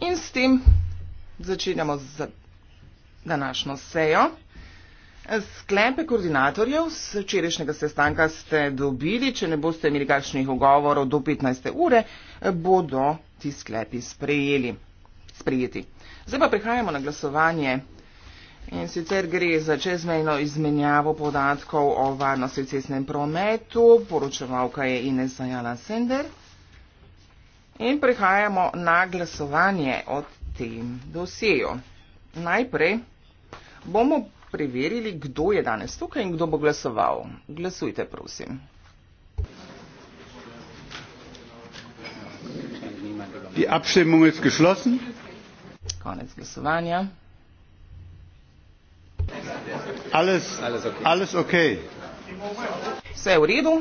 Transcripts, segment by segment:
in s tem začenjamo z današnjo sejo. Sklepe koordinatorjev z včerajšnjega sestanka ste dobili, če ne boste imeli kakšnih ogovorov do 15. ure, bodo ti sklepi sprejeli, sprejeti. Zdaj pa prihajamo na glasovanje. In sicer gre za čezmejno izmenjavo podatkov o varnosti v cestnem prometu, poročevalka je Ines Jana Sender. In prihajamo na glasovanje o tem dosjeju. Najprej bomo preverili, kdo je danes tukaj in kdo bo glasoval. Glasujte, prosim. Die Abstimmung ist geschlossen. Konec glasovanja. Alles, alles okay. Vse je v redu.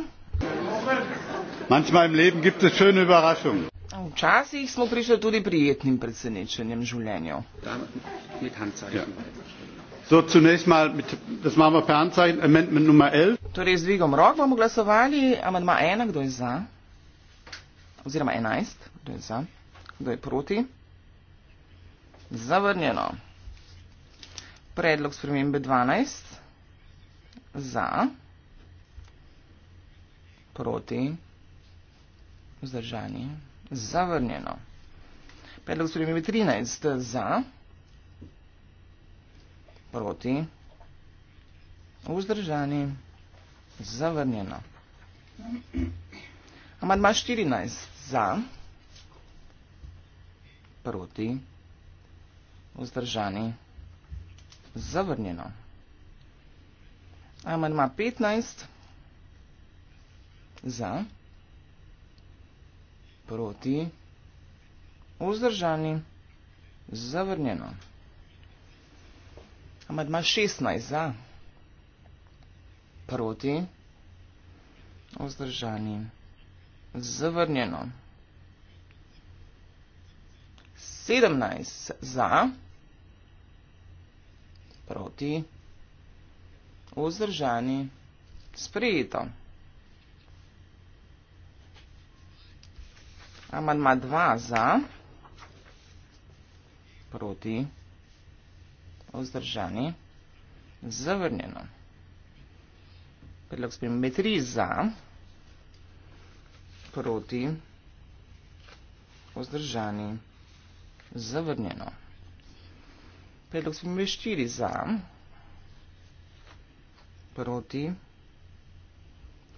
Manchmal im Leben gibt es schöne Überraschungen. Včasih smo prišli tudi prijetnim presenečenjem življenja. Ja. Torej, z dvigom rok bomo glasovali, amandma ena, kdo je za? Oziroma enajst, kdo je za? Kdo je proti? Zavrnjeno. Predlog spremembe 12. Za. Proti. Vzdržani zavrnjeno. Predlog sprejme je 13 za, proti, vzdržani, zavrnjeno. Amadma 14 za, proti, vzdržani, zavrnjeno. Amadma 15 za, proti, vzdržani, zavrnjeno proti, vzdržani, zavrnjeno. Amadma 16 za, proti, vzdržani, zavrnjeno. 17 za, proti, vzdržani, sprejeto. 18 za, proti, vzdržani, sprejeto. Amandma 2 za, proti, vzdržani, zavrnjeno. Predlog spremembe 3 za, proti, vzdržani, zavrnjeno. Predlog spremembe 4 za, proti,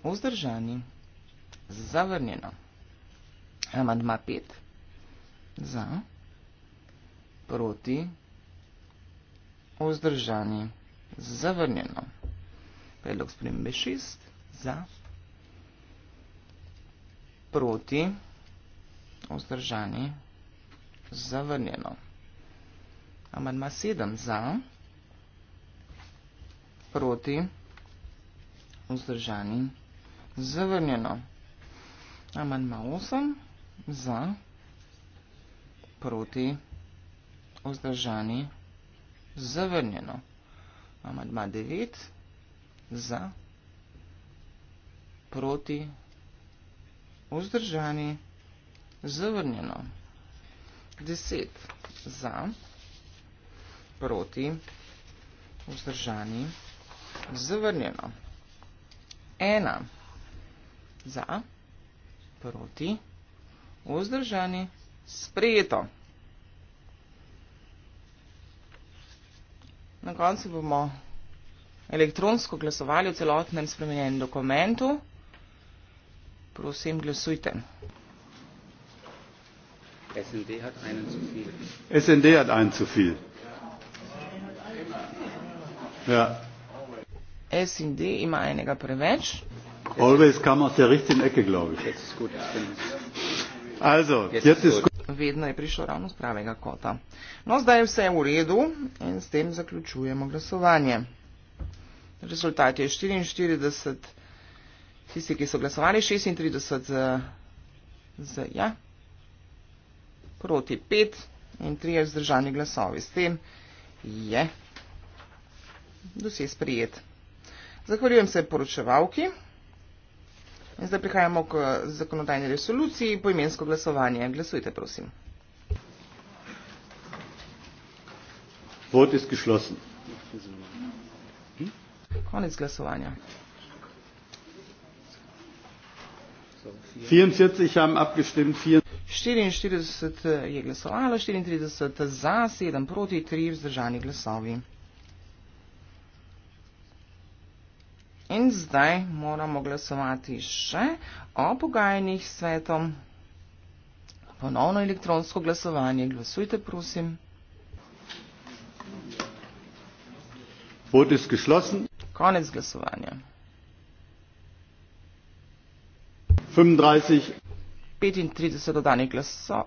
vzdržani, zavrnjeno. Amandma 5. Za. Proti. Vzdržani. Zavrnjeno. Predlog spremembe 6. Za. Proti. Vzdržani. Zavrnjeno. Amandma 7. Za. Proti. Vzdržani. Zavrnjeno. Amandma 8. Za za, proti, vzdržani, zavrnjeno. Amadma 9, za, proti, vzdržani, zavrnjeno. 10, za, proti, vzdržani, zavrnjeno. 1, za, proti, vzdržani, zavrnjeno vzdržani, sprejeto. Na koncu bomo elektronsko glasovali v celotnem spremenjenem dokumentu. Prosim, glasujte. SND hat einen zu viel. SND hat einen zu viel. Ja. SND ima enega preveč. Always kam aus der richtigen Ecke, glaube ich. Jetzt ist gut, ich bin... Also, jetzt ist gut. Vedno je prišel ravno z pravega kota. No, zdaj je vse v redu in s tem zaključujemo glasovanje. Rezultat je 44, tisti, ki so glasovali, 36 za, za ja, proti 5 in 3 vzdržani glasovi. S tem je dosje sprijet. Zahvaljujem se poročevalki. Zdaj prihajamo k zakonodajni resoluciji, poimensko glasovanje. Glasujte, prosim. Votis geschlossen. Konec glasovanja. 44 haben abgestimmt. 44 je glasovalo, 34 za, 7 proti, 3 vzdržani glasovi. zdaj moramo glasovati še o pogajanjih svetom. Ponovno elektronsko glasovanje. Glasujte, prosim. Konec glasovanja. 35 dodanih glasov,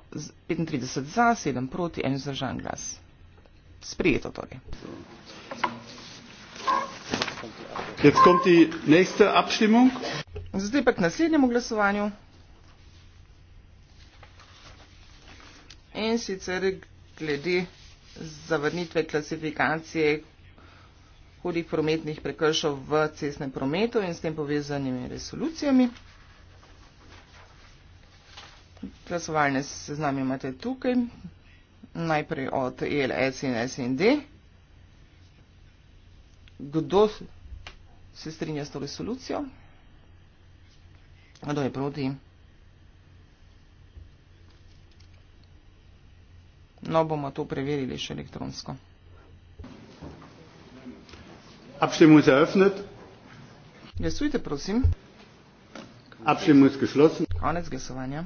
35 za, 7 proti, 1 zdržan glas. Sprijeto torej. Jetzt kommt die nächste Abstimmung. Zdaj pa k naslednjemu glasovanju. In sicer glede zavrnitve klasifikacije hudih prometnih prekršov v cestnem prometu in s tem povezanimi resolucijami. Glasovalne seznami imate tukaj, najprej od ELS in SND. Kdo se strinja s to resolucijo. Kdo je proti? No, bomo to preverili še elektronsko. Abstimmung ist eröffnet. Glasujte, prosim. Abstimmung ist geschlossen. Konec glasovanja.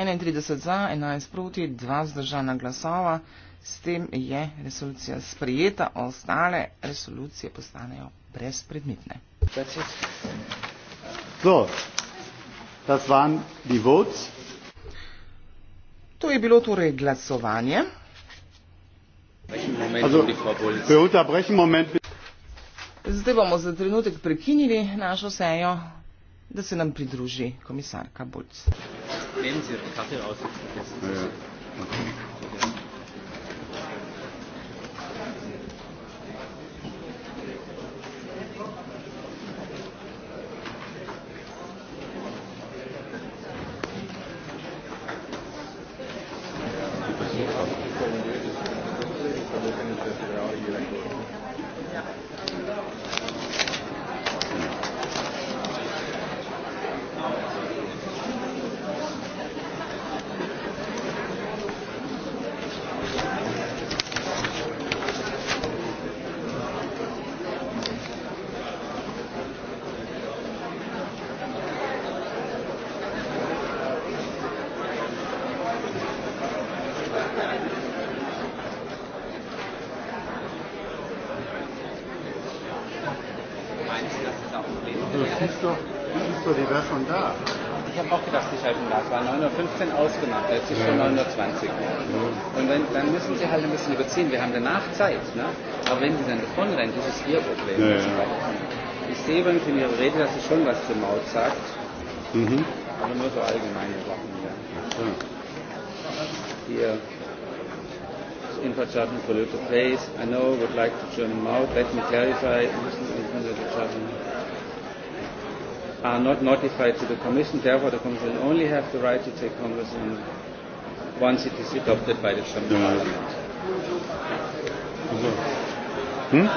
31 za, 11 proti, 2 zdržana glasova. S tem je resolucija sprejeta, ostale resolucije postanejo brezpredmetne. So, das waren die votes. To je bilo torej glasovanje. Also, Zdaj bomo za trenutek prekinili našo sejo, da se nam pridruži komisarka Bulc. Nehmen Sie Ihren Kaffee aus. Ja, ja. Okay. Silber nicht in Ihrer Rede, dass es schon was zur Maut sagt. Mhm. Aber nur so allgemeine Sachen. Ja. Ja. Hier. Infrastructure for the place. I know, would like to turn them out. Let me clarify. Are not notified to the Commission, therefore, the Commission only have the right to take Congress in once it is adopted by the German ja. Parliament. Mm -hmm. hmm?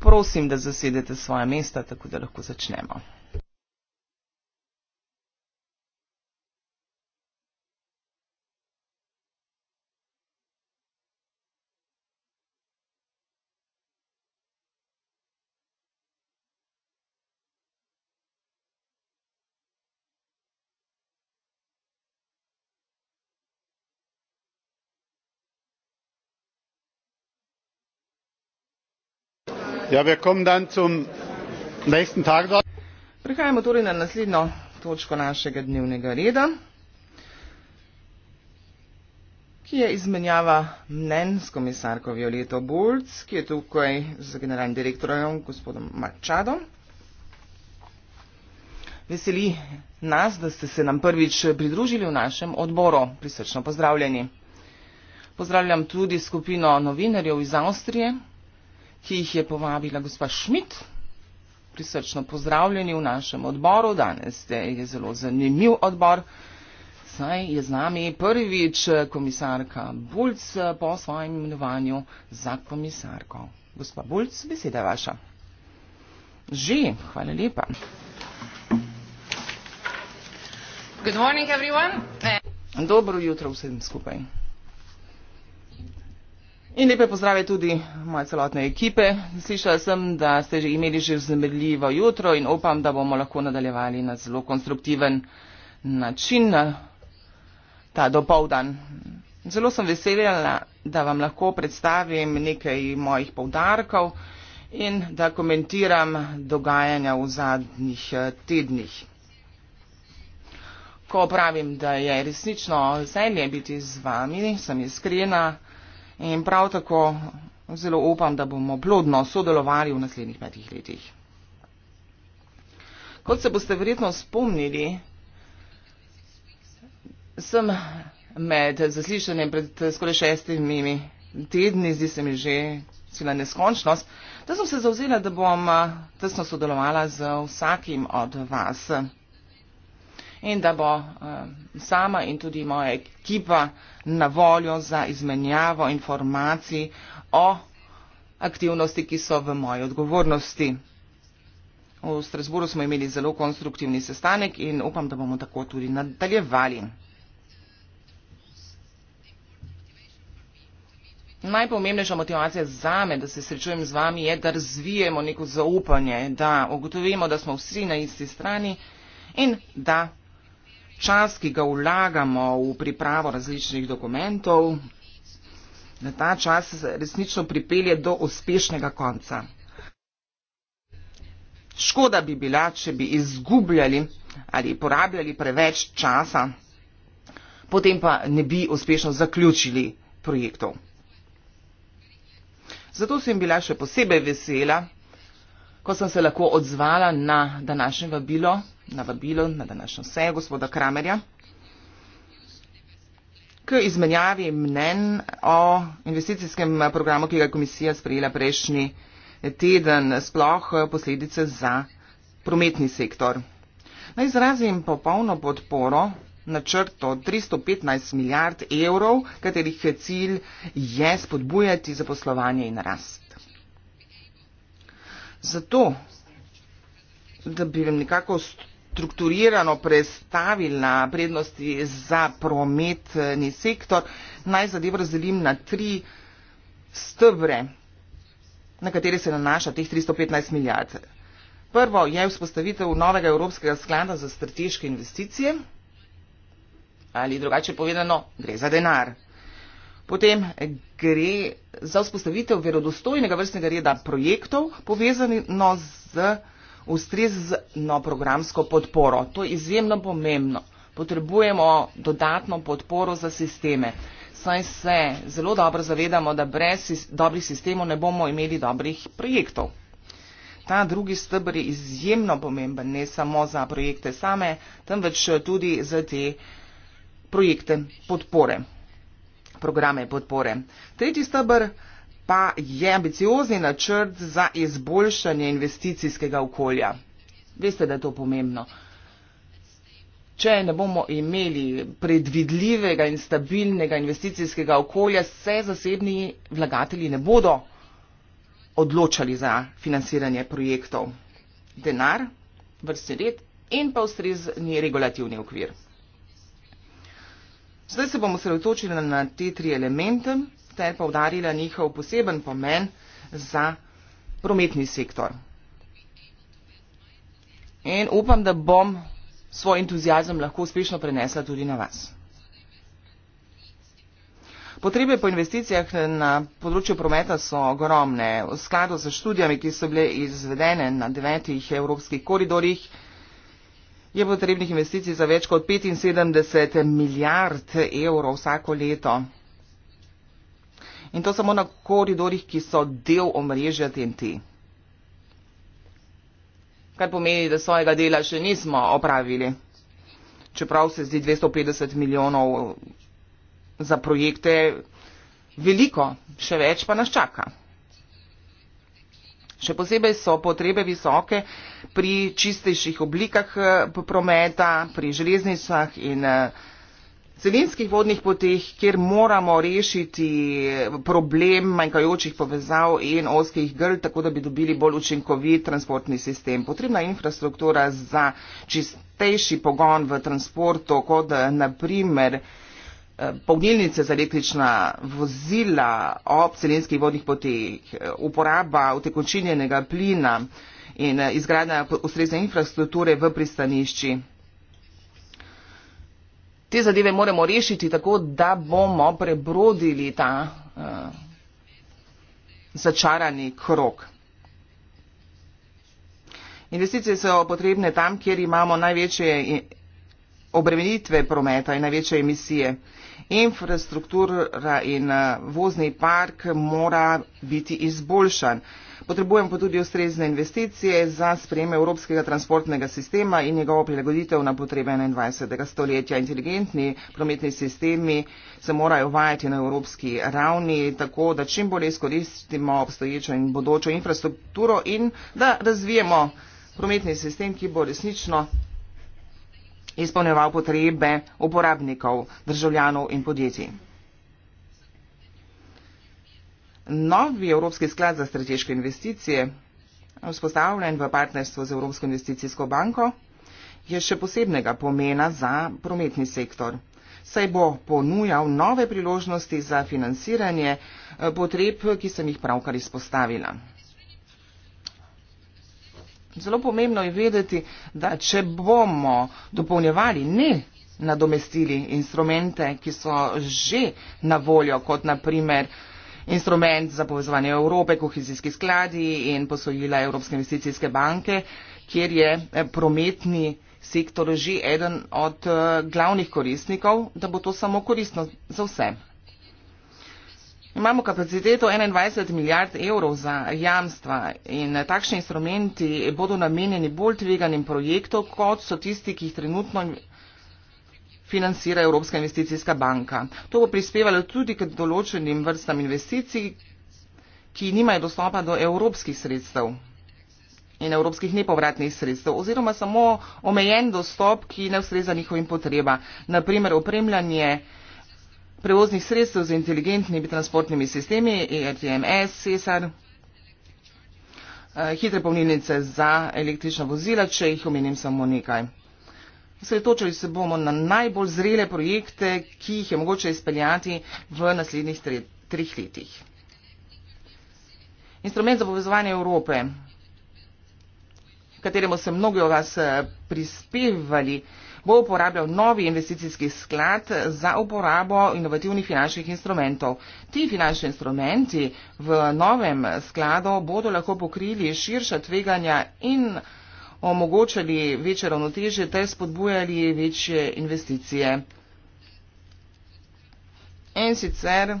Prosim, da zasedete svoje mesta, tako da lahko začnemo. Ja, prehajamo torej na naslednjo točko našega dnevnega reda ki je izmenjava mnen s komisarko Violeto Bulc, ki je tukaj z generalnim direktorjem gospodom Mačadom. Veseli nas, da ste se nam prvič pridružili v našem odboru. Prisrčno pozdravljeni. Pozdravljam tudi skupino novinarjev iz Avstrije, ki jih je povabila gospa Šmit. Prisrčno pozdravljeni v našem odboru. Danes je zelo zanimiv odbor. Saj je z nami prvič komisarka Bulc po svojem imenovanju za komisarko. Gospa Bulc, beseda vaša. Že, hvala lepa. Good morning, everyone. Dobro jutro vsem skupaj. In lepe pozdrave tudi moje celotne ekipe. Slišala sem, da ste že imeli že vzmedljivo jutro in upam, da bomo lahko nadaljevali na zelo konstruktiven način ta dopoldan. Zelo sem veselila, da vam lahko predstavim nekaj mojih povdarkov in da komentiram dogajanja v zadnjih eh, tednih. Ko pravim, da je resnično veselje biti z vami, sem iskrena in prav tako zelo upam, da bomo plodno sodelovali v naslednjih petih letih. Kot se boste verjetno spomnili, sem med zaslišanjem pred skoraj šestimi tedni, zdi se mi že cela neskončnost, da sem se zauzela, da bom tesno sodelovala z vsakim od vas in da bo eh, sama in tudi moja ekipa na voljo za izmenjavo informacij o aktivnosti, ki so v moji odgovornosti. V Strasburu smo imeli zelo konstruktivni sestanek in upam, da bomo tako tudi nadaljevali. Najpomembnejša motivacija za me, da se srečujem z vami, je, da razvijemo neko zaupanje, da ugotovimo, da smo vsi na isti strani in da čas, ki ga vlagamo v pripravo različnih dokumentov, da ta čas resnično pripelje do uspešnega konca. Škoda bi bila, če bi izgubljali ali porabljali preveč časa, potem pa ne bi uspešno zaključili projektov. Zato sem bila še posebej vesela, ko sem se lahko odzvala na današnje vabilo, na vabilo na današnjo sejo gospoda Kramerja, k izmenjavi mnen o investicijskem programu, ki ga je komisija sprejela prejšnji teden, sploh posledice za prometni sektor. Naj izrazim popolno podporo načrto 315 milijard evrov, katerih cilj je spodbujati zaposlovanje in rast. Zato, da bi nekako strukturirano predstavili na prednosti za prometni sektor, naj zadev razdelim na tri stebre, na katere se nanaša teh 315 milijard. Prvo je vzpostavitev novega Evropskega sklada za strateške investicije ali drugače povedano, gre za denar. Potem gre za vzpostavitev verodostojnega vrstnega reda projektov, povezano z ustrezno programsko podporo. To je izjemno pomembno. Potrebujemo dodatno podporo za sisteme. Saj se zelo dobro zavedamo, da brez dobrih sistemov ne bomo imeli dobrih projektov. Ta drugi stebr je izjemno pomemben, ne samo za projekte same, temveč tudi za te projekte podpore programe podpore. Tretji stebr pa je ambiciozni načrt za izboljšanje investicijskega okolja. Veste, da je to pomembno. Če ne bomo imeli predvidljivega in stabilnega investicijskega okolja, se zasebni vlagatelji ne bodo odločali za financiranje projektov. Denar, vrstni red in pa ustrezni regulativni okvir. Zdaj se bomo sredotočili na te tri elemente ter povdarila njihov poseben pomen za prometni sektor. In upam, da bom svoj entuzijazem lahko uspešno prenesla tudi na vas. Potrebe po investicijah na področju prometa so ogromne. V skladu z študijami, ki so bile izvedene na devetih evropskih koridorjih, je potrebnih investicij za več kot 75 milijard evrov vsako leto. In to samo na koridorjih, ki so del omrežja TNT. Kar pomeni, da svojega dela še nismo opravili. Čeprav se zdi 250 milijonov za projekte veliko, še več pa nas čaka. Še posebej so potrebe visoke pri čistejših oblikah eh, prometa, pri železnicah in eh, celinskih vodnih poteh, kjer moramo rešiti eh, problem manjkajočih povezav in oskih grl, tako da bi dobili bolj učinkovit transportni sistem. Potrebna infrastruktura za čistejši pogon v transportu, kot naprimer Eh, polnilnice za električna vozila ob celinskih vodnih poteh, eh, uporaba utekočinjenega plina in eh, izgradnja ustrezne infrastrukture v pristanišči. Te zadeve moramo rešiti tako, da bomo prebrodili ta uh, začarani krok. Investicije so potrebne tam, kjer imamo največje obremenitve prometa in največje emisije. Infrastruktura in eh, vozni park mora biti izboljšan. Potrebujemo pa tudi ustrezne investicije za spreme evropskega transportnega sistema in njegovo prilagoditev na potrebe 21. stoletja. Inteligentni prometni sistemi se morajo uvajati na evropski ravni tako, da čim bolje izkoristimo obstoječo in bodočo infrastrukturo in da razvijemo prometni sistem, ki bo resnično izpolnjeval potrebe uporabnikov, državljanov in podjetij. Novi Evropski sklad za strateške investicije, vzpostavljen v partnerstvu z Evropsko investicijsko banko, je še posebnega pomena za prometni sektor. Saj bo ponujal nove priložnosti za financiranje eh, potreb, ki sem jih pravkar izpostavila. Zelo pomembno je vedeti, da če bomo dopolnjevali, ne nadomestili instrumente, ki so že na voljo, kot naprimer instrument za povezovanje Evrope, kohezijski skladi in posojila Evropske investicijske banke, kjer je eh, prometni sektor že eden od eh, glavnih koristnikov, da bo to samo koristno za vse. Imamo kapaciteto 21 milijard evrov za jamstva in takšni instrumenti bodo namenjeni bolj tveganim projektom, kot so tisti, ki jih trenutno financira Evropska investicijska banka. To bo prispevalo tudi k določenim vrstam investicij, ki nimajo dostopa do evropskih sredstev in evropskih nepovratnih sredstev oziroma samo omejen dostop, ki ne ustreza njihovim potreba. Naprimer, opremljanje prevoznih sredstev z inteligentnimi transportnimi sistemi, ERTMS, CESAR, eh, hitre polnilnice za električna vozila, če jih omenim samo nekaj. Sretočali se bomo na najbolj zrele projekte, ki jih je mogoče izpeljati v naslednjih tre, trih letih. Instrument za povezovanje Evrope, kateremu se mnogi od vas eh, prispevali, bo uporabljal novi investicijski sklad za uporabo inovativnih finančnih instrumentov. Ti finančni instrumenti v novem skladu bodo lahko pokrili širša tveganja in omogočali večje ravnotežje ter spodbujali večje investicije. In sicer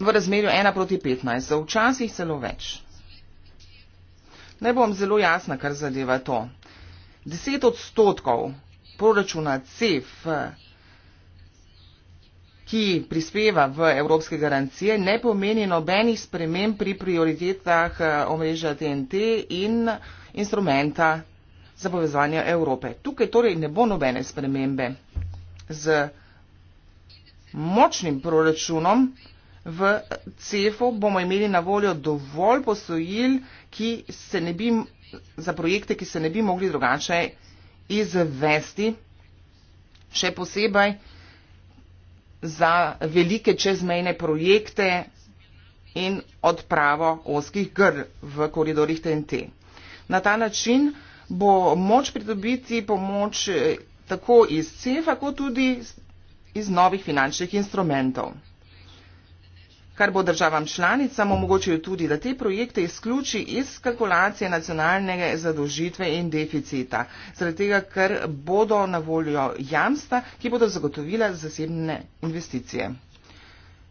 v razmerju 1 proti 15, včasih celo več. Ne bom zelo jasna, kar zadeva to. 10 odstotkov proračuna CEF, ki prispeva v evropske garancije, ne pomeni nobenih spremen pri prioritetah eh, omrežja TNT in instrumenta za povezovanje Evrope. Tukaj torej ne bo nobene spremembe z močnim proračunom. V CEF-u bomo imeli na voljo dovolj posojil, ki se ne bi za projekte, ki se ne bi mogli drugače izvesti, še posebej za velike čezmejne projekte in odpravo oskih grl v koridorih TNT. Na ta način bo moč pridobiti pomoč eh, tako iz CEF-a, kot tudi iz novih finančnih instrumentov kar bo državam članicam omogočil tudi, da te projekte izključi iz kalkulacije nacionalnega zadožitve in deficita, zaradi tega, ker bodo na voljo jamsta, ki bodo zagotovila zasebne investicije.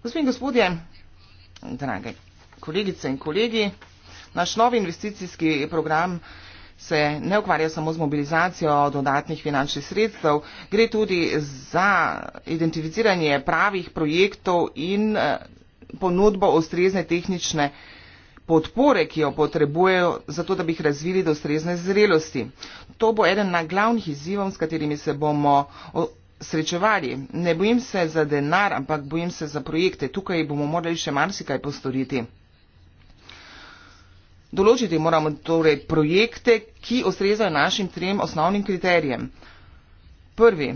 Gospod in gospodje, drage kolegice in kolegi, naš novi investicijski program se ne ukvarja samo z mobilizacijo dodatnih finančnih sredstev, gre tudi za identificiranje pravih projektov in eh, ponudbo ustrezne tehnične podpore, ki jo potrebujejo, zato da bi jih razvili do ustrezne zrelosti. To bo eden na glavnih izzivov, s katerimi se bomo srečevali. Ne bojim se za denar, ampak bojim se za projekte. Tukaj bomo morali še marsikaj postoriti. Določiti moramo torej projekte, ki ustrezajo našim trem osnovnim kriterijem. Prvi,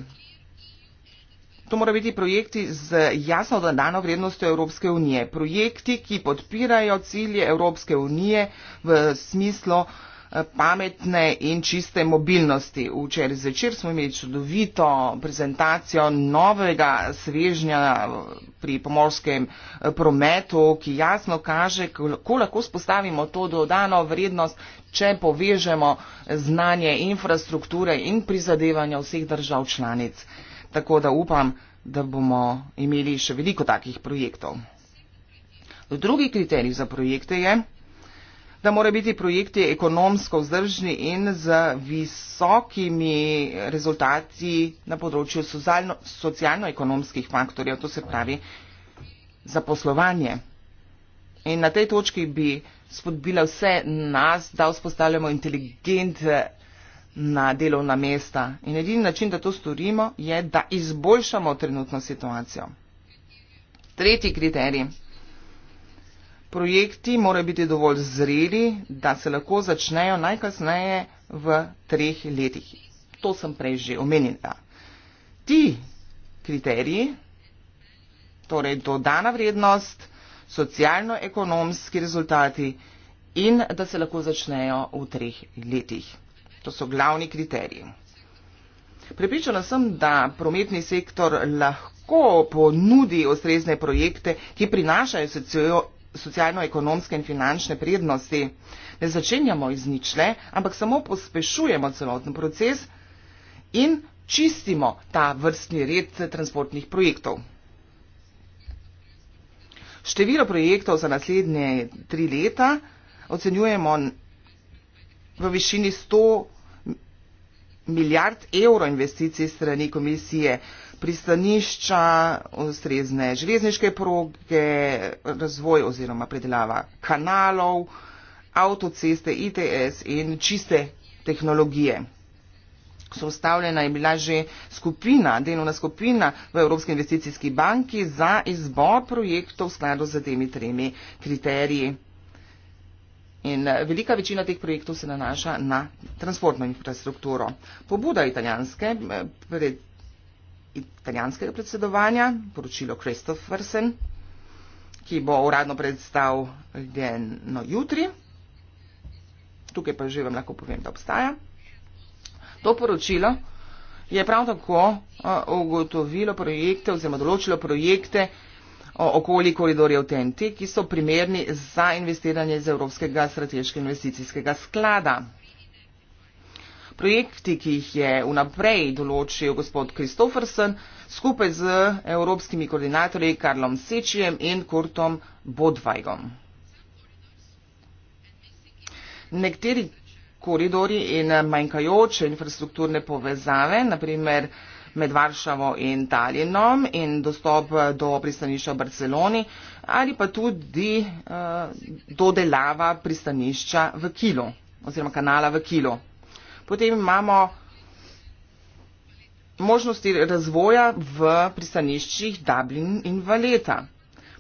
To mora biti projekti z jasno dodano vrednostjo Evropske unije. Projekti, ki podpirajo cilje Evropske unije v smislu eh, pametne in čiste mobilnosti. Včeraj zvečer smo imeli čudovito prezentacijo novega svežnja eh, pri pomorskem eh, prometu, ki jasno kaže, kako lahko spostavimo to dodano vrednost, če povežemo znanje infrastrukture in prizadevanja vseh držav članic tako da upam, da bomo imeli še veliko takih projektov. Drugi kriterij za projekte je, da mora biti projekti ekonomsko vzdržni in z visokimi rezultati na področju socijalno-ekonomskih faktorjev, to se pravi zaposlovanje. In na tej točki bi spodbila vse nas, da vzpostavljamo inteligentne na delovna mesta. In edini način, da to storimo, je, da izboljšamo trenutno situacijo. Tretji kriterij. Projekti morajo biti dovolj zreli, da se lahko začnejo najkasneje v treh letih. To sem prej že omenila. Ti kriteriji, torej dodana vrednost, socialno-ekonomski rezultati in da se lahko začnejo v treh letih. To so glavni kriteriji. Prepričana sem, da prometni sektor lahko ponudi ustrezne projekte, ki prinašajo socio, socialno-ekonomske in finančne prednosti. Ne začenjamo iz ničle, ampak samo pospešujemo celoten proces in čistimo ta vrstni red transportnih projektov. Število projektov za naslednje tri leta ocenjujemo v višini 100 milijard evrov investicij strani komisije, pristanišča, ustrezne železniške proge, razvoj oziroma predelava kanalov, avtoceste, ITS in čiste tehnologije. So ustavljena je bila že skupina, delovna skupina v Evropski investicijski banki za izbor projektov v skladu z temi tremi kriteriji. In eh, velika večina teh projektov se nanaša na transportno infrastrukturo. Pobuda italijanske, eh, pred, italijanskega predsedovanja, poročilo Christophersen, ki bo uradno predstavljeno jutri, tukaj pa že vam lahko povem, da obstaja. To poročilo je prav tako eh, ugotovilo projekte oziroma določilo projekte, okoli koridorjev TNT, ki so primerni za investiranje iz Evropskega strateškega investicijskega sklada. Projekti, ki jih je vnaprej določil gospod Kristofersen skupaj z evropskimi koordinatorji Karlom Sečijem in Kurtom Bodvajgom. Nekateri koridori in manjkajoče infrastrukturne povezave, naprimer med Varšavo in Talinom in dostop do pristanišča v Barceloni ali pa tudi uh, dodelava pristanišča v Kilu oziroma kanala v Kilu. Potem imamo možnosti razvoja v pristaniščih Dublin in Valeta.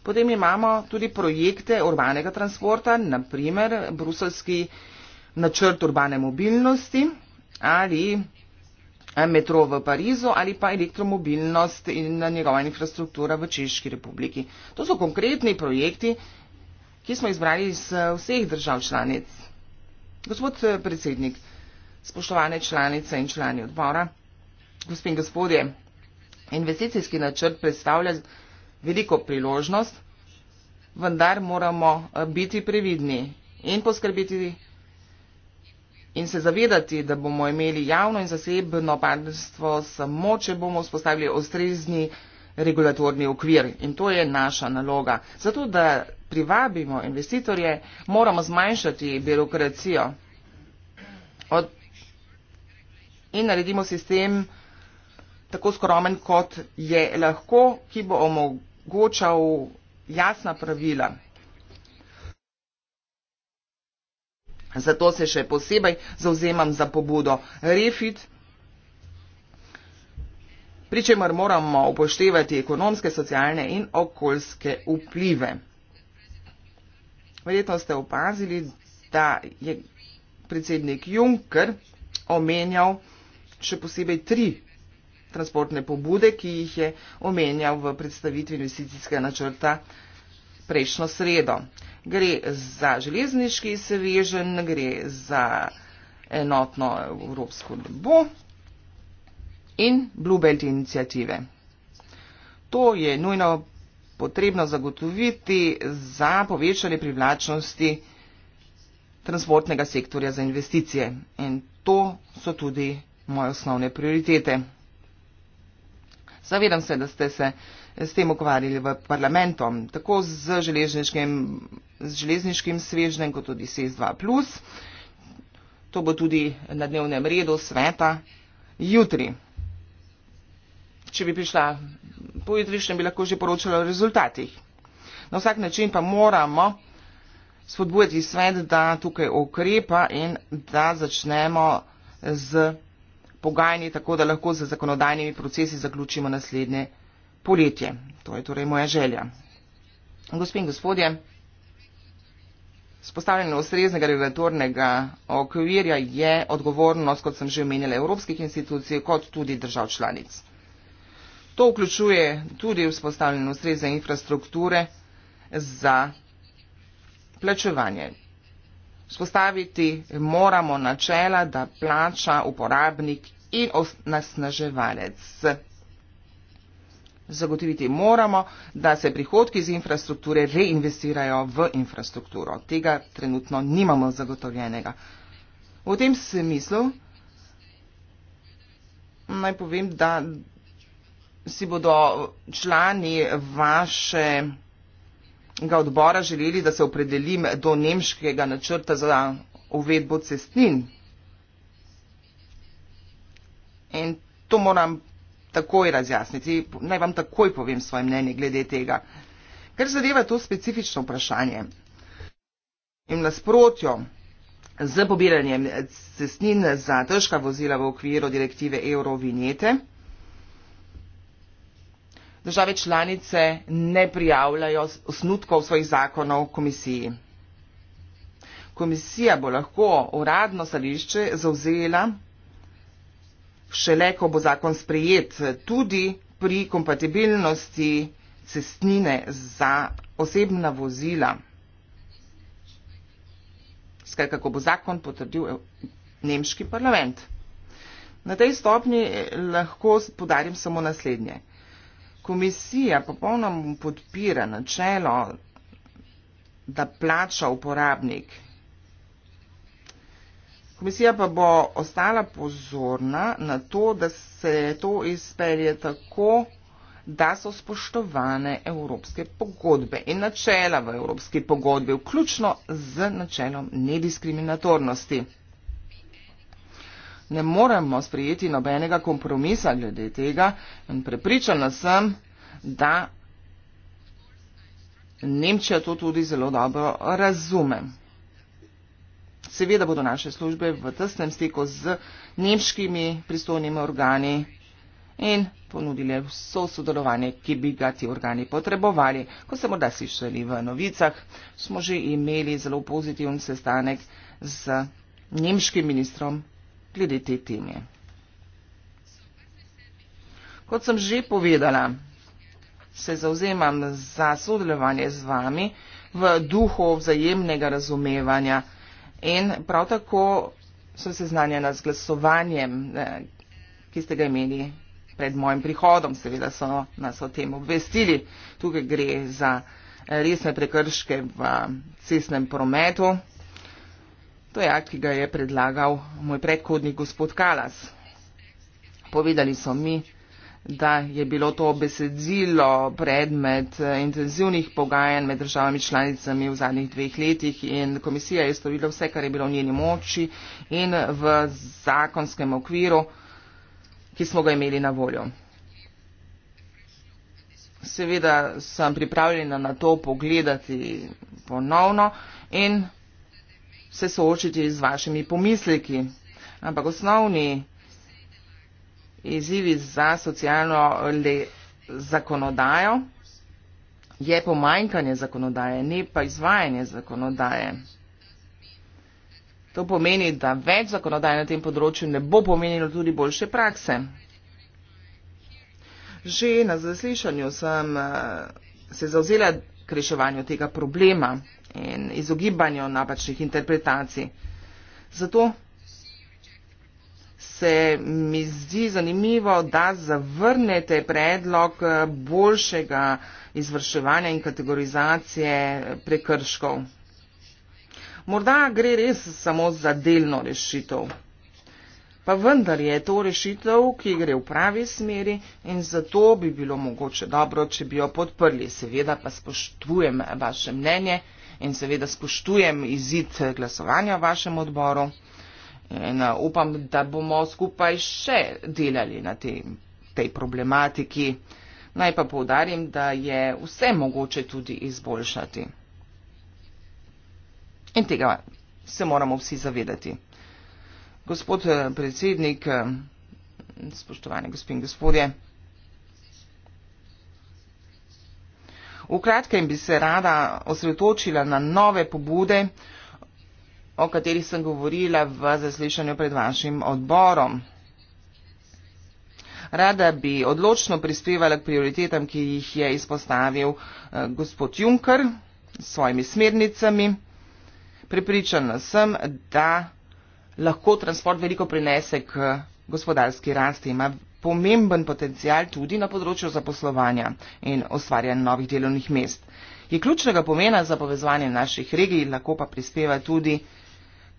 Potem imamo tudi projekte urbanega transporta, naprimer bruselski načrt urbane mobilnosti ali Eh, metro v Parizu ali pa elektromobilnost in njegova infrastruktura v Češki republiki. To so konkretni projekti, ki smo izbrali iz eh, vseh držav članic. Gospod eh, predsednik, spoštovane članice in člani odbora, gospod in gospodje, investicijski načrt predstavlja veliko priložnost, vendar moramo biti previdni in poskrbiti, in se zavedati, da bomo imeli javno in zasebno partnerstvo samo, če bomo vzpostavili ustrezni regulatorni okvir. In to je naša naloga. Zato, da privabimo investitorje, moramo zmanjšati birokracijo Od... in naredimo sistem tako skromen, kot je lahko, ki bo omogočal jasna pravila. Zato se še posebej zauzemam za pobudo REFIT, pri čemer moramo upoštevati ekonomske, socialne in okoljske vplive. Verjetno ste opazili, da je predsednik Juncker omenjal še posebej tri transportne pobude, ki jih je omenjal v predstavitvi investicijskega načrta prejšnjo sredo gre za železniški sevežen, gre za enotno evropsko nebo in Bluebelt inicijative. To je nujno potrebno zagotoviti za povečanje privlačnosti transportnega sektorja za investicije. In to so tudi moje osnovne prioritete. Zavedam se, da ste se s tem ukvarjali v parlamentom, tako z železniškim z železniškim svežnem, kot tudi SES-2+. To bo tudi na dnevnem redu sveta jutri. Če bi prišla po jutrišnjem, bi lahko že poročala o rezultatih. Na vsak način pa moramo spodbujati svet, da tukaj okrepa in da začnemo z pogajanji, tako da lahko z zakonodajnimi procesi zaključimo naslednje poletje. To je torej moja želja. Gospod in gospodje, Spostavljanje ustreznega regulatornega okvirja je odgovornost, kot sem že omenila, evropskih institucij, kot tudi držav članic. To vključuje tudi vzpostavljanje ustrezne infrastrukture za plačevanje. Spostaviti moramo načela, da plača uporabnik in osnaževalec. Zagotoviti moramo, da se prihodki iz infrastrukture reinvestirajo v infrastrukturo. Tega trenutno nimamo zagotovljenega. V tem smislu naj povem, da si bodo člani vašega odbora želeli, da se opredelim do nemškega načrta za uvedbo cestnin. In to moram takoj razjasniti. Naj vam takoj povem svoje mnenje glede tega. Ker zadeva to specifično vprašanje in nasprotjo z pobiranjem cestnin za težka vozila v okviru direktive Eurovinjete, države članice ne prijavljajo osnutkov svojih zakonov komisiji. Komisija bo lahko uradno stališče zauzela šele, ko bo zakon sprejet, tudi pri kompatibilnosti cestnine za osebna vozila. Skaj, kako bo zakon potrdil nemški parlament. Na tej stopni eh, lahko podarim samo naslednje. Komisija popolnoma podpira načelo, da plača uporabnik Komisija pa bo ostala pozorna na to, da se to izpelje tako, da so spoštovane evropske pogodbe in načela v evropski pogodbi, vključno z načelom nediskriminatornosti. Ne moremo sprijeti nobenega kompromisa glede tega in prepričana sem, da Nemčija to tudi zelo dobro razume seveda bodo naše službe v tesnem steku z nemškimi pristojnimi organi in ponudile vso sodelovanje, ki bi ga ti organi potrebovali. Ko se morda slišali v novicah, smo že imeli zelo pozitiven sestanek z nemškim ministrom glede te teme. Kot sem že povedala, se zauzemam za sodelovanje z vami v duhu vzajemnega razumevanja In prav tako sem seznanjena z glasovanjem, eh, ki ste ga imeli pred mojim prihodom. Seveda so nas o tem obvestili. Tukaj gre za eh, resne prekrške v cestnem prometu. To je akt, ki ga je predlagal moj predhodnik gospod Kalas. Povedali so mi, da je bilo to besedilo predmet eh, intenzivnih pogajanj med državami članicami v zadnjih dveh letih in komisija je storila vse, kar je bilo v njeni moči in v zakonskem okviru, ki smo ga imeli na voljo. Seveda sem pripravljena na to pogledati ponovno in se soočiti z vašimi pomisliki. Ampak osnovni izzivi za socialno le zakonodajo, je pomanjkanje zakonodaje, ne pa izvajanje zakonodaje. To pomeni, da več zakonodaje na tem področju ne bo pomenilo tudi boljše prakse. Že na zaslišanju sem eh, se zauzela k reševanju tega problema in izogibanju napačnih interpretacij. Zato se mi zdi zanimivo, da zavrnete predlog eh, boljšega izvrševanja in kategorizacije prekrškov. Morda gre res samo za delno rešitev. Pa vendar je to rešitev, ki gre v pravi smeri in zato bi bilo mogoče dobro, če bi jo podprli. Seveda pa spoštujem vaše mnenje in seveda spoštujem izid glasovanja v vašem odboru. In eh, upam, da bomo skupaj še delali na te, tej problematiki. Naj pa povdarim, da je vse mogoče tudi izboljšati. In tega se moramo vsi zavedati. Gospod eh, predsednik, eh, spoštovane gospe in gospodje, v kratkem bi se rada osredotočila na nove pobude, o kateri sem govorila v zaslišanju pred vašim odborom. Rada bi odločno prispevala k prioritetam, ki jih je izpostavil eh, gospod Juncker s svojimi smernicami. Pripričana sem, da lahko transport veliko prinese k gospodarski rasti, ima pomemben potencial tudi na področju zaposlovanja in ustvarjanja novih delovnih mest. Je ključnega pomena za povezovanje naših regij, lahko pa prispeva tudi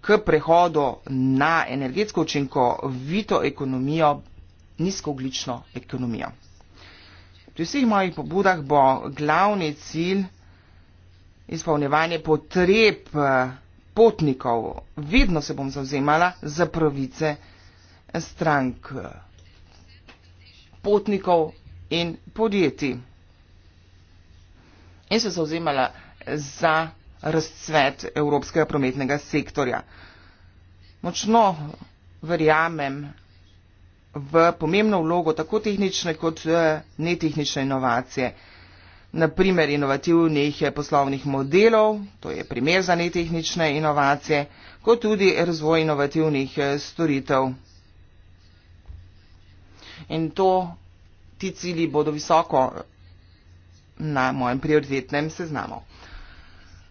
k prehodu na energetsko učinkovito ekonomijo, nizkooglično ekonomijo. Pri vseh mojih pobudah bo glavni cilj izpolnjevanje potreb eh, potnikov. Vedno se bom zauzemala za pravice strank eh, potnikov in podjetij. In se zauzemala za razcvet evropskega prometnega sektorja. Močno verjamem v pomembno vlogo tako tehnične kot eh, netehnične inovacije. Naprimer inovativnih eh, poslovnih modelov, to je primer za netehnične inovacije, kot tudi razvoj inovativnih eh, storitev. In to, ti cili bodo visoko na mojem prioritetnem seznamu.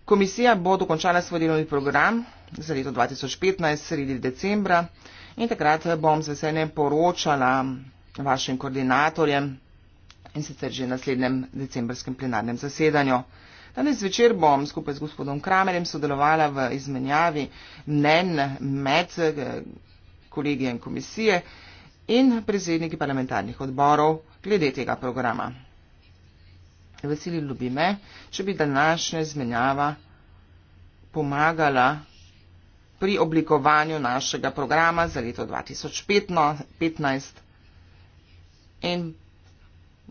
Komisija bo dokončala svoj delovni program za leto 2015 sredi decembra in takrat bom z veseljem poročala vašim koordinatorjem in sicer že naslednjem decembrskem plenarnem zasedanju. Danes večer bom skupaj z gospodom Kramerjem sodelovala v izmenjavi mnen med kolegijem komisije in predsedniki parlamentarnih odborov glede tega programa. Vasili ljubi me, če bi današnja izmenjava pomagala pri oblikovanju našega programa za leto 2015 in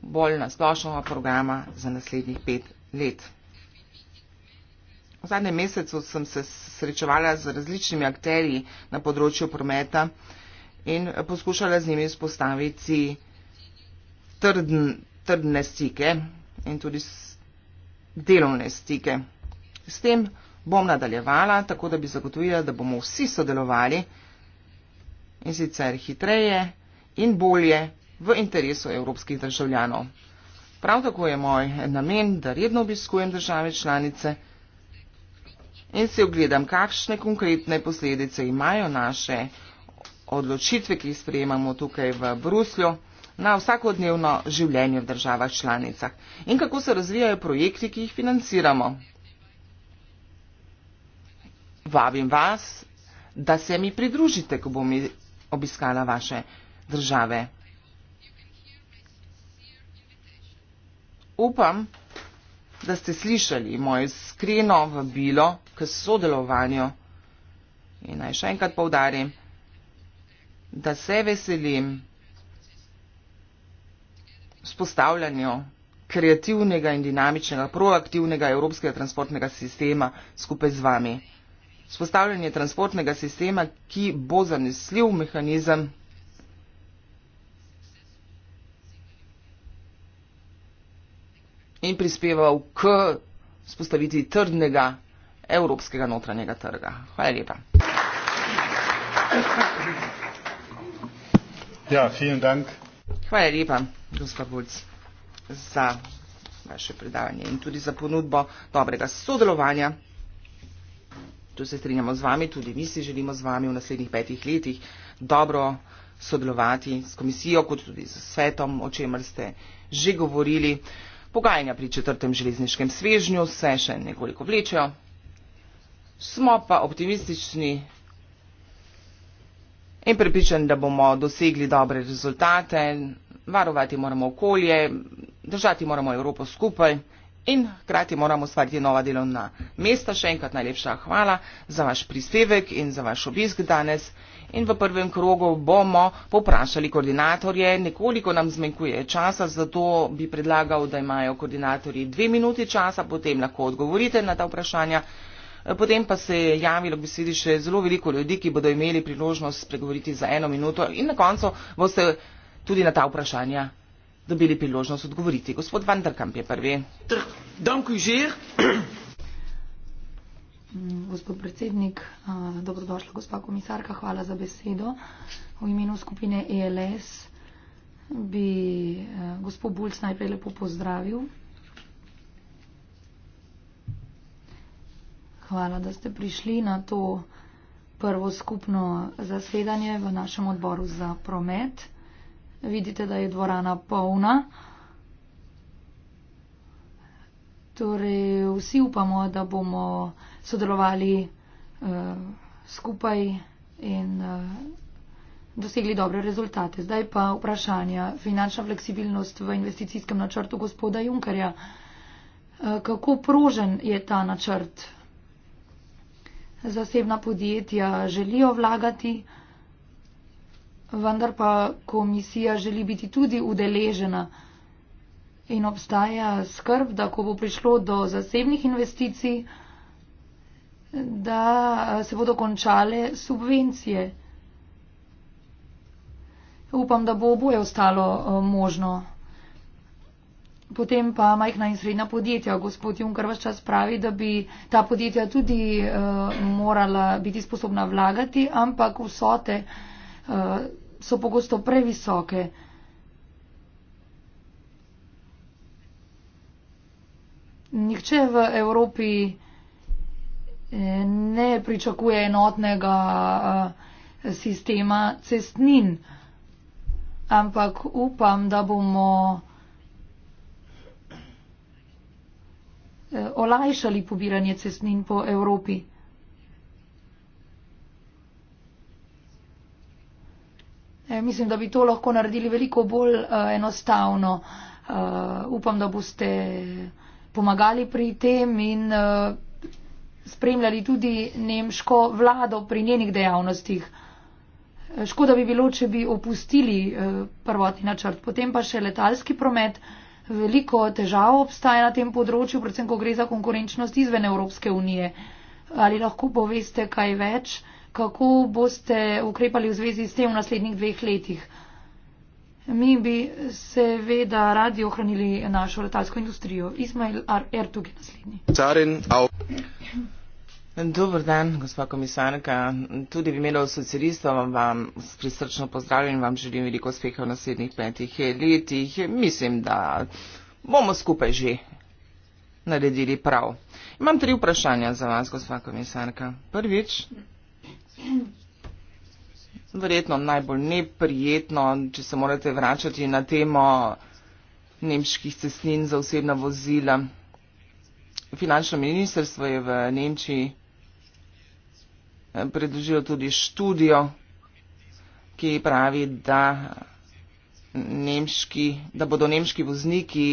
bolj nasplošnjega programa za naslednjih pet let. V zadnjem mesecu sem se srečevala z različnimi akterji na področju prometa in poskušala z njimi spostaviti trdne stike, in tudi delovne stike. S tem bom nadaljevala, tako da bi zagotovila, da bomo vsi sodelovali in sicer hitreje in bolje v interesu evropskih državljanov. Prav tako je moj namen, da redno obiskujem države članice in si ogledam, kakšne konkretne posledice imajo naše odločitve, ki jih sprejemamo tukaj v Bruslju na vsakodnevno življenje v državah članicah in kako se razvijajo projekti, ki jih financiramo. Vabim vas, da se mi pridružite, ko bom obiskala vaše države. Upam, da ste slišali moje skreno vabilo k sodelovanju in naj še enkrat povdarim, da se veselim vzpostavljanju kreativnega in dinamičnega, proaktivnega evropskega transportnega sistema skupaj z vami. Vzpostavljanje transportnega sistema, ki bo zanesljiv mehanizem in prispeval k vzpostaviti trdnega evropskega notranjega trga. Hvala lepa. Ja, vielen Dank. Hvala lepa. Gospa Bulc, za vaše predavanje in tudi za ponudbo dobrega sodelovanja. Tu se strinjamo z vami, tudi mi si želimo z vami v naslednjih petih letih dobro sodelovati s komisijo, kot tudi s svetom, o čemer ste že govorili. Pogajanja pri četrtem železniškem svežnju se še nekoliko vlečejo. Smo pa optimistični in prepričani, da bomo dosegli dobre rezultate varovati moramo okolje, držati moramo Evropo skupaj in hkrati moramo stvariti nova delovna mesta. Še enkrat najlepša hvala za vaš prispevek in za vaš obisk danes. In v prvem krogu bomo poprašali koordinatorje, nekoliko nam zmenkuje časa, zato bi predlagal, da imajo koordinatorji dve minuti časa, potem lahko odgovorite na ta vprašanja. Potem pa se je javilo, bi se vidi še zelo veliko ljudi, ki bodo imeli priložnost spregovoriti za eno minuto in na koncu boste tudi na ta vprašanja dobili priložnost odgovoriti. Gospod Van der Kamp je prvi. Dank u zeer. Gospod predsednik, dobrodošla gospa komisarka, hvala za besedo. V imenu skupine ELS bi gospod Bulc najprej lepo pozdravil. Hvala, da ste prišli na to prvo skupno zasedanje v našem odboru za promet. Vidite, da je dvorana polna. Torej, vsi upamo, da bomo sodelovali uh, skupaj in uh, dosegli dobre rezultate. Zdaj pa vprašanja. Finančna fleksibilnost v investicijskem načrtu gospoda Junkerja. Uh, kako prožen je ta načrt? Zasebna podjetja želijo vlagati. Uh, Vendar pa komisija želi biti tudi udeležena in obstaja skrb, da ko bo prišlo do zasebnih investicij, da eh, se bodo končale subvencije. Upam, da bo oboje ostalo eh, možno. Potem pa majhna in srednja podjetja. Gospod Junker vaš čas pravi, da bi ta podjetja tudi uh, morala biti sposobna vlagati, ampak vsote. Uh, Eh, so pogosto previsoke. Nihče v Evropi eh, ne pričakuje enotnega eh, sistema cestnin, ampak upam, da bomo olajšali pobiranje cestnin po Evropi. Eh, mislim, da bi to lahko naredili veliko bolj eh, enostavno. Eh, upam, da boste pomagali pri tem in spremljali tudi nemško vlado pri njenih dejavnostih. Škoda bi bilo, če bi opustili prvotni načrt. Potem pa še letalski promet. Veliko težav obstaja na tem področju, predvsem, ko gre za konkurenčnost izven Evropske unije. Ali lahko poveste kaj več? kako boste ukrepali v zvezi s tem v naslednjih dveh letih. Mi bi seveda radi ohranili našo letalsko industrijo. Izmail Ertug je naslednji. Dobar dan, gospa komisarka. Tudi v imenu socialistov vam prisrčno pozdravljam in vam želim veliko uspeha v naslednjih petih letih. Mislim, da bomo skupaj že naredili prav. Imam tri vprašanja za vas, gospa komisarka. Prvič, Verjetno najbolj neprijetno, če se morate vračati na temo nemških cestnin za osebna vozila. Finančno ministrstvo je v Nemčiji eh, predložilo tudi študijo, ki pravi, da, nemški, da bodo nemški vozniki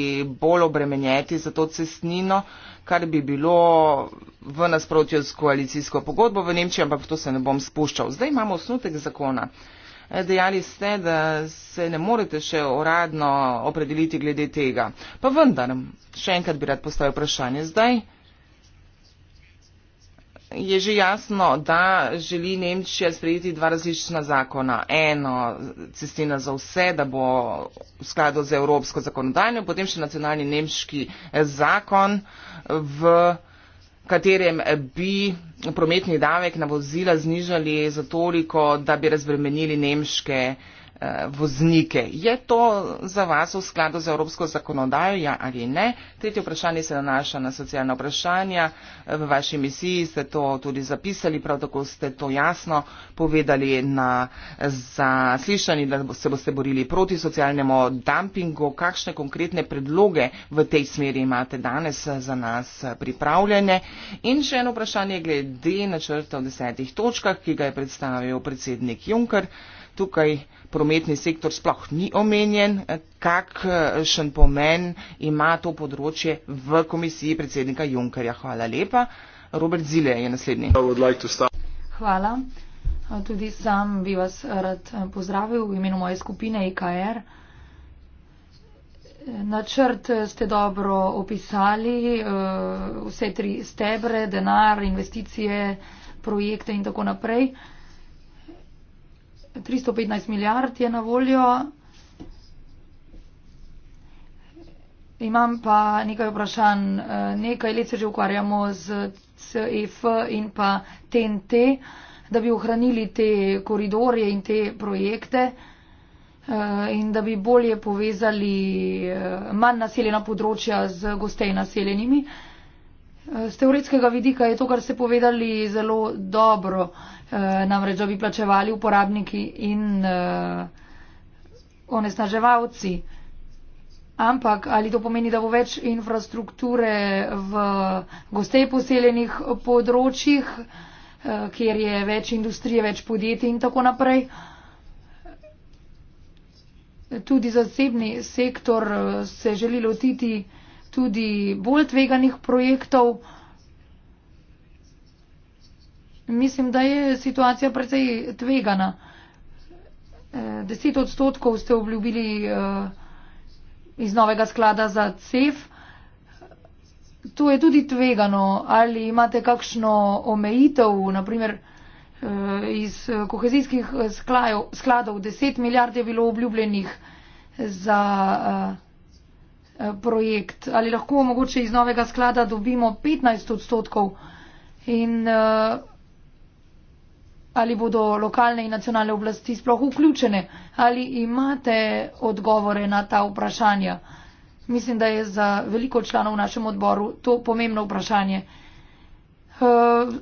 bolj obremenjeti za to cestnino. Uh, kar bi bilo v nasprotju s koalicijsko pogodbo v Nemčiji, ampak to se ne bom spuščal. Zdaj imamo osnutek zakona. E, dejali ste, da se ne morete še uradno opredeliti glede tega. Pa vendar, še enkrat bi rad postavil vprašanje. Zdaj je že jasno, da želi Nemčija sprejeti dva različna zakona. Eno, cestina za vse, da bo v skladu z evropsko zakonodajno, potem še nacionalni nemški zakon, v katerem bi prometni davek na vozila znižali za toliko, da bi razbremenili nemške. Eh, voznike. Je to za vas v skladu z evropsko zakonodajo ja ali ne? Tretje vprašanje se nanaša na socialna vprašanja. V vaši misiji ste to tudi zapisali, prav tako ste to jasno povedali na zaslišanju, da se boste borili proti socialnemu dumpingu. Kakšne konkretne predloge v tej smeri imate danes za nas pripravljene? In še eno vprašanje glede načrta v desetih točkah, ki ga je predstavil predsednik Juncker. Tukaj prometni sektor sploh ni omenjen, kakšen pomen ima to področje v komisiji predsednika Junkerja. Hvala lepa. Robert Zile je naslednji. Hvala. Tudi sam bi vas rad eh, pozdravil v imenu moje skupine IKR. E Načrt eh, ste dobro opisali, eh, vse tri stebre, denar, investicije, projekte in tako naprej. 315 milijard je na voljo. Imam pa nekaj vprašanj. E, nekaj let se že ukvarjamo z CEF in pa TNT, da bi ohranili te koridorje in te projekte e, in da bi bolje povezali e, manj naseljena področja z gostej naseljenimi. Z eh, teoretskega vidika je to, kar ste povedali, zelo dobro. Eh, namreč, da bi plačevali uporabniki in eh, onesnaževalci. Ampak ali to pomeni, da bo več infrastrukture v gostej poseljenih področjih, kjer je več industrije, več podjetij in tako naprej. Tudi zasebni sektor se želi lotiti tudi bolj tveganih projektov. Mislim, da je situacija precej tvegana. Eh, deset odstotkov ste obljubili eh, iz novega sklada za CEF. To je tudi tvegano. Ali imate kakšno omejitev, naprimer eh, iz kohezijskih skladov, 10 milijard je bilo obljubljenih za. Eh, projekt, ali lahko mogoče iz novega sklada dobimo 15 odstotkov in eh, ali bodo lokalne in nacionalne oblasti sploh vključene, ali imate odgovore na ta vprašanja. Mislim, da je za veliko članov v našem odboru to pomembno vprašanje. Eh,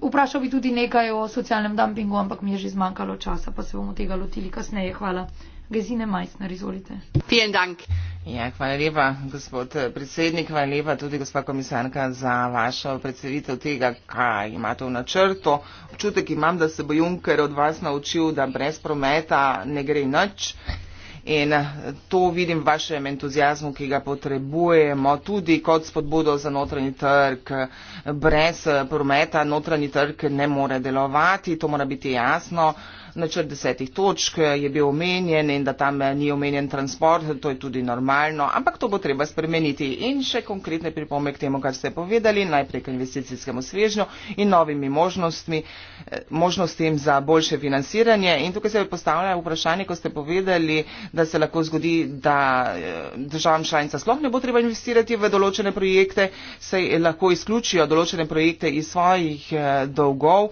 vprašal bi tudi nekaj o socialnem dumpingu, ampak mi je že zmanjkalo časa, pa se bomo tega lotili kasneje. Hvala. Gesine Meissner, izvolite. Vielen Dank. Ja, hvala lepa, gospod eh, predsednik, hvala lepa tudi gospa komisarka za vašo predstavitev tega, kaj imate v načrtu. Občutek imam, da se bo Juncker od vas naučil, da brez prometa ne gre nič. In eh, to vidim v vašem entuzijazmu, ki ga potrebujemo tudi kot spodbudo za notranji trg. Brez eh, prometa notranji trg ne more delovati, to mora biti jasno načrt desetih točk je bil omenjen in da tam ni omenjen transport, to je tudi normalno, ampak to bo treba spremeniti. In še konkretne pripombe k temu, kar ste povedali, najprej k investicijskemu svežnju in novimi možnostmi, eh, možnostim za boljše financiranje. In tukaj se je postavljalo vprašanje, ko ste povedali, da se lahko zgodi, da eh, državam članica sploh ne bo treba investirati v določene projekte, se lahko izključijo določene projekte iz svojih eh, dolgov.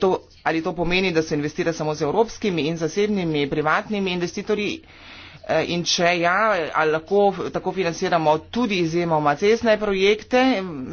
To ali to pomeni, da se investira samo z evropskimi in zasebnimi, privatnimi investitorji. Eh, in če ja, ali lahko tako financiramo tudi izjemoma cestne projekte,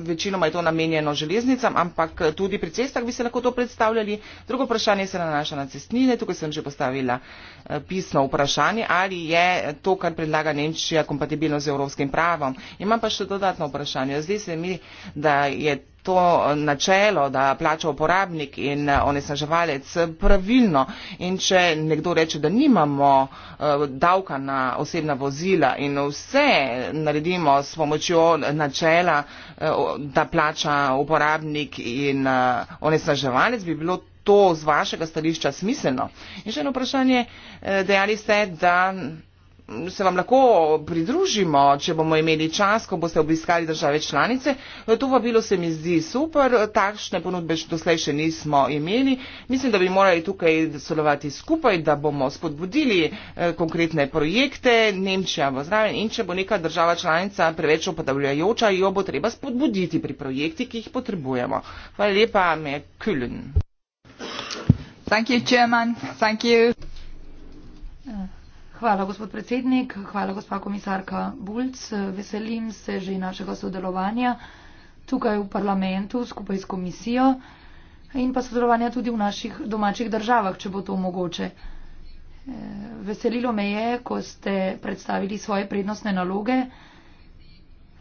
večinoma je to namenjeno železnicam, ampak tudi pri cestah bi se lahko to predstavljali. Drugo vprašanje se nanaša na cestnine, tukaj sem že postavila eh, pisno vprašanje, ali je to, kar predlaga Nemčija, kompatibilno z evropskim pravom. Imam pa še dodatno vprašanje. Zdi se mi, da je to načelo, da plača uporabnik in eh, onesnaževalec pravilno. In če nekdo reče, da nimamo eh, davka na osebna vozila in vse naredimo s pomočjo načela, eh, da plača uporabnik in onesnaževalec, bi bilo to z vašega stališča smiselno. In še eno vprašanje, dejali ste, da se vam lahko pridružimo, če bomo imeli čas, ko boste obiskali države članice. To vabilo se mi zdi super, takšne ponudbe doslej še nismo imeli. Mislim, da bi morali tukaj sodelovati skupaj, da bomo spodbudili eh, konkretne projekte. Nemčija bo zraven in če bo neka država članica preveč opodavljajoča, jo bo treba spodbuditi pri projekti, ki jih potrebujemo. Hvala lepa, me külen. Thank you, Chairman. Thank you. Uh. Hvala, gospod predsednik. Hvala, gospa komisarka Bulc. Veselim se že našega sodelovanja tukaj v parlamentu skupaj s komisijo in pa sodelovanja tudi v naših domačih državah, če bo to mogoče. E, veselilo me je, ko ste predstavili svoje prednostne naloge.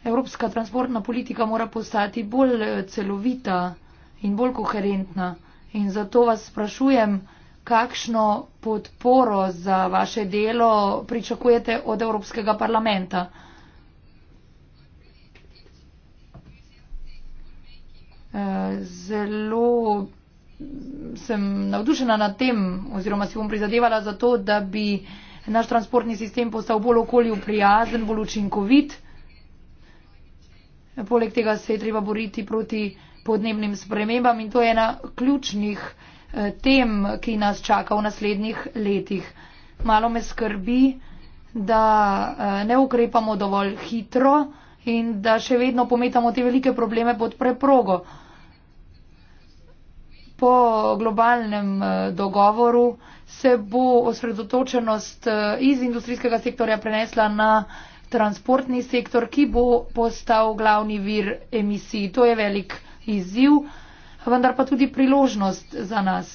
Evropska transportna politika mora postati bolj celovita in bolj koherentna. In zato vas sprašujem, kakšno podporo za vaše delo pričakujete od Evropskega parlamenta? Eh, zelo sem navdušena nad tem oziroma si bom prizadevala za to, da bi naš transportni sistem postal bolj okolju prijazen, bolj učinkovit. Poleg tega se je treba boriti proti podnebnim spremembam in to je ena ključnih Eh, tem, ki nas čaka v naslednjih letih. Malo me skrbi, da eh, ne ukrepamo dovolj hitro in da še vedno pometamo te velike probleme pod preprogo. Po globalnem eh, dogovoru se bo osredotočenost iz industrijskega sektorja prenesla na transportni sektor, ki bo postal glavni vir emisij. To je velik izziv pa vendar pa tudi priložnost za nas.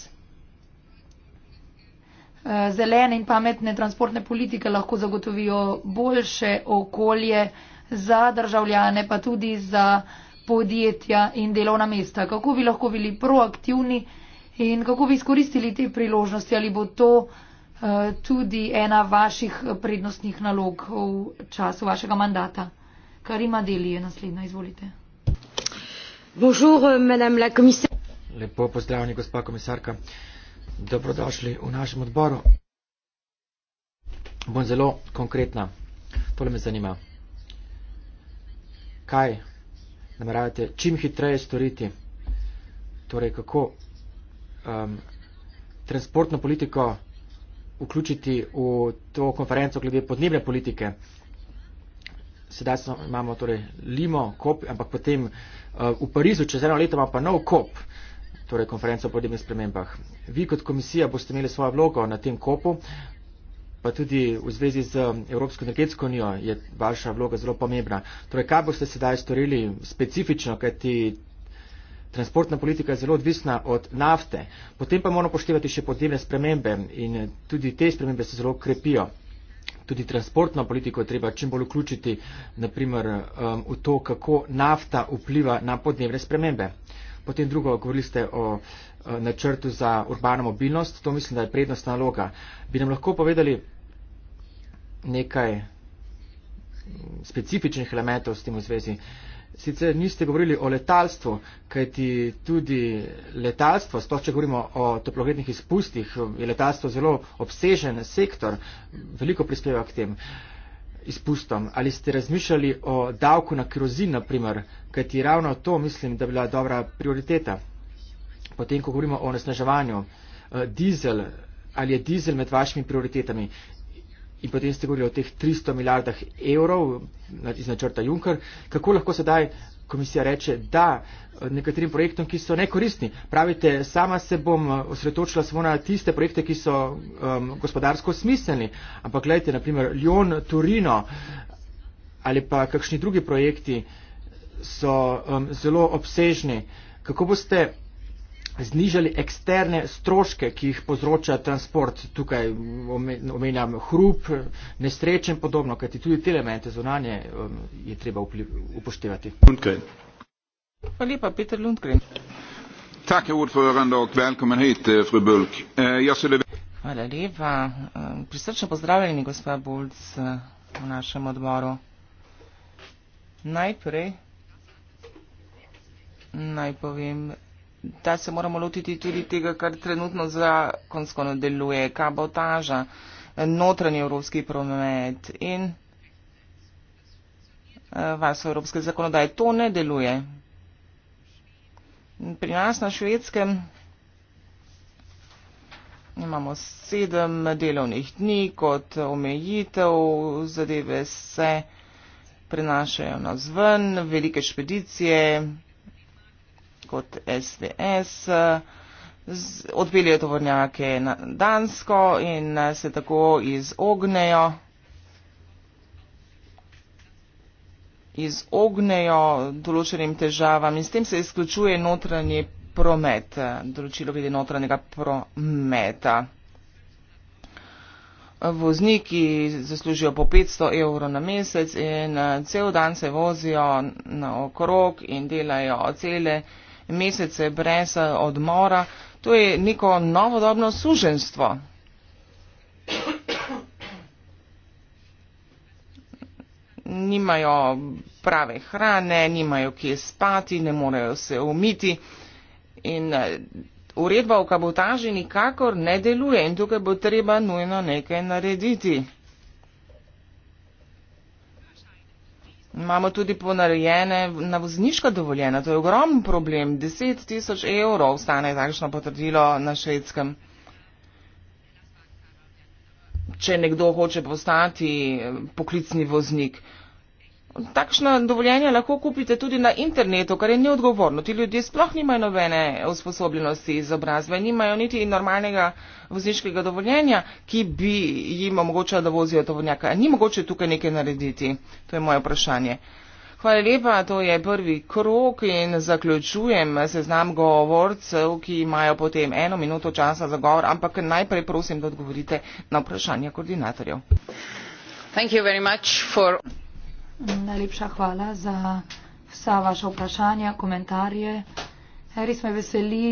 Eh, zelene in pametne transportne politike lahko zagotovijo boljše okolje za državljane, pa tudi za podjetja in delovna mesta. Kako bi lahko bili proaktivni in kako bi izkoristili te priložnosti, ali bo to eh, tudi ena vaših prednostnih nalog v času vašega mandata. Karima Deli je naslednja, izvolite. Euh, lepo pozdravljeni gospa komisarka dobrodošli v našem odboru bom zelo konkretna tole me zanima kaj nameravate čim hitreje storiti torej kako um, transportno politiko vključiti v to konferenco glede podnebne politike sedaj smo, imamo torej Limo, Kop, ampak potem uh, v Parizu čez eno leto ima pa nov Kop, torej konferenca o podnebnih spremembah. Vi kot komisija boste imeli svojo vlogo na tem Kopu, pa tudi v zvezi z eh, Evropsko energetsko unijo je vaša vloga zelo pomembna. Torej, kaj boste sedaj storili specifično, kajti. Transportna politika je zelo odvisna od nafte. Potem pa moramo poštevati še podnebne spremembe in tudi te spremembe se zelo krepijo tudi transportno politiko je treba čim bolj vključiti, naprimer um, v to, kako nafta vpliva na podnebne spremembe. Potem drugo, govorili ste o načrtu za urbano mobilnost, to mislim, da je prednostna naloga. Bi nam lahko povedali nekaj mm, specifičnih elementov s tem v zvezi? Uh, sicer niste govorili o letalstvu, kajti tudi letalstvo, sploh če govorimo o toplogrednih izpustih, je letalstvo zelo obsežen sektor, veliko prispeva k tem izpustom. Ali ste razmišljali o davku na kerozin, na primer, kajti ravno to mislim, da bi bila dobra prioriteta. Potem, ko govorimo o nasnaževanju, eh, dizel, ali je dizel med vašimi prioritetami, in potem ste govorili o teh 300 milijardah evrov iz načrta Juncker, kako lahko sedaj komisija reče, da eh, nekaterim projektom, ki so nekoristni. Pravite, sama se bom eh, osredotočila samo na tiste projekte, ki so um, gospodarsko smiselni. Ampak gledajte, naprimer, Lyon, Turino ali pa kakšni drugi projekti so um, zelo obsežni. Kako boste znižali eksterne stroške, ki jih povzroča transport. Tukaj omenjam hrup, nesreče in podobno, kajti tudi te elemente zunanje um, je treba upoštevati. Lundgren. Hvala lepa, Peter Lundgren. Tako, urfogando, velkomen hit, äh, fru Bulk. Äh, ja, Hvala lepa. Ähm, prisrčno pozdravljeni, gospod Bulc, äh, v našem odboru. Najprej naj povem, da se moramo lotiti tudi tega, kar trenutno zakonsko ne deluje, kabotaža, notranji evropski promet in eh, varstvo evropske zakonodaje. To ne deluje. Pri nas na švedskem imamo sedem delovnih dni kot omejitev, zadeve se prenašajo nas ven, velike špedicije, kot SDS. Odpeljejo tovornjake na Dansko in eh, se tako izognejo, izognejo določenim težavam in s tem se izključuje notranji promet, eh, določilo glede notranjega prometa. Vozniki zaslužijo po 500 evrov na mesec in eh, cel dan se vozijo na okrog in delajo cele mesece brez eh, odmora. To je neko novodobno suženstvo. Nimajo prave hrane, nimajo kje spati, ne morejo se umiti. In eh, uredba o kabotaži nikakor ne deluje in tukaj bo treba nujno nekaj narediti. Imamo tudi ponarejene na vozniška dovoljena, to je ogromen problem. 10 tisoč evrov stane takšno potrdilo na švedskem. Če nekdo hoče postati poklicni voznik. Takšno dovoljenje lahko kupite tudi na internetu, kar je neodgovorno. Ti ljudje sploh nimajo nobene usposobljenosti izobrazbe, nimajo niti normalnega vozniškega dovoljenja, ki bi jim omogočalo, da vozijo tovornjaka. Ni mogoče tukaj nekaj narediti? To je moje vprašanje. Hvala lepa, to je prvi krok in zaključujem seznam govorcev, ki imajo potem eno minuto časa za govor, ampak najprej prosim, da odgovorite na vprašanje koordinatorjev. Thank you very much for... Najlepša hvala za vsa vaša vprašanja, komentarje. Res me veseli,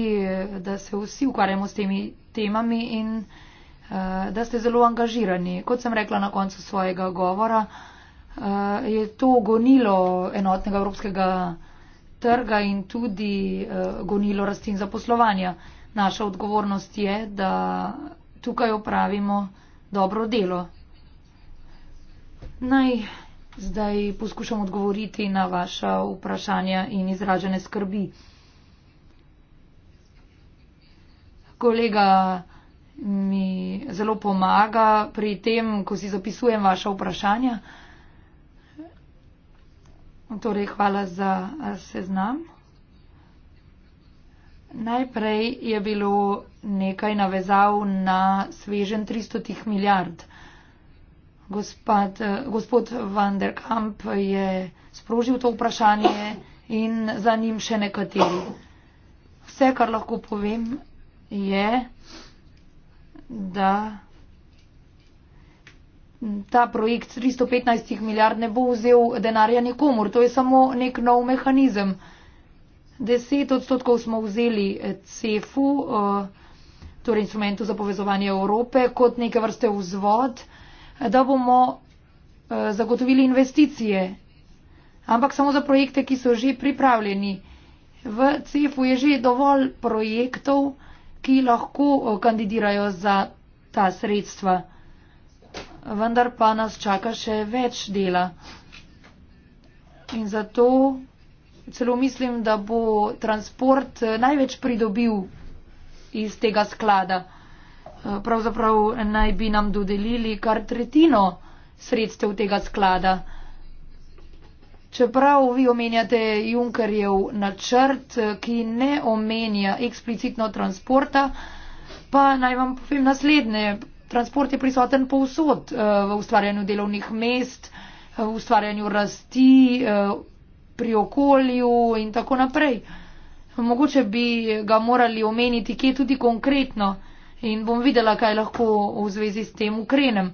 da se vsi ukvarjamo s temi temami in eh, da ste zelo angažirani. Kot sem rekla na koncu svojega govora, eh, je to gonilo enotnega evropskega trga in tudi eh, gonilo rastin zaposlovanja. Naša odgovornost je, da tukaj opravimo dobro delo. Naj Zdaj poskušam odgovoriti na vaša vprašanja in izražene skrbi. Kolega mi zelo pomaga pri tem, ko si zapisujem vaša vprašanja. Torej, hvala za eh, seznam. Najprej je bilo nekaj navezav na svežen 300 milijard gospod, eh, gospod Van der Kamp je sprožil to vprašanje in za njim še nekateri. Vse, kar lahko povem, je, da ta projekt 315 milijard ne bo vzel denarja nikomor. To je samo nek nov mehanizem. 10 odstotkov smo vzeli eh, CEF-u, eh, torej instrumentu za povezovanje Evrope, kot neke vrste vzvod da bomo eh, zagotovili investicije, ampak samo za projekte, ki so že pripravljeni. V CEF-u je že dovolj projektov, ki lahko eh, kandidirajo za ta sredstva, vendar pa nas čaka še več dela. In zato celo mislim, da bo transport eh, največ pridobil iz tega sklada pravzaprav naj bi nam dodelili kar tretjino sredstev tega sklada. Čeprav vi omenjate Junkerjev načrt, ki ne omenja eksplicitno transporta, pa naj vam povem naslednje. Transport je prisoten povsod eh, v ustvarjanju delovnih mest, eh, v ustvarjanju rasti, eh, pri okolju in tako naprej. Mogoče bi ga morali omeniti kje tudi konkretno in bom videla, kaj lahko v zvezi s tem ukrenem.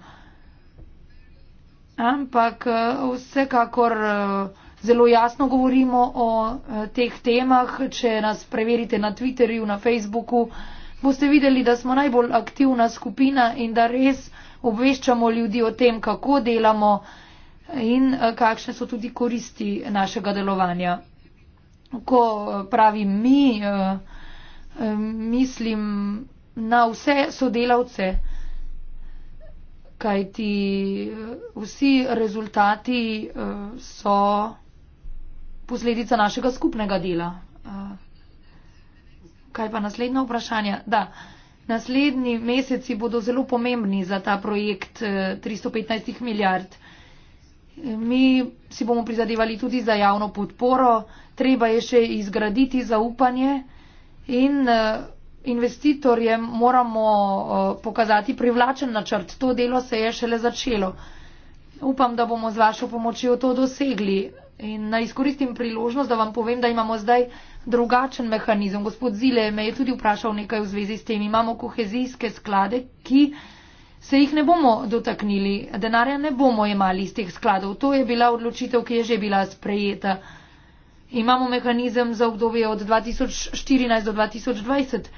Ampak eh, vsekakor eh, zelo jasno govorimo o eh, teh temah. Če nas preverite na Twitterju, na Facebooku, boste videli, da smo najbolj aktivna skupina in da res obveščamo ljudi o tem, kako delamo in kakšne so tudi koristi našega delovanja. Ko pravim mi, mislim na vse sodelavce, kaj ti eh, vsi rezultati eh, so posledica našega skupnega dela. Eh, kaj pa naslednja vprašanja? Da, naslednji meseci bodo zelo pomembni za ta projekt 315 milijard. Mi si bomo prizadevali tudi za javno podporo, treba je še izgraditi zaupanje in uh, investitorjem moramo eh, pokazati privlačen načrt. To delo se je šele začelo. Upam, da bomo z vašo pomočjo to dosegli. In naj izkoristim priložnost, da vam povem, da imamo zdaj drugačen mehanizem. Gospod Zile me je tudi vprašal nekaj v zvezi s tem. Imamo kohezijske sklade, ki se jih ne bomo dotaknili. Denarja ne bomo imali iz teh skladov. To je bila odločitev, ki je že bila sprejeta. Imamo mehanizem za obdobje od 2014 do 2020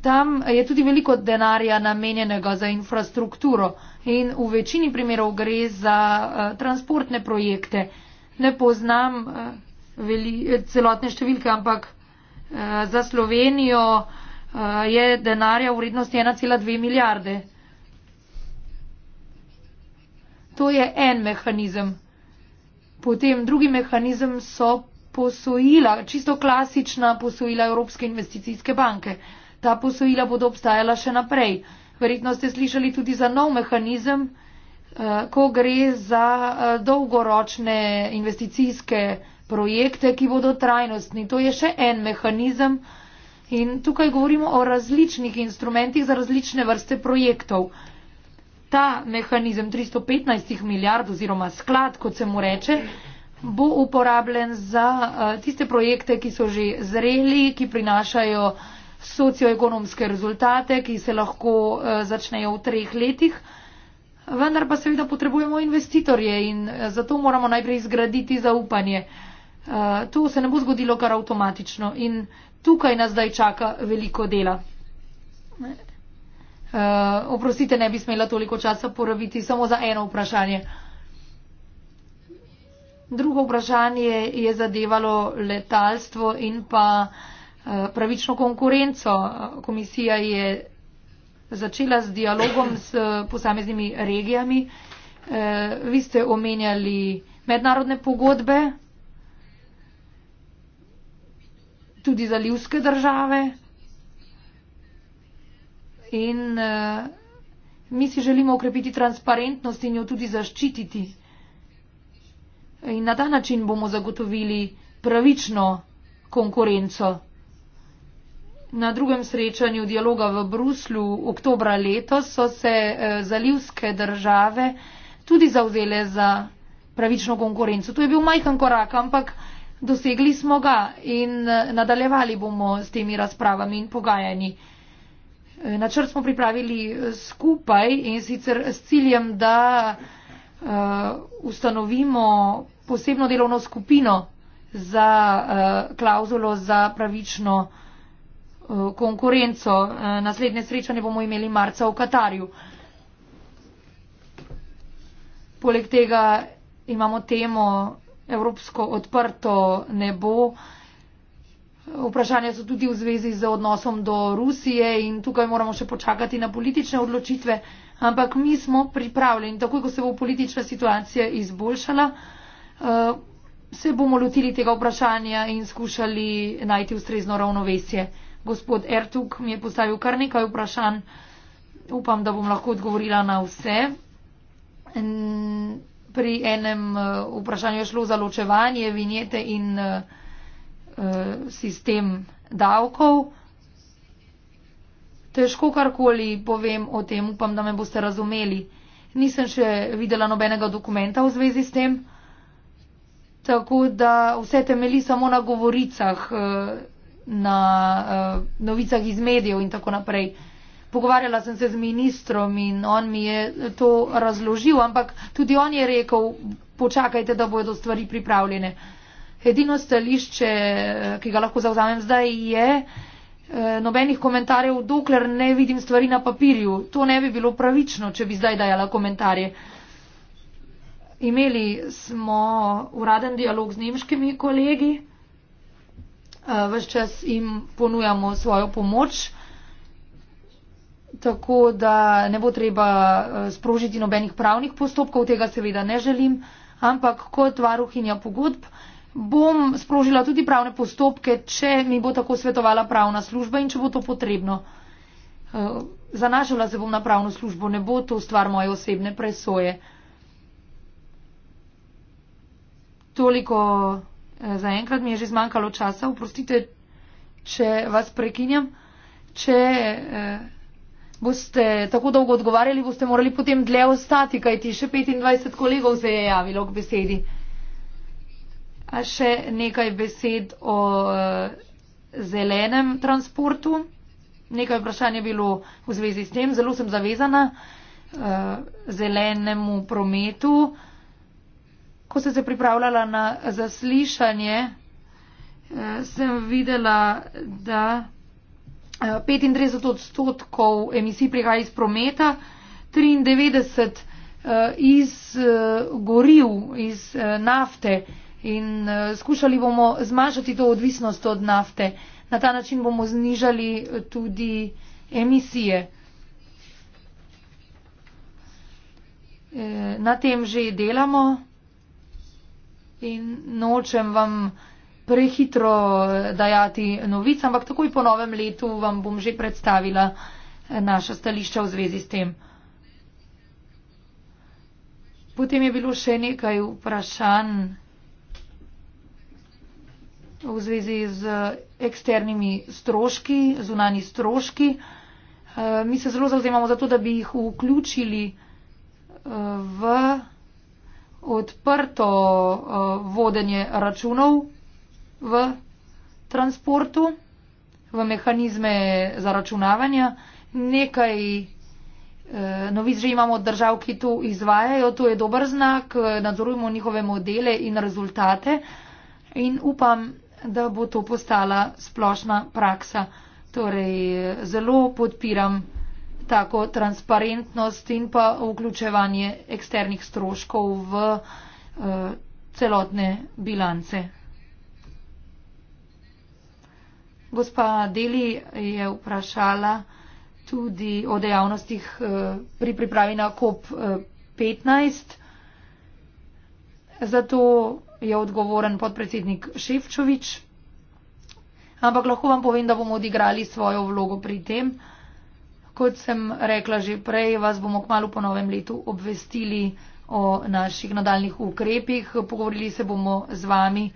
tam je tudi veliko denarja namenjenega za infrastrukturo in v večini primerov gre za uh, transportne projekte. Ne poznam uh, veli, celotne številke, ampak uh, za Slovenijo uh, je denarja v vrednosti 1,2 milijarde. To je en mehanizem. Potem drugi mehanizem so posojila, čisto klasična posojila Evropske investicijske banke. Uh, ta posojila bodo obstajala še naprej. Verjetno ste slišali tudi za nov mehanizem, eh, ko gre za eh, dolgoročne investicijske projekte, ki bodo trajnostni. To je še en mehanizem in tukaj govorimo o različnih instrumentih za različne vrste projektov. Ta mehanizem 315 milijard oziroma sklad, kot se mu reče, bo uporabljen za eh, tiste projekte, ki so že zreli, ki prinašajo socioekonomske rezultate, ki se lahko eh, začnejo v treh letih. Vendar pa seveda potrebujemo investitorje in eh, zato moramo najprej zgraditi zaupanje. Eh, to se ne bo zgodilo kar avtomatično in tukaj nas zdaj čaka veliko dela. Oprostite, ne bi smela toliko časa poraviti samo za eno vprašanje. Drugo vprašanje je zadevalo letalstvo in pa uh, pravično konkurenco. Komisija je začela z dialogom s posameznimi regijami. Eh, vi ste omenjali mednarodne pogodbe tudi za ljudske države in eh, mi si želimo okrepiti transparentnost in jo tudi zaščititi. In na ta način bomo zagotovili pravično konkurenco. Na drugem srečanju dialoga v Bruslju oktobra letos so se eh, zalivske države tudi zauzele za pravično konkurenco. To je bil majhen korak, ampak dosegli smo ga in eh, nadaljevali bomo s temi razpravami in pogajanji. Eh, načrt smo pripravili skupaj in sicer s ciljem, da ustanovimo posebno delovno skupino za klauzulo za pravično konkurenco. Eh, konkurenco. Eh, naslednje srečanje bomo imeli marca v Katarju. Poleg tega imamo temo Evropsko odprto nebo. Vprašanja so tudi v zvezi z odnosom do Rusije in tukaj moramo še počakati na politične odločitve, ampak mi smo pripravljeni, takoj ko se bo politična situacija izboljšala, eh, se bomo lotili tega vprašanja in skušali najti ustrezno ravnovesje gospod Ertug mi je postavil kar nekaj vprašanj. Upam, da bom lahko odgovorila na vse. Pri enem eh, vprašanju je šlo za ločevanje vinjete in eh, eh, sistem davkov. Težko karkoli povem o tem, upam, da me boste razumeli. Nisem še videla nobenega dokumenta v zvezi s tem. Tako da vse temeli samo na govoricah na uh, novicah iz medijev in tako naprej. Pogovarjala sem se z ministrom in on mi je to razložil, ampak tudi on je rekel, počakajte, da bodo stvari pripravljene. Edino stališče, eh, ki ga lahko zauzamem zdaj, je eh, nobenih komentarjev, dokler ne vidim stvari na papirju. To ne bi bilo pravično, če bi zdaj dajala komentarje. Imeli smo uraden dialog z nemškimi kolegi. Eh, vse čas jim ponujamo svojo pomoč, tako da ne bo treba eh, sprožiti nobenih pravnih postopkov, tega seveda ne želim, ampak kot varuhinja pogodb bom sprožila tudi pravne postopke, če mi bo tako svetovala pravna služba in če bo to potrebno. Eh, zanašala se bom na pravno službo, ne bo to stvar moje osebne presoje. Toliko. Eh, zaenkrat mi je že zmanjkalo časa, oprostite, če vas prekinjam. Če eh, boste tako dolgo odgovarjali, boste morali potem dlje ostati, kajti še 25 kolegov se je javilo k besedi. A še nekaj besed o eh, zelenem transportu. Nekaj vprašanj je bilo v zvezi s tem. Zelo sem zavezana eh, zelenemu prometu. Eh, ko sem se pripravljala na zaslišanje, eh, sem videla, da 35 eh, odstotkov emisij prihaja iz prometa, 93 eh, iz goriv, iz nafte in skušali bomo zmanjšati to odvisnost od nafte. Na ta način bomo znižali tudi emisije. Na tem že delamo in nočem vam prehitro dajati novic, ampak takoj po novem letu vam bom že predstavila naša stališča v zvezi s tem. Potem je bilo še nekaj vprašanj v zvezi z eksternimi stroški, zunani stroški. Eh, mi se zelo zauzemamo za to, da bi jih vključili eh, v odprto eh, vodenje računov v transportu, v mehanizme zaračunavanja. Nekaj eh, novic že imamo od držav, ki to izvajajo. To je dober znak. Eh, nadzorujemo njihove modele in rezultate in upam, da bo to postala splošna praksa. Torej, zelo podpiram tako transparentnost in pa vključevanje eksternih stroškov v eh, celotne bilance. Gospa Deli je vprašala tudi o dejavnostih eh, pri pripravi na COP15. Eh, Zato je odgovoren podpredsednik Ševčovič. Ampak lahko vam povem, da bomo odigrali svojo vlogo pri tem kot sem rekla že prej, vas bomo kmalo po novem letu obvestili o naših nadaljnih ukrepih. Pogovorili se bomo z vami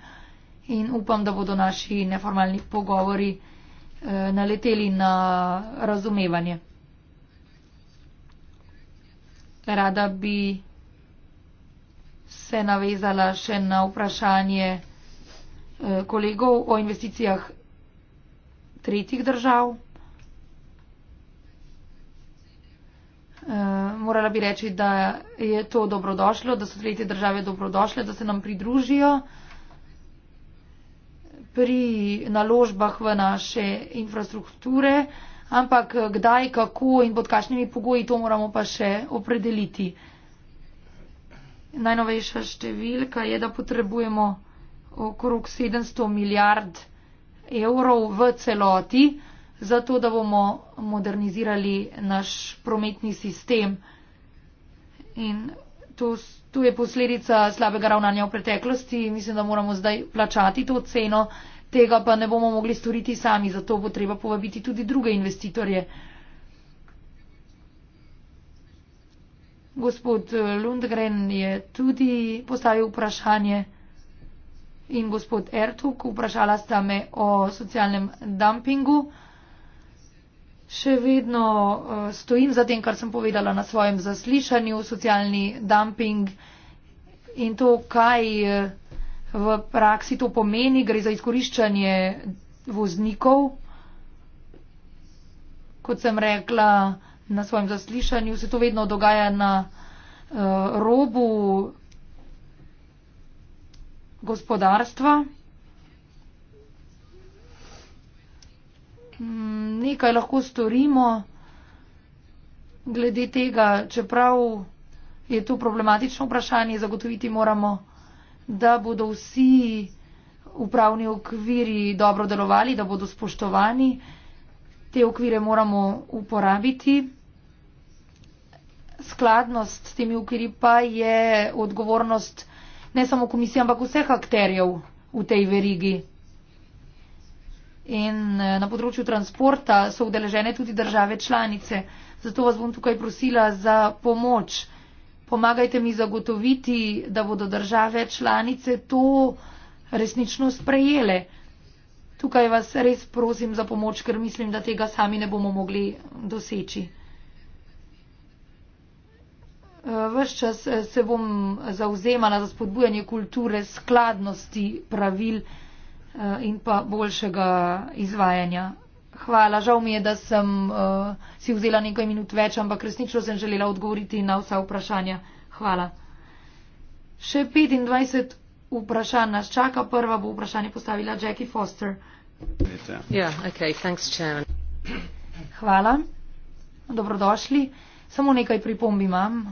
in upam, da bodo naši neformalni pogovori eh, naleteli na razumevanje. Rada bi se navezala še na vprašanje eh, kolegov o investicijah tretjih držav. Eh, morala bi reči, da je to dobrodošlo, da so tretje države dobrodošle, da se nam pridružijo pri naložbah v naše infrastrukture, ampak kdaj, kako in pod kašnimi pogoji to moramo pa še opredeliti. Najnovejša številka je, da potrebujemo okrog 700 milijard evrov v celoti zato da bomo modernizirali naš prometni sistem. In to, to je posledica slabega ravnanja v preteklosti. Mislim, da moramo zdaj plačati to ceno, tega pa ne bomo mogli storiti sami, zato bo treba povabiti tudi druge investitorje. Gospod Lundgren je tudi postavil vprašanje in gospod Ertuk vprašala sta me o socialnem dumpingu še vedno eh, stojim za tem, kar sem povedala na svojem zaslišanju, socialni dumping in to, kaj eh, v praksi to pomeni, gre za izkoriščanje voznikov. Kot sem rekla na svojem zaslišanju, se to vedno dogaja na eh, robu gospodarstva. Mm, nekaj lahko storimo glede tega, čeprav je to problematično vprašanje, zagotoviti moramo, da bodo vsi upravni okviri dobro delovali, da bodo spoštovani. Te okvire moramo uporabiti. Skladnost s temi okviri pa je odgovornost ne samo komisije, ampak vseh akterjev v tej verigi in eh, na področju transporta so udeležene tudi države članice. Zato vas bom tukaj prosila za pomoč. Pomagajte mi zagotoviti, da bodo države članice to resnično sprejele. Tukaj vas res prosim za pomoč, ker mislim, da tega sami ne bomo mogli doseči. Eh, ves čas eh, se bom zauzemala za spodbujanje kulture skladnosti pravil. Eh, in pa boljšega izvajanja. Hvala, žal mi je, da sem uh, si vzela nekaj minut več, ampak resnično sem želela odgovoriti na vsa vprašanja. Hvala. Še 25 vprašanj nas čaka. Prva bo vprašanje postavila Jackie Foster. Yeah, okay, thanks, Hvala. Dobrodošli. Samo nekaj pripombi imam.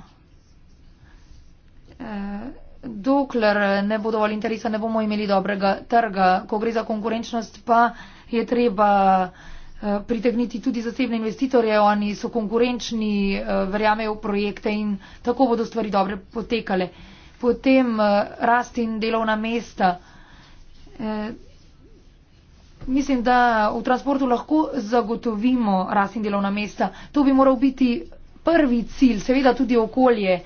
Uh, dokler ne bo dovolj interesa, ne bomo imeli dobrega trga. Ko gre za konkurenčnost, pa je treba eh, pritegniti tudi zasebne investitorje, oni so konkurenčni, eh, verjamejo v projekte in tako bodo stvari dobre potekale. Potem eh, rast in delovna mesta. Mislim, da v transportu lahko zagotovimo rast in delovna mesta. To bi moral biti prvi cilj, seveda tudi okolje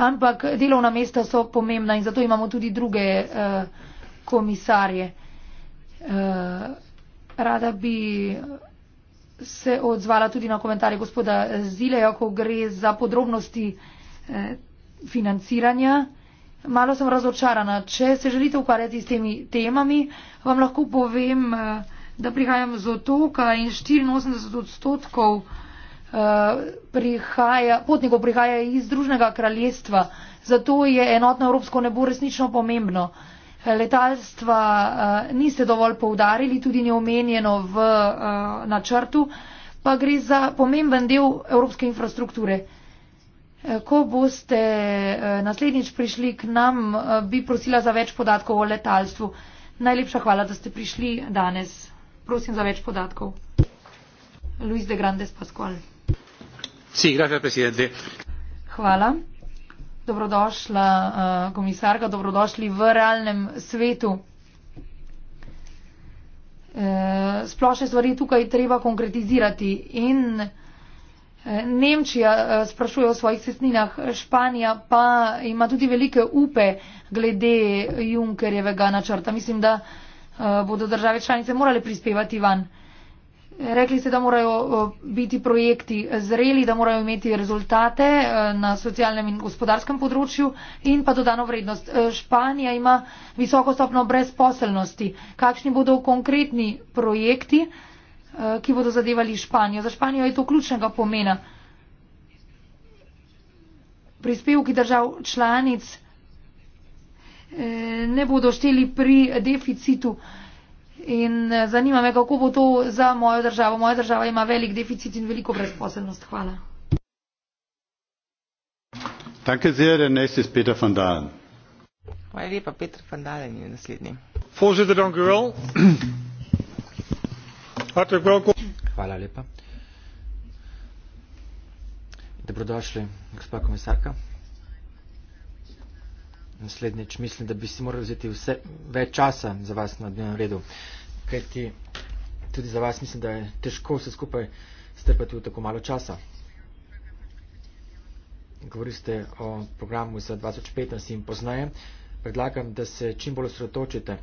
ampak delovna mesta so pomembna in zato imamo tudi druge uh, komisarje. Uh, rada bi se odzvala tudi na komentarje gospoda Zileja, ko gre za podrobnosti eh, financiranja. Malo sem razočarana. Če se želite ukvarjati s temi temami, vam lahko povem, eh, da prihajam z otoka in 84 odstotkov eh, uh, prihaja, potnikov prihaja iz Združenega kraljestva. Zato je enotno evropsko nebo resnično pomembno. Eh, letalstva uh, niste dovolj poudarili, tudi ni omenjeno v uh, načrtu, pa gre za pomemben del evropske infrastrukture. Ko boste naslednjič prišli k nam, bi prosila za več podatkov o letalstvu. Najlepša hvala, da ste prišli danes. Prosim za več podatkov. Luis de Grandes Pascual. Hvala. Dobrodošla, eh, komisarka, dobrodošli v realnem svetu. Eh, splošne stvari tukaj treba konkretizirati in eh, Nemčija sprašuje o svojih cestninah, Španija pa ima tudi velike upe glede Junkerjevega načrta. Mislim, da bodo države članice morale prispevati van. Rekli ste, da morajo biti projekti zreli, da morajo imeti rezultate e, na socialnem in gospodarskem področju in pa dodano vrednost. E, Španija ima visoko stopno brezposelnosti. Kakšni bodo konkretni projekti, e, ki bodo zadevali Španijo? Za Španijo je to ključnega pomena. Prispevki držav članic ne bodo šteli pri deficitu In eh, zanima me, kako bo to za mojo državo. Moja država ima velik deficit in veliko brezposelnost. Hvala. Hvala lepa, Peter van Dalen je naslednji. Hvala lepa. Dobrodošli, gospod komisarka naslednjič mislim, da bi si morali vzeti vse, več časa za vas na dnevnem redu, ker ti tudi za vas mislim, da je težko vse skupaj strpati v tako malo časa. Govorili ste o programu za 2015 in poznaje. Predlagam, da se čim bolj osredotočite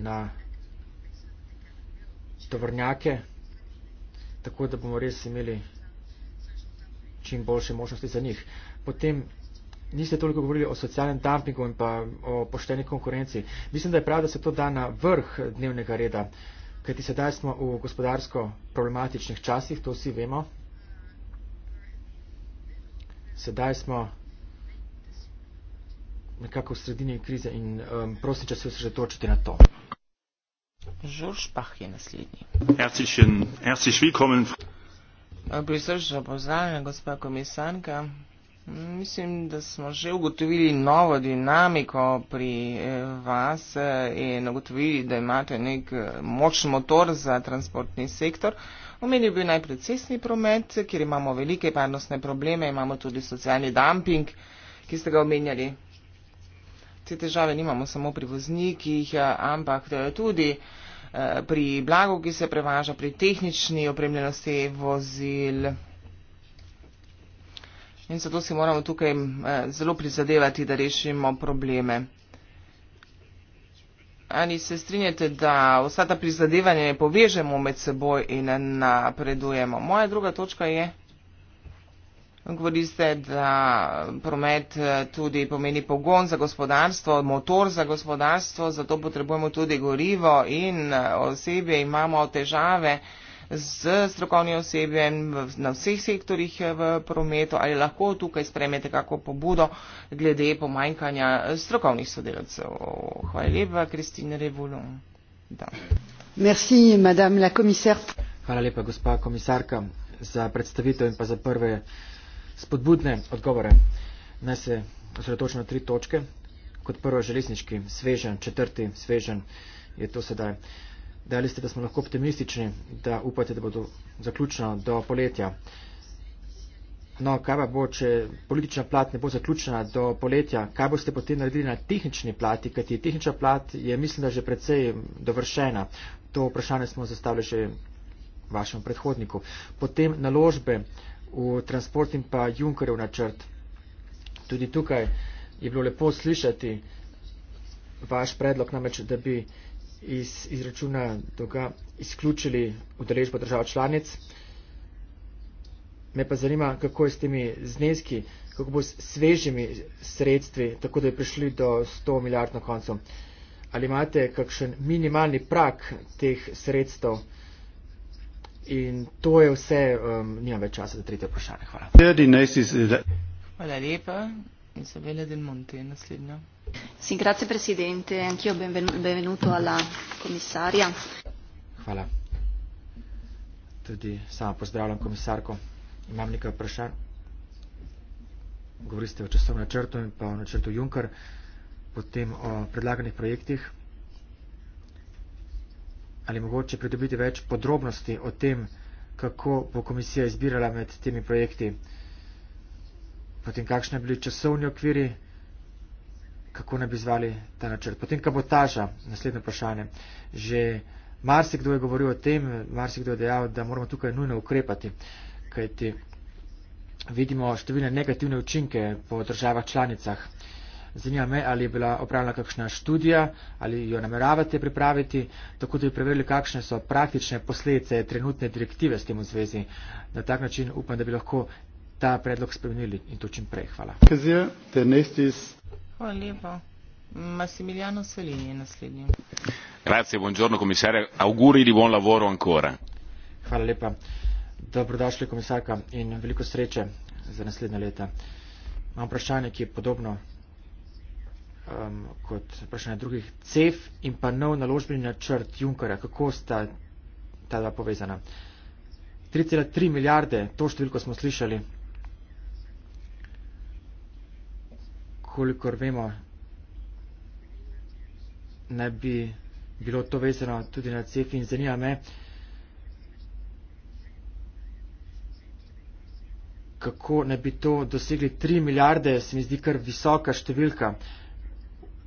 na tovrnjake, tako da bomo res imeli čim boljše možnosti za njih. Potem niste toliko govorili o socialnem dampingu in pa o pošteni konkurenci. Mislim, da je prav, da se to da na vrh dnevnega reda, kajti sedaj smo v gospodarsko problematičnih časih, to vsi vemo. Sedaj smo nekako v sredini krize in um, prosim, če se osredotočite na to. Žurš Pah je naslednji. Herzlichen, herzlich willkommen. Prisrčno pozdravljam, gospa komisarka. Mislim, da smo že ugotovili novo dinamiko pri eh, vas eh, in ugotovili, da imate nek eh, močen motor za transportni sektor. Omenil bi najprej cestni promet, kjer imamo velike varnostne probleme, imamo tudi socialni dumping, ki ste ga omenjali. Te težave nimamo samo pri voznikih, ampak tudi pri blagu, ki se prevaža, pri tehnični opremljenosti vozil in zato si moramo tukaj eh, zelo prizadevati, da rešimo probleme. Ali se strinjate, da vsa ta prizadevanja ne povežemo med seboj in napredujemo? Moja druga točka je, govorili ste, da promet eh, tudi pomeni pogon za gospodarstvo, motor za gospodarstvo, zato potrebujemo tudi gorivo in eh, osebje, imamo težave z strokovnim osebjem na vseh sektorjih eh, v prometu ali lahko tukaj spremete kako pobudo glede pomanjkanja eh, strokovnih sodelavcev. Hvala lepa, Kristina Revolum. Merci, madame la commissaire. Hvala lepa, gospa komisarka, za predstavitev in pa za prve spodbudne odgovore. Naj se osredotočim na tri točke. Kot prvo železniški svežen, četrti svežen je to sedaj. Uh, Dali ste, da smo lahko optimistični, da upate, da bodo zaključeno do poletja. No, kaj pa bo, če politična plat ne bo zaključena do poletja, kaj boste potem naredili na tehnični plati, kajti tehnična plat je, mislim, da že precej dovršena. To vprašanje smo zastavili že vašemu predhodniku. Potem naložbe v transport in pa Junkerjev načrt. Tudi tukaj je bilo lepo slišati vaš predlog, namreč, da bi iz izračuna dolga izključili udeležbo držav članic. Me pa zanima, kako je s temi zneski, kako bo s svežimi sredstvi, tako da je prišli do 100 milijard na koncu. Ali imate kakšen minimalni prak teh sredstev? In to je vse, um, nimam več časa za tretje vprašanje. Hvala. Uh, Hvala lepa. Izabela del Monte, naslednja signor presidente onorevoli colleghi anch'io benvenuto alla commissaria. hvala. tudi sama pozdravljam komisarko. imam nekaj vprašanj. govorili ste o časovnem načrtu in pa o načrtu Juncker, potem o predlaganih projektih. ali mogoče pridobiti več podrobnosti o tem, kako bo komisija izbirala med temi projekti, potem kakšne bili časovni okviri, kako naj bi zvali ta načrt. Potem kabotaža, naslednje vprašanje. Že marsikdo je govoril o tem, marsikdo je dejal, da moramo tukaj nujno ukrepati, kajti vidimo številne negativne učinke po državah članicah. Zanima me, ali je bila opravljena kakšna študija, ali jo nameravate pripraviti, tako da bi preverili, kakšne so praktične posledice trenutne direktive s tem v zvezi. Na tak način upam, da bi lahko ta predlog spremenili in to čim prej. Hvala. Hvala lepa. Massimiliano Solini je naslednji. Grazie, buongiorno komisarja. Auguri di buon lavoro ancora. Hvala lepa. Dobrodošli komisarka in veliko sreče za naslednje leta. Imam vprašanje, ki je podobno um, kot vprašanje drugih. CEF in pa nov naložbeni načrt Junkera, kako sta ta dva povezana? 3,3 milijarde, to številko smo slišali, kolikor vemo, ne bi bilo to vezano tudi na cefi in zanima me, kako ne bi to dosegli 3 milijarde, se mi zdi kar visoka številka.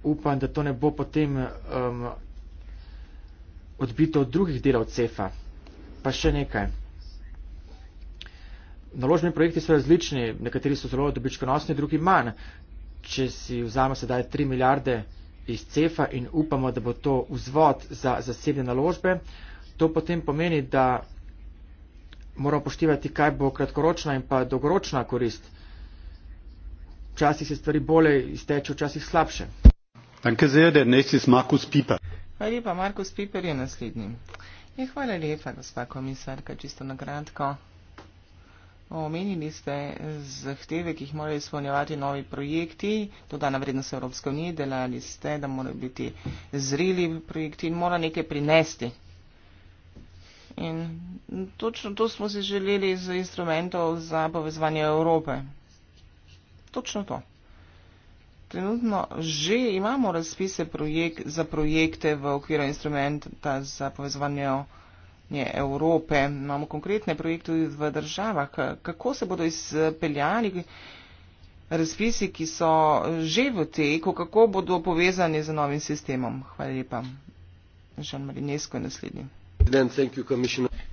Upam, da to ne bo potem um, odbito od drugih delov cefa. Pa še nekaj. Naložbeni projekti so različni, nekateri so zelo dobičkonosni, drugi manj če si vzame sedaj 3 milijarde iz CEFA in upamo, da bo to vzvod za zasebne naložbe, to potem pomeni, da moramo poštivati, kaj bo kratkoročna in pa dolgoročna korist. Včasih se stvari bolje izteče, včasih slabše. Hvala lepa, Markus Piper je naslednji. Ja, hvala lepa, gospa komisarka, čisto na kratko. Omenili ste zahteve, ki jih morajo izpolnjevati novi projekti, dodana vrednost Evropske unije, delali ste, da morajo biti zreli projekti in mora nekaj prinesti. In točno to smo si želeli z instrumentov za povezovanje Evrope. Točno to. Trenutno že imamo razpise projek za projekte v okviru instrumenta za povezovanje Evrope. Evrope. Imamo konkretne projekte tudi v državah. Kako se bodo izpeljali razpisi, ki so že v teku, kako bodo povezani z novim sistemom? Hvala lepa. Žan Marinesko je naslednji.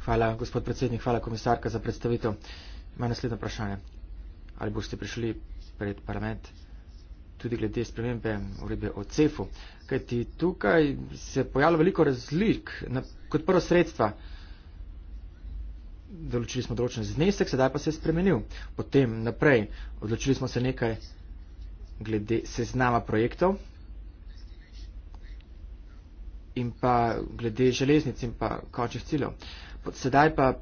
Hvala, gospod predsednik, hvala komisarka za predstavitev. Moje naslednje vprašanje. Ali boste prišli pred parlament? tudi glede spremembe uredbe o CEF-u. Kajti tukaj se je pojavilo veliko razlik. Na, kot prvo sredstva določili smo določen znesek, sedaj pa se je spremenil. Potem naprej odločili smo se nekaj glede seznama projektov in pa glede železnic in pa končnih ciljev. Sedaj pa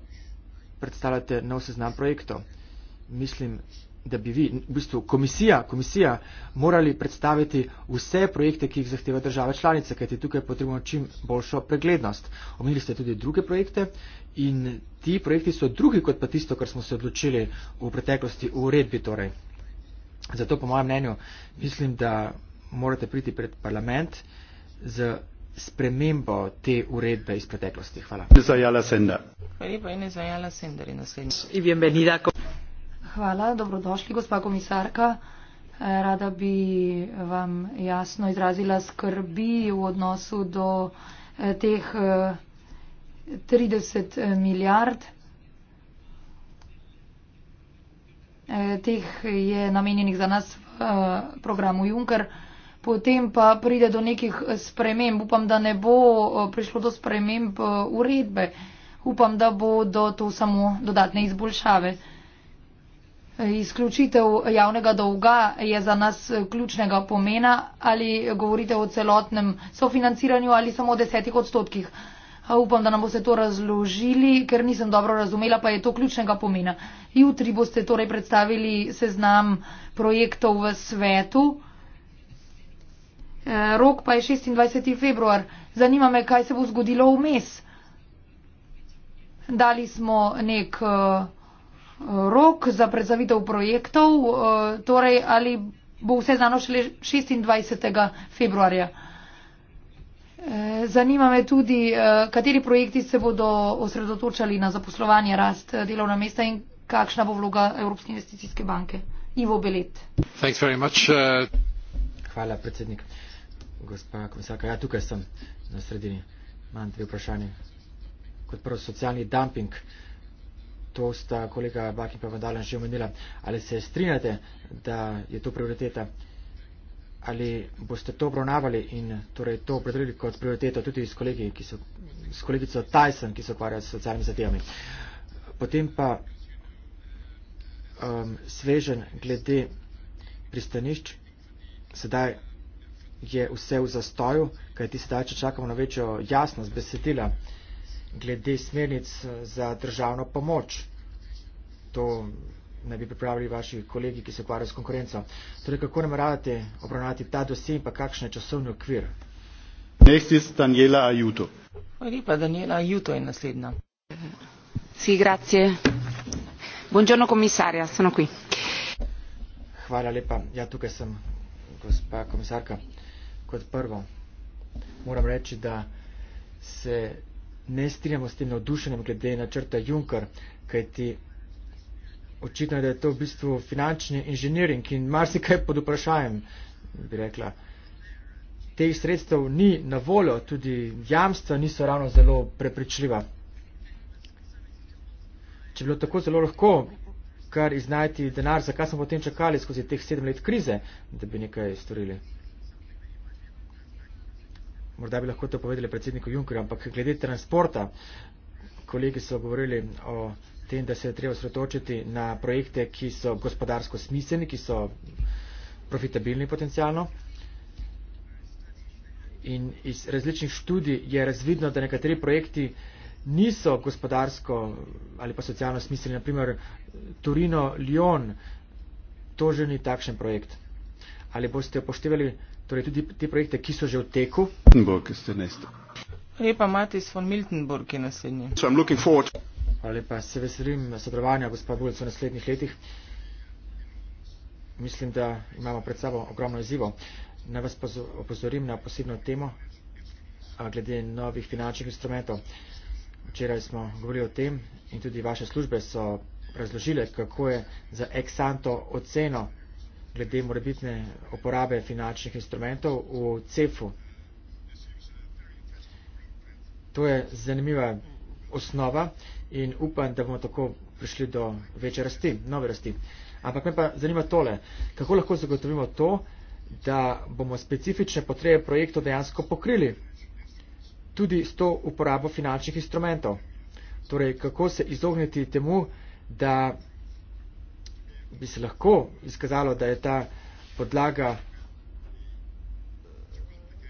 predstavljate nov seznam projektov. Mislim, da bi vi, v bistvu komisija, komisija, morali predstaviti vse projekte, ki jih zahteva država članica, kajti tukaj potrebujemo čim boljšo preglednost. Omenili ste tudi druge projekte in ti projekti so drugi kot pa tisto, kar smo se odločili v preteklosti v uredbi. Torej. Zato po mojem mnenju mislim, da morate priti pred parlament z spremembo te uredbe iz preteklosti. Hvala. Zajala Sender. Hvala lepa, Zajala Sender in naslednji. Hvala, dobrodošli, gospa komisarka. Rada bi vam jasno izrazila skrbi v odnosu do eh, teh 30 eh, eh, milijard. Teh je namenjenih za nas v programu Juncker. Potem pa pride do nekih sprememb. Upam, da ne bo prišlo do sprememb uredbe. Upam, da bodo to samo dodatne izboljšave. Izključitev javnega dolga je za nas ključnega pomena. Ali govorite o celotnem sofinanciranju ali samo o desetih odstotkih? Upam, da nam boste to razložili, ker nisem dobro razumela, pa je to ključnega pomena. Jutri boste torej predstavili seznam projektov v svetu. Eh, rok pa je 26. februar. Zanima me, kaj se bo zgodilo vmes. Dali smo nek. Uh, rok za predstavitev projektov, eh, torej ali bo vse znano šele 26. februarja. Eh, zanima me tudi, eh, kateri projekti se bodo osredotočali na zaposlovanje, rast delovna mesta in kakšna bo vloga Evropske investicijske banke. Ivo Belet. Hvala, predsednik. Gospa komisarka, ja, tukaj sem na sredini. Imam dve vprašanje. Kot prvo, socialni dumping. Uh, to sta kolega Baki pa Vandalen že omenila. Ali se strinjate, da je to prioriteta? Ali boste to obravnavali in torej to opredelili kot prioriteto tudi s, kolegi, ki so, s kolegico Tyson, ki se ukvarja s socialnimi zadevami? Potem pa um, svežen glede pristanišč. Sedaj je vse v zastoju, kajti sedaj, če čakamo na večjo jasnost besedila glede smernic za državno pomoč to ne bi pripravili vaši kolegi, ki se ukvarjajo s konkurenco. Torej, kako nameravate obravnavati ta dosje in pa kakšen je časovni okvir? Nestis Daniela Ajuto. Lepa, Daniela Ajuto je naslednja. Si, grazie. Buongiorno, komisarja, sono qui. Hvala lepa. Ja, tukaj sem, gospa komisarka. Kot prvo, moram reči, da se ne strinjamo s tem navdušenjem glede načrta Juncker, kajti očitno, da je to v bistvu finančni inženiring in marsikaj pod vprašanjem, bi rekla. Teh sredstev ni na voljo, tudi jamstva niso ravno zelo prepričljiva. Če bilo tako zelo lahko kar iznajti denar, zakaj smo potem čakali skozi teh sedem let krize, da bi nekaj storili? Morda bi lahko to povedali predsedniku Junkerju, ampak glede transporta, kolegi so govorili o tem, da se je treba osredotočiti na projekte, ki so gospodarsko smiselni, ki so profitabilni potencialno. In iz različnih študij je razvidno, da nekateri projekti niso gospodarsko ali pa socialno smiselni. Naprimer, Torino-Lyon, to že ni takšen projekt. Ali boste upoštevali torej, tudi te projekte, ki so že v teku? Lepa Matis von Miltenburg je naslednji. So Hvala lepa. Se veselim sodelovanja, gospod Bulc, v naslednjih letih. Mislim, da imamo pred sabo ogromno izzivov. Naj vas opozorim na posebno temo glede novih finančnih instrumentov. Včeraj smo govorili o tem in tudi vaše službe so razložile, kako je za ex-anto oceno glede morebitne uporabe finančnih instrumentov v CEF-u. To je zanimiva osnova in upam, da bomo tako prišli do večje rasti, nove rasti. Ampak me pa zanima tole, kako lahko zagotovimo to, da bomo specifične potrebe projektov dejansko pokrili tudi s to uporabo finančnih instrumentov. Torej, kako se izogniti temu, da bi se lahko izkazalo, da je ta podlaga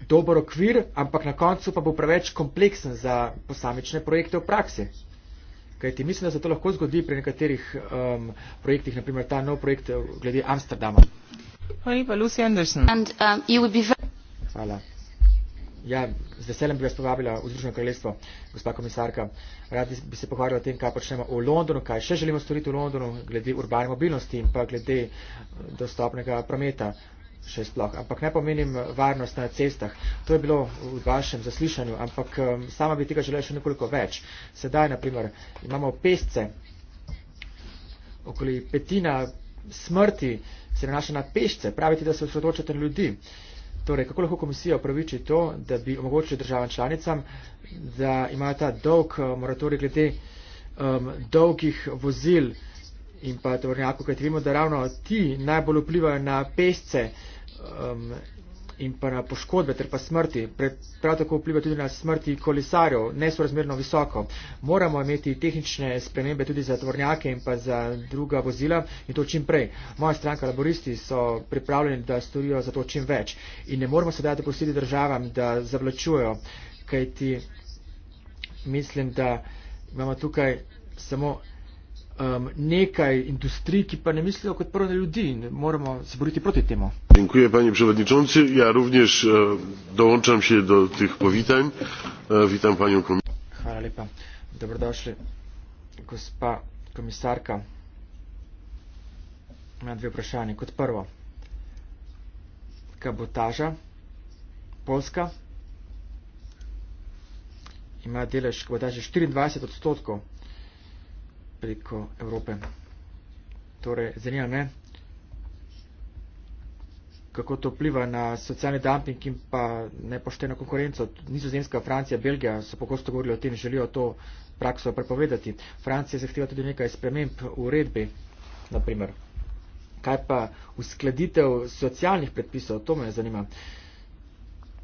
dober okvir, ampak na koncu pa bo preveč kompleksen za posamične projekte v praksi. Kajti mislim, da se to lahko zgodi pri nekaterih um, projektih, naprimer ta nov projekt eh, glede Amsterdama. Hvala lepa, Lucy Anderson. And, um, Hvala. Ja, z veseljem bi vas povabila v Združeno kraljestvo, gospa komisarka. Radi bi se pogovarjali o tem, kaj počnemo v Londonu, kaj še želimo storiti v Londonu glede urbane mobilnosti in pa glede eh, dostopnega prometa še sploh. Ampak ne pomenim eh, varnost na cestah. To je bilo v vašem zaslišanju, ampak eh, sama bi tega želela še nekoliko več. Sedaj, na primer, imamo pesce. Okoli petina smrti se nanaša na pešce. Pravite, da se osredotočate na ljudi. Torej, kako lahko komisija upraviči to, da bi omogočili državam članicam, da imajo ta dolg eh, moratorij glede um, dolgih vozil? in pa tovornjaku, kajti vemo, da ravno ti najbolj vplivajo na pesce um, in pa na poškodbe ter pa smrti. Prav tako vpliva tudi na smrti kolesarjev, nesorazmerno visoko. Moramo imeti tehnične spremembe tudi za tovornjake in pa za druga vozila in to čim prej. Moja stranka laboristi so pripravljeni, da storijo za to čim več in ne moramo sedaj dopustiti državam, da zavlačujo, kajti mislim, da imamo tukaj samo um, nekaj industrij, ki pa ne mislijo kot prvo na ljudi in moramo se boriti proti temu. Dziękuję panie przewodniczący. Ja również uh, dołączam się do tych powitań. Uh, witam panią komisarkę. Hvala lepa. Dobrodošli, gospa komisarka. Imam dve vprašanje. Kot prvo, kabotaža Polska ima delež kabotaže 24 odstotkov preko Evrope. Torej, zanima me, kako to vpliva na socialni dumping in pa nepošteno konkurenco. Nizozemska, Francija, Belgija so pogosto govorili o tem, želijo to prakso prepovedati. Francija zahteva tudi nekaj sprememb v uredbi, naprimer. Kaj pa uskladitev socialnih predpisov, to me zanima.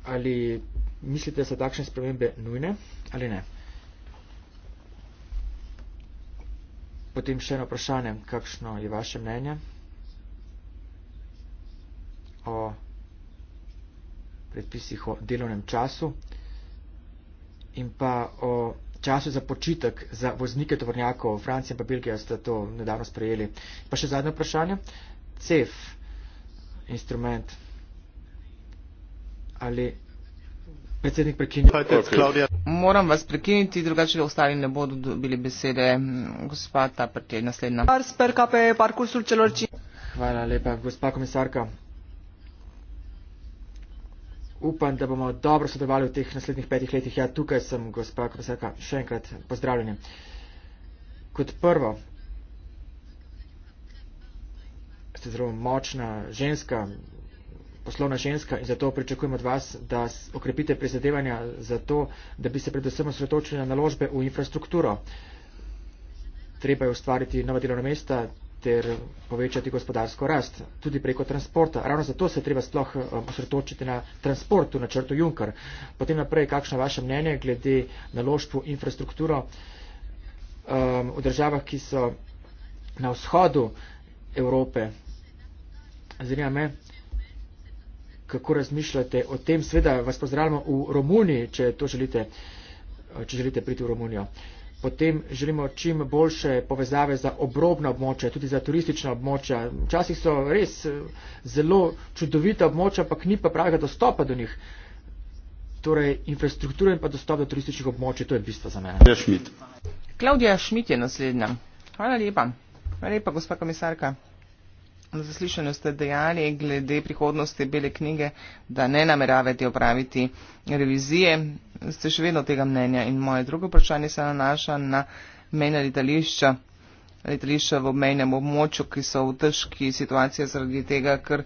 Ali mislite, da so takšne spremembe nujne ali ne? Potem še eno vprašanje, kakšno je vaše mnenje o predpisih o delovnem času in pa o času za počitek za voznike tovornjakov. Francija in pa Belgija ste to nedavno sprejeli. Pa še zadnje vprašanje. CEF instrument. Ali Predsednik, prekinjam. Moram vas prekiniti, drugače ostali ne bodo dobili besede. Gospa Tapert je naslednja. Hvala lepa, gospa komisarka. Upam, da bomo dobro sodelovali v teh naslednjih petih letih. Ja, tukaj sem, gospa komisarka. Še enkrat pozdravljeni. Kot prvo, ste zelo močna ženska, poslovna ženska in zato pričakujem od vas, da okrepite prizadevanja za to, da bi se predvsem osredotočili na naložbe v infrastrukturo. Treba je ustvariti nova delovna mesta ter povečati gospodarsko rast, tudi preko transporta. Ravno zato se treba sploh um, osredotočiti na transport v načrtu Junker. Potem naprej, kakšno je vaše mnenje glede naložb v infrastrukturo um, v državah, ki so na vzhodu Evrope? Zanima me, kako razmišljate o tem. Sveda vas pozdravljamo v Romuniji, če to želite, če želite priti v Romunijo. Potem želimo čim boljše povezave za obrobna območja, tudi za turistična območja. Včasih so res eh, zelo čudovita območja, ampak ni pa pravega dostopa do njih. Torej, infrastruktura in pa dostop do turističnih območij, to je bistvo za mene. Klaudija Šmit je naslednja. Hvala lepa. Hvala lepa, gospa komisarka. Na zaslišanju ste dejali glede prihodnosti bele knjige, da ne nameravate opraviti revizije. Ste še vedno tega mnenja in moje drugo vprašanje se nanaša na mene letališča, letališča v obmejnem območju, ki so v težki situaciji zaradi tega, ker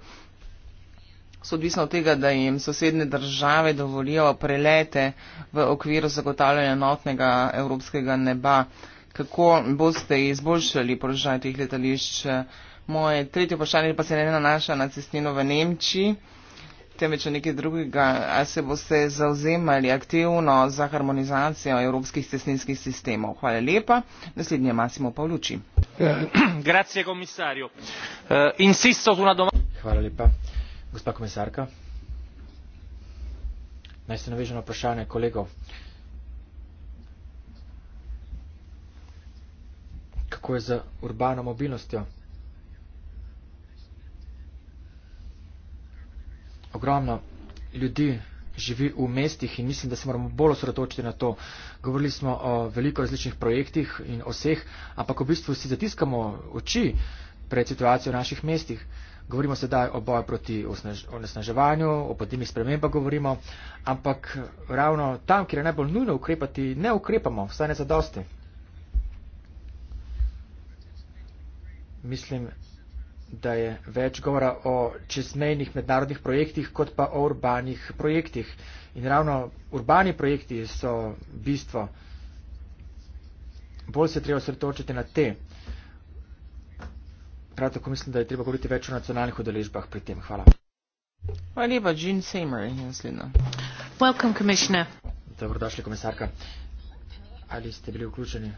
so odvisno od tega, da jim sosedne države dovolijo prelete v okviru zagotavljanja notnega evropskega neba. Kako boste izboljšali položaj teh letališč? Moje tretje vprašanje pa se ne nanaša na cestnino v Nemčiji, temveč na nekaj drugega. A se boste zauzemali aktivno za harmonizacijo evropskih cestninskih sistemov? Hvala lepa. Naslednje Masimo Pavluči. Eh, eh, Hvala lepa. Gospa komisarka, naj se navežem na vprašanje kolegov. Kako je z urbano mobilnostjo? ogromno ljudi živi v mestih in mislim, da se moramo bolj osredotočiti na to. Govorili smo o veliko različnih projektih in o vseh, ampak v bistvu si zatiskamo oči pred situacijo v naših mestih. Govorimo sedaj o boju proti onesnaževanju, o podnebnih spremembah govorimo, ampak ravno tam, kjer je najbolj nujno ukrepati, ne ukrepamo, vsaj ne za dosti. Mislim, da je več govora o čezmejnih mednarodnih projektih, kot pa o urbanih projektih. In ravno urbani projekti so bistvo, bolj se treba sretočiti na te. Prav tako mislim, da je treba govoriti več o nacionalnih udeležbah pri tem. Hvala. Hvala lepa, Jean Seymour, naslednja. Welcome, commissioner. Dobrodošli, komisarka. Ali ste bili vključeni?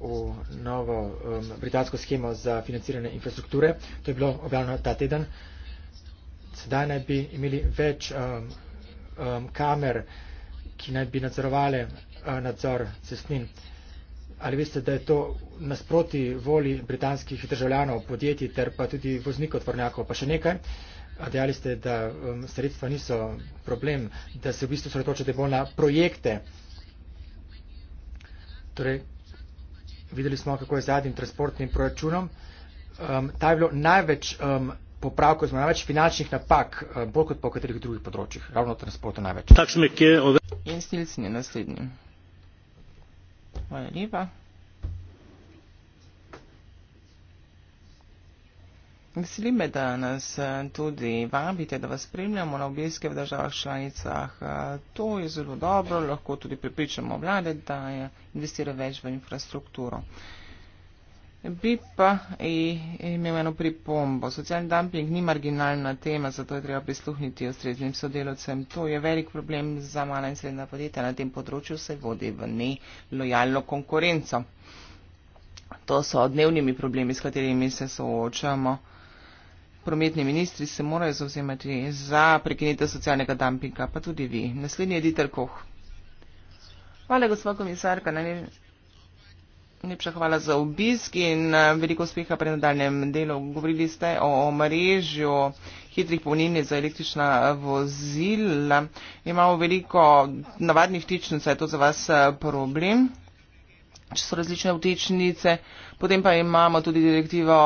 v novo um, britansko schemo za financiranje infrastrukture. To je bilo objavljeno ta teden. Sedaj naj bi imeli več um, um, kamer, ki naj bi nadzorovali uh, nadzor cestnin. Ali veste, da je to nasproti voli britanskih državljanov, podjetij ter pa tudi voznikov, tvornjakov, pa še nekaj? Dejali ste, da um, sredstva niso problem, da se v bistvu sredočate bolj na projekte. Torej, videli smo, kako je zadnjim transportnim proračunom. Um, ta je bilo največ um, popravkov, oziroma največ finančnih napak, um, bolj kot po katerih drugih področjih, ravno v transportu največ. Takšne, kje je ove? In stilcini naslednji. Hvala lepa. Veseli me, da nas eh, tudi vabite, da vas spremljamo na obiske v državah članicah. Eh, to je zelo dobro, lahko tudi pripričamo vlade, da investira več v infrastrukturo. Bi pa imel eno pripombo. Socialni dumping ni marginalna tema, zato je treba prisluhniti ustreznim sodelovcem. To je velik problem za mala in srednja podjetja na tem področju, se vodi v nelojalno konkurenco. To so dnevnimi problemi, s katerimi se soočamo prometni ministri se morajo zauzemati za prekinitev socialnega dampinga, pa tudi vi. Naslednji je Dieter Koh. Hvala, gospod komisarka. Najlepša hvala za obisk in eh, veliko uspeha pri nadaljem delu. Govorili ste o mrežju hitrih polnilnic za električna eh, vozila. Imamo veliko navadnih tičnic, je to za vas eh, problem? če so različne vtečnice. Potem pa imamo tudi direktivo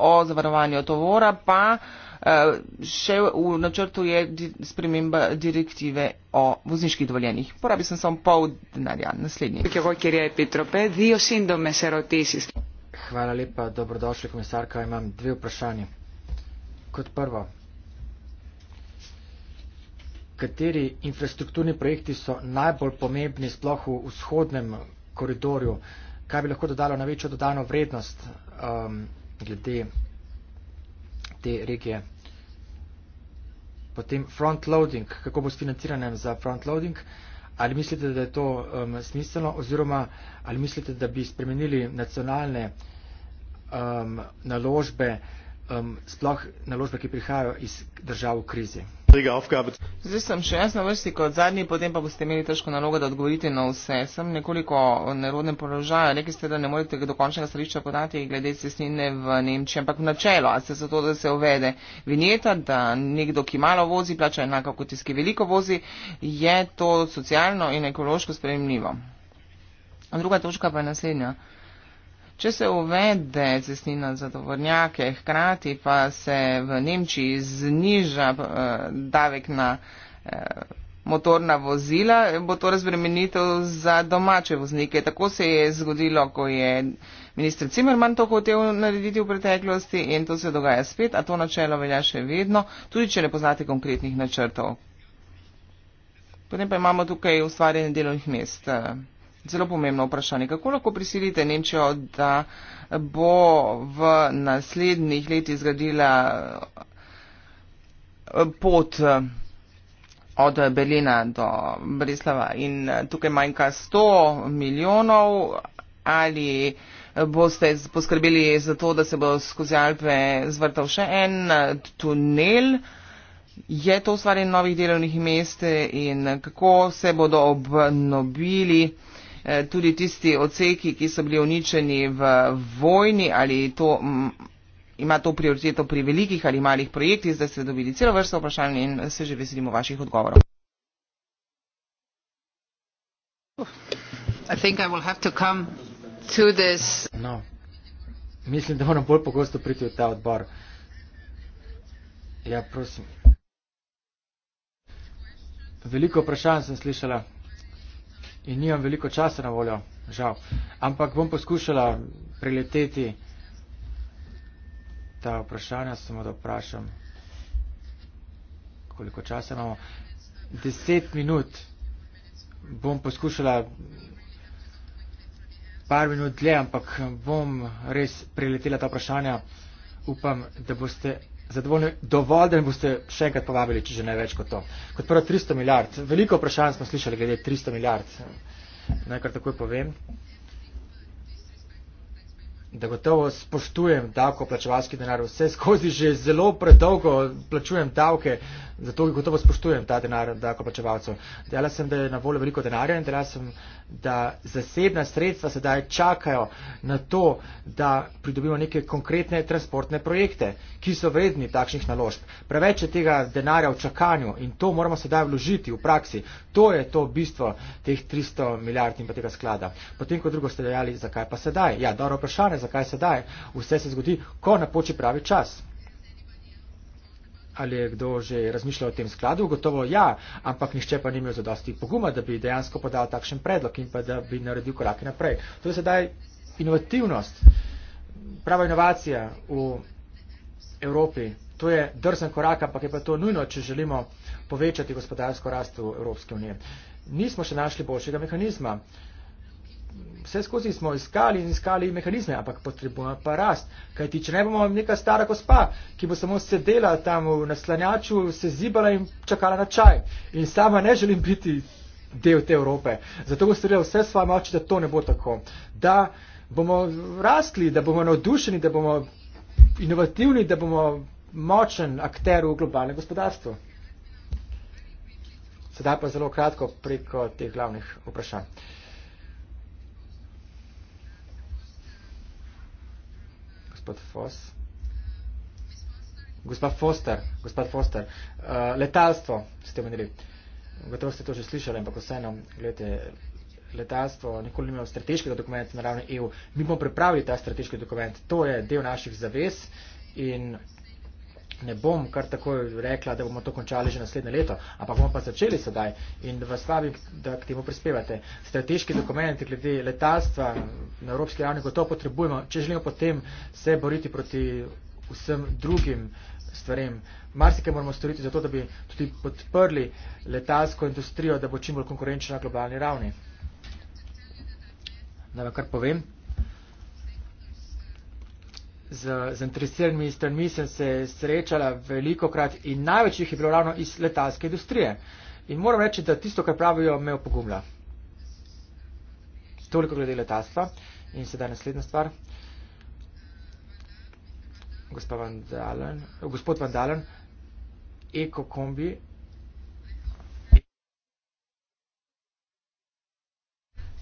o zavarovanju tovora, pa eh, še v načrtu je sprememba direktive o vozniških dovoljenjih. Porabi sem samo pol denarja. Naslednji. Hvala lepa, dobrodošli komisarka. Imam dve vprašanje. Kot prvo, kateri infrastrukturni projekti so najbolj pomembni sploh v vzhodnem koridorju, kaj bi lahko dodalo na večjo dodano vrednost um, glede te regije. Potem front loading, kako bo s financiranjem za front loading, ali mislite, da je to um, smiselno, oziroma ali mislite, da bi spremenili nacionalne um, naložbe, um, sploh naložbe, ki prihajajo iz držav v krizi. Zdaj sem še jaz na vrsti kot zadnji, potem pa boste imeli težko nalogo, da odgovorite na vse. Sem nekoliko nerodnem položaju. Rekli ste, da ne morete do končnega stališča podati glede cestnine v Nemčiji, ampak v načelo, a ste za to, da se uvede vinjeta, da nekdo, ki malo vozi, plača enako kot tisti, ki veliko vozi, je to socialno in ekološko spremljivo. Druga točka pa je naslednja. Če se uvede cestnina za tovornjake, hkrati pa se v Nemčiji zniža eh, davek na eh, motorna vozila, bo to razbremenitev za domače voznike. Tako se je zgodilo, ko je minister Cimerman to hotel narediti v preteklosti in to se dogaja spet, a to načelo velja še vedno, tudi če ne poznate konkretnih načrtov. Potem pa imamo tukaj ustvarjanje delovnih mest zelo pomembno vprašanje. Kako lahko prisilite Nemčijo, da bo v naslednjih letih zgradila eh, pot eh, od Berlina do Breslava in eh, tukaj manjka 100 milijonov ali boste poskrbeli za to, da se bo skozi Alpe zvrtal še en tunel. Je to ustvarjanje novih delovnih mest in kako se bodo obnobili? Eh, tudi tisti odseki, ki so bili uničeni v vojni ali to. Ima to prioriteto pri velikih ali malih projektih, zdaj ste dobili celo vrsto vprašanj in se že veselimo vaših odgovorov. No, mislim, da moram bolj pogosto priti v ta odbor. Ja, prosim. Veliko vprašanj sem slišala in nimam veliko časa na voljo, žal. Ampak bom poskušala preleteti ta vprašanja, samo da vprašam, koliko časa imamo. Deset minut bom poskušala par minut dlje, ampak bom res preletela ta vprašanja. Upam, da boste zadovoljni, dovolj, da mi boste še enkrat povabili, če že ne več kot to. Kot prvo, 300 milijard. Veliko vprašanj smo slišali glede 300 milijard. Najkar takoj povem da gotovo spoštujem davkoplačevalski denar, vse skozi že zelo predolgo plačujem davke, zato gotovo spoštujem ta denar davkoplačevalcev. Dejala sem, da je na voljo veliko denarja in dejala sem, da zasebna sredstva sedaj čakajo na to, da pridobimo neke konkretne transportne projekte, ki so vredni takšnih naložb. Preveč je tega denarja v čakanju in to moramo sedaj vložiti v praksi. To je to bistvo teh 300 milijard in pa tega sklada. Potem, ko drugo ste dejali, zakaj pa sedaj? Ja, dobro vprašanje zakaj se daje. Vse se zgodi, ko napoči pravi čas. Ali je kdo že razmišljal o tem skladu? Gotovo ja, ampak nišče pa ni imel zadosti poguma, da bi dejansko podal takšen predlog in pa da bi naredil korake naprej. To je sedaj inovativnost, prava inovacija v Evropi. To je drzen korak, ampak je pa to nujno, če želimo povečati gospodarsko rast v Evropske unije. Nismo še našli boljšega mehanizma. Uh, vse skozi smo iskali in iskali mehanizme, ampak potrebujemo pa rast. Kaj ti, če ne bomo neka stara gospa, ki bo samo sedela tam v naslanjaču, se zibala in čakala na čaj. In sama ne želim biti del te Evrope. Zato bom storila vse svoje moči, da to ne bo tako. Da bomo rastli, da bomo navdušeni, da bomo inovativni, da bomo močen akter v globalnem gospodarstvu. Sedaj pa zelo kratko preko teh glavnih vprašanj. gospod Fos. Gospod Foster, gospod Foster, uh, letalstvo ste omenili. Gotovo ste to že slišali, ampak vseeno, gledajte, letalstvo nikoli ni imelo strateškega dokumenta na ravni EU. Mi bomo pripravili ta strateški dokument, to je del naših zavez in ne bom kar tako rekla, da bomo to končali že naslednje leto, ampak bomo pa začeli sedaj in vas vabim, da k temu prispevate. Strateški dokument glede letalstva na evropski ravni gotovo potrebujemo, če želimo potem se boriti proti vsem drugim stvarem. Marsikaj moramo storiti zato, da bi tudi podprli letalsko industrijo, da bo čim bolj konkurenčna na globalni ravni. Da vam kar povem, z zainteresiranimi stranmi sem se srečala veliko krat in največ jih je bilo ravno iz letalske industrije. In moram reči, da tisto, kar pravijo, me opogumlja. Toliko glede letalstva. In sedaj naslednja stvar. Van Dalen, gospod Van Dalen, Eko kombi.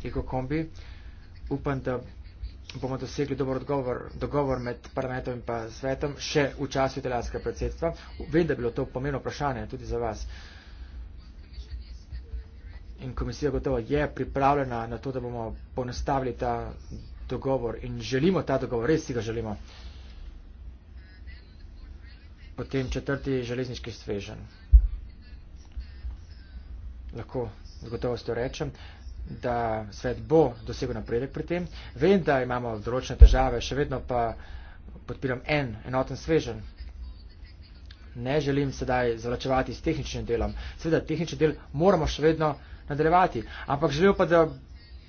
Eko kombi. Upam, da bomo dosegli dobro odgovor, dogovor med parlamentom in pa svetom še v času italijanskega predsedstva. Vem, da je bilo to pomembno vprašanje tudi za vas. In komisija gotovo je pripravljena na to, da bomo ponestavili ta dogovor in želimo ta dogovor, res si ga želimo. Potem četrti železniški svežen. Lahko z gotovostjo rečem da svet bo dosegel napredek pri tem. Vem, da imamo določene težave, še vedno pa podpiram en, enoten svežen. Ne želim sedaj zalačevati s tehničnim delom. Seveda, tehnični del moramo še vedno nadaljevati, ampak želim pa, da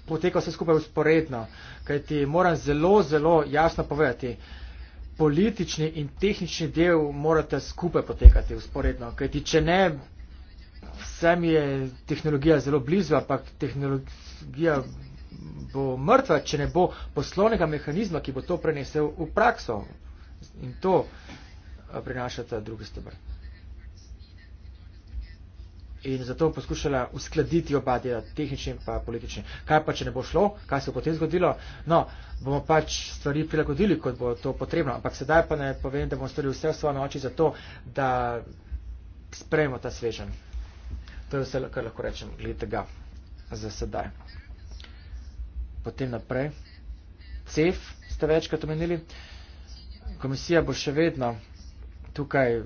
poteka vse skupaj usporedno, kajti moram zelo, zelo jasno povedati, politični in tehnični del morate skupaj potekati usporedno, kajti če ne, Zdaj mi je tehnologija zelo blizu, ampak tehnologija bo mrtva, če ne bo poslovnega mehanizma, ki bo to prenesel v prakso. In to prinaša ta drugi stebr. In zato bom poskušala uskladiti oba dela, tehnični in politični. Kaj pa, če ne bo šlo, kaj se bo potem zgodilo? No, bomo pač stvari prilagodili, kot bo to potrebno. Ampak sedaj pa ne povem, da bomo storili vse v svoje oči za to, da sprejmo ta svežen. To je vse, kar lahko rečem, gledite ga za sedaj. Potem naprej. CEF ste večkrat omenili. Komisija bo še vedno tukaj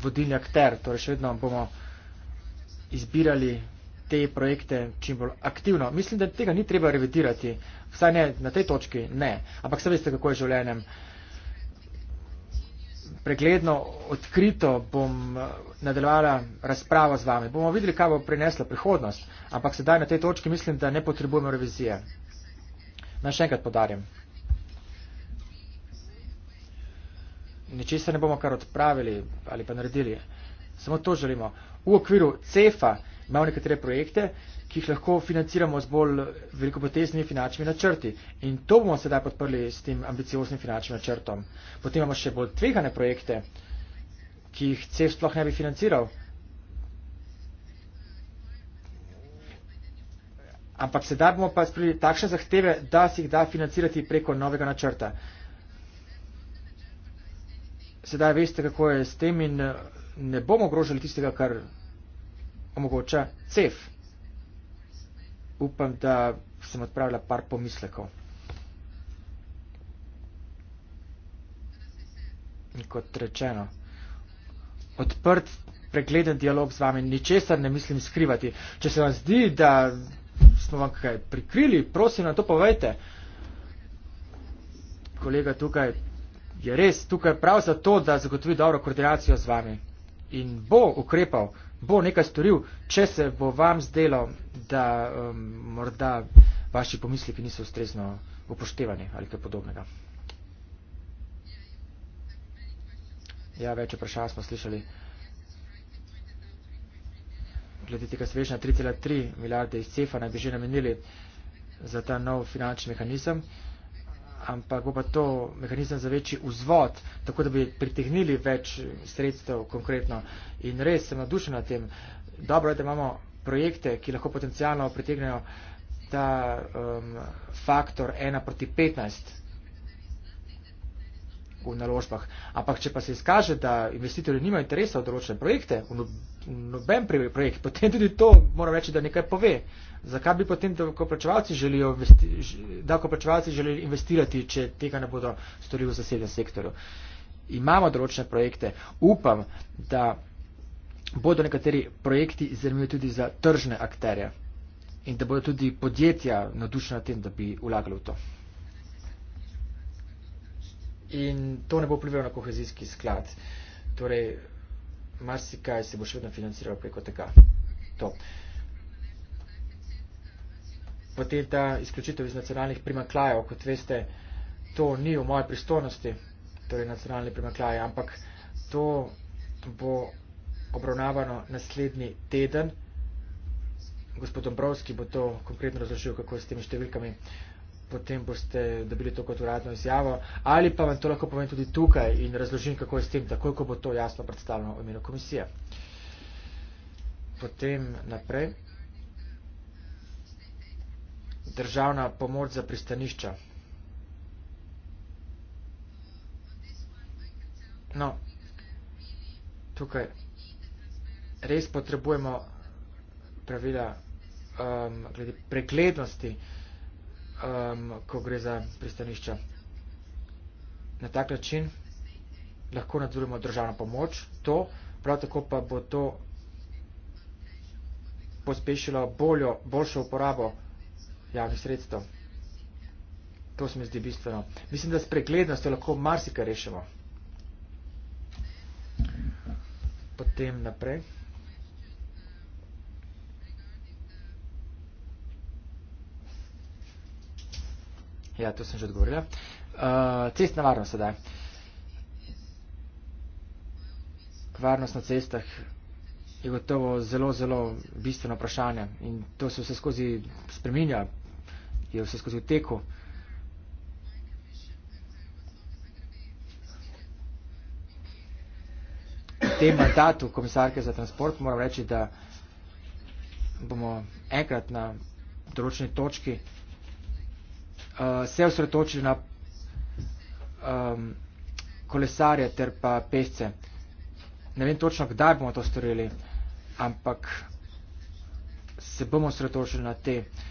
vodilni akter, torej še vedno bomo izbirali te projekte čim bolj aktivno. Mislim, da tega ni treba revidirati, vsaj ne na tej točki, ne. Ampak se veste, kako je življenjem. Uh, pregledno, odkrito bom eh, nadaljevala razpravo z vami. Bomo videli, kaj bo prinesla prihodnost, ampak sedaj na tej točki mislim, da ne potrebujemo revizije. Naj še enkrat podarim. Ničesar ne bomo kar odpravili ali pa naredili. Samo to želimo. V okviru CEFA imamo nekatere projekte, ki jih lahko financiramo z bolj velikopoteznimi finančnimi načrti. In to bomo sedaj podprli s tem ambicioznim finančnim načrtom. Potem imamo še bolj tvegane projekte, ki jih CEF sploh ne bi financiral. Ampak sedaj bomo pa sprili takšne zahteve, da si jih da financirati preko novega načrta. Sedaj veste, kako je s tem in eh, ne bomo ogrožili tistega, kar omogoča CEF. Upam, da sem odpravila par pomislekov. In kot rečeno, odprt, pregleden dialog z vami, ničesar ne mislim skrivati. Če se vam zdi, da smo vam kaj prikrili, prosim, na to povejte. Kolega tukaj je res tukaj prav zato, da zagotovi dobro koordinacijo z vami in bo ukrepal bo nekaj storil, če se bo vam zdelo, da um, morda vaši pomisliki niso ustrezno upoštevani ali kaj podobnega. Ja, več vprašanj smo slišali. Glede tega svežnja 3,3 milijarde iz CEFA naj bi že namenili za ta nov finančni mehanizem. Uh, ampak bo pa to mehanizem za večji vzvod, tako da bi pritegnili več sredstev konkretno. In res sem nadušen nad tem. Dobro je, da imamo projekte, ki lahko potencijalno pritegnejo ta um, faktor 1 proti 15 v naložbah. Ampak, če pa se izkaže, da investitorji nimajo interesa v določene projekte, v no-, noben projekt, potem tudi to, moram reči, da nekaj pove. Uh, zakaj bi potem davkoplačevalci želeli, želeli investirati, če tega ne bodo storili v zasebnem sektorju. Imamo določene projekte, upam, da bodo nekateri projekti zanimivi tudi za tržne akterje in da bodo tudi podjetja nadušena tem, da bi ulagali v to. In to ne bo vplivalo na kohezijski sklad. Torej, marsikaj se bo še vedno financiralo preko tega. To v te ta izključitev iz nacionalnih primaklajev, kot veste, to ni v moje pristojnosti, torej nacionalni primaklaj, ampak to bo obravnavano naslednji teden. Gospod Dombrovski bo to konkretno razložil, kako s temi številkami. Potem boste dobili to kot uradno izjavo. Ali pa vam to lahko povem tudi tukaj in razložim, kako je s tem, takoj ko bo to jasno predstavljeno v imenu komisije. Potem naprej državna pomoč za pristanišča. No, tukaj res potrebujemo pravila um, glede preglednosti, um, ko gre za pristanišča. Na tak način lahko nadzorujemo državno pomoč, to, prav tako pa bo to pospešilo boljo, boljšo uporabo javnih sredstev. To se mi zdi bistveno. Mislim, da s preglednostjo lahko marsikaj rešimo. Potem naprej. Ja, to sem že odgovorila. Uh, cestna varnost sedaj. Varnost na cestah je gotovo zelo, zelo bistveno vprašanje in to se vse skozi spreminja, je vse skozi teko. V tem mandatu komisarke za transport moram reči, da bomo enkrat na določeni točki uh, se osredotočili na um, kolesarje ter pa pesce. Ne vem točno, kdaj bomo to storili, ampak se bomo osredotočili na te. Uh,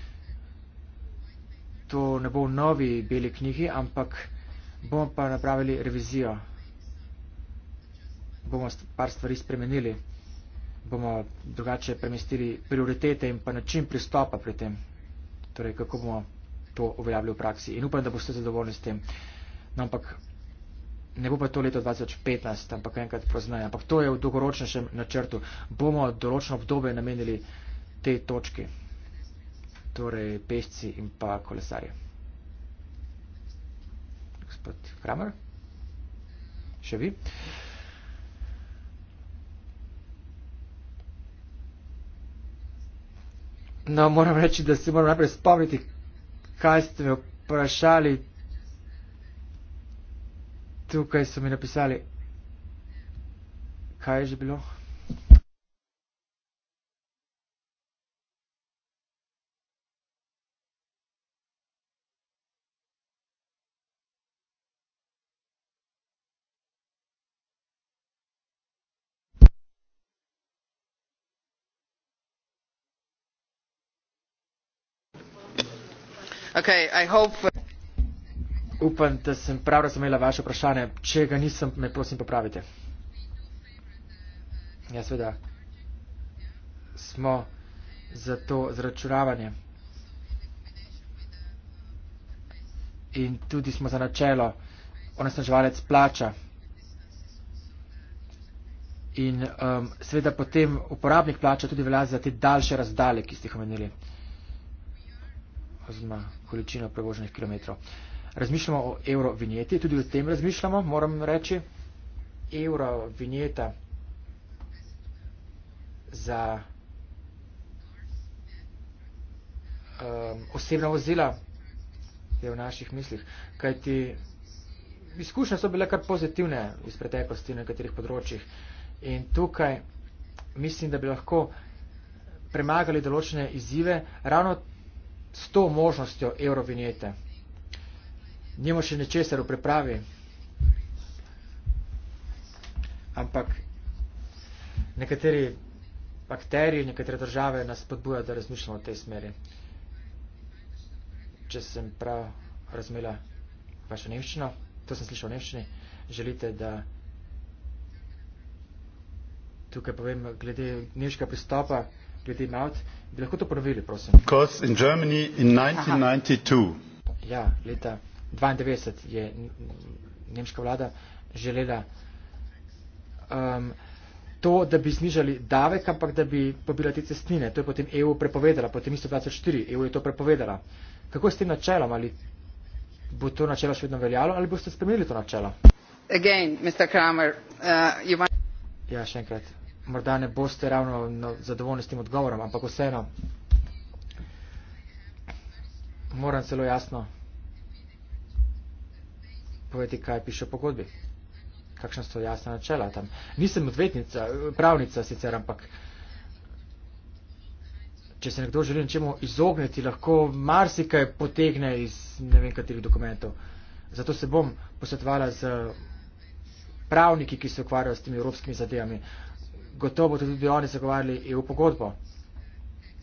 to ne bo v novi beli knjigi, ampak bomo pa napravili revizijo. Bomo par stvari spremenili, bomo drugače premestili prioritete in pa način pristopa pri tem, torej kako bomo to uveljavljali v praksi. In upam, da boste zadovoljni s tem. No, ampak ne bo pa to leto 2015, ampak enkrat poznaj. Ampak to je v dolgoročnem načrtu. Bomo določeno obdobje namenili tej točki torej pešci in pa kolesarje. Gospod Kramer, še vi. No, moram reči, da se moram najprej spomniti, kaj ste me vprašali. Tukaj so mi napisali, kaj je že bilo. Okay, hope... Upam, da sem prav razumela vaše vprašanje. Če ga nisem, me prosim popravite. Ja, seveda smo za to zračunavanje. In tudi smo za načelo, onesnaževalec plača. In um, seveda potem uporabnik plača tudi velja za te daljše razdalje, ki ste jih omenili oziroma količino prevoženih kilometrov. Razmišljamo o eurovinjeti, tudi o tem razmišljamo, moram reči. Eurovinjeta za um, osebna vozila je v naših mislih, kajti izkušnje so bile kar pozitivne iz preteklosti na katerih področjih. In tukaj mislim, da bi lahko premagali določene izzive, ravno s to možnostjo eurovinjete. Nimo še nečesar v pripravi, ampak nekateri akterji, nekatere države nas podbujajo, da razmišljamo v tej smeri. Če sem prav razumela vašo nemščino, to sem slišal v nemščini, želite, da tukaj povem glede nemškega pristopa, glede malt bi lahko to provili prosim because in germany in 1992 ja leta 92 je nemška vlada želela um, to, da bi znižali davek, ampak da bi pobila te cestnine. To je potem EU prepovedala, potem isto 24, EU je to prepovedala. Kako s tem načelom? Ali bo to načelo še vedno veljalo ali boste spremenili to načelo? Again, Mr. Kramer, uh, you want... Ja, še enkrat morda ne boste ravno zadovoljni s tem odgovorom, ampak vseeno moram zelo jasno povedati, kaj piše v pogodbi. Kakšna so jasna načela tam. Nisem odvetnica, pravnica sicer, ampak če se nekdo želi nečemu izogniti, lahko marsikaj potegne iz ne vem katerih dokumentov. Zato se bom posvetovala z pravniki, ki se ukvarjajo s temi evropskimi zadevami gotovo bodo tudi oni zagovarjali EU pogodbo,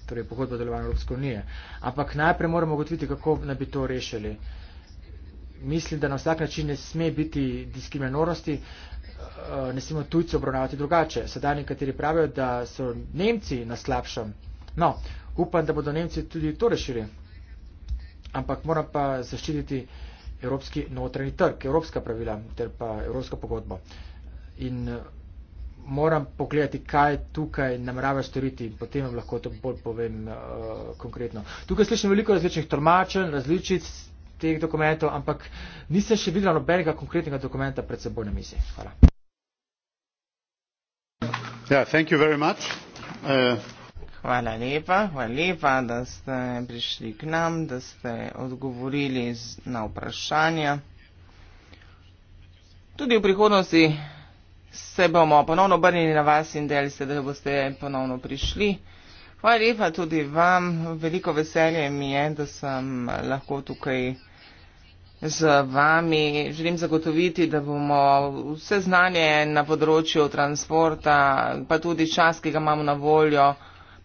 torej pogodbo delovanja Evropske unije. Ampak najprej moramo ugotoviti, kako ne bi to rešili. Mislim, da na vsak način ne sme biti diskriminornosti, eh, ne smemo tujce obravnavati drugače. Sedaj nekateri pravijo, da so Nemci na slabšem. No, upam, da bodo Nemci tudi to rešili. Ampak moram pa zaščititi evropski notranji trg, evropska pravila ter pa evropsko pogodbo. In eh, moram pogledati, kaj tukaj namerava storiti in potem vam lahko to bolj povem uh, konkretno. Tukaj slišim veliko različnih tolmačenj, različic teh dokumentov, ampak nisem še videl nobenega konkretnega dokumenta pred seboj na mizi. Hvala. Yeah, thank you very much. Uh, Hvala lepa, hvala lepa, da ste prišli k nam, da ste odgovorili na vprašanja. Tudi v prihodnosti se bomo ponovno obrnili na vas in delili se, da boste ponovno prišli. Hvala lepa tudi vam. Veliko veselje mi je, da sem lahko tukaj z vami. Želim zagotoviti, da bomo vse znanje na področju transporta, pa tudi čas, ki ga imamo na voljo,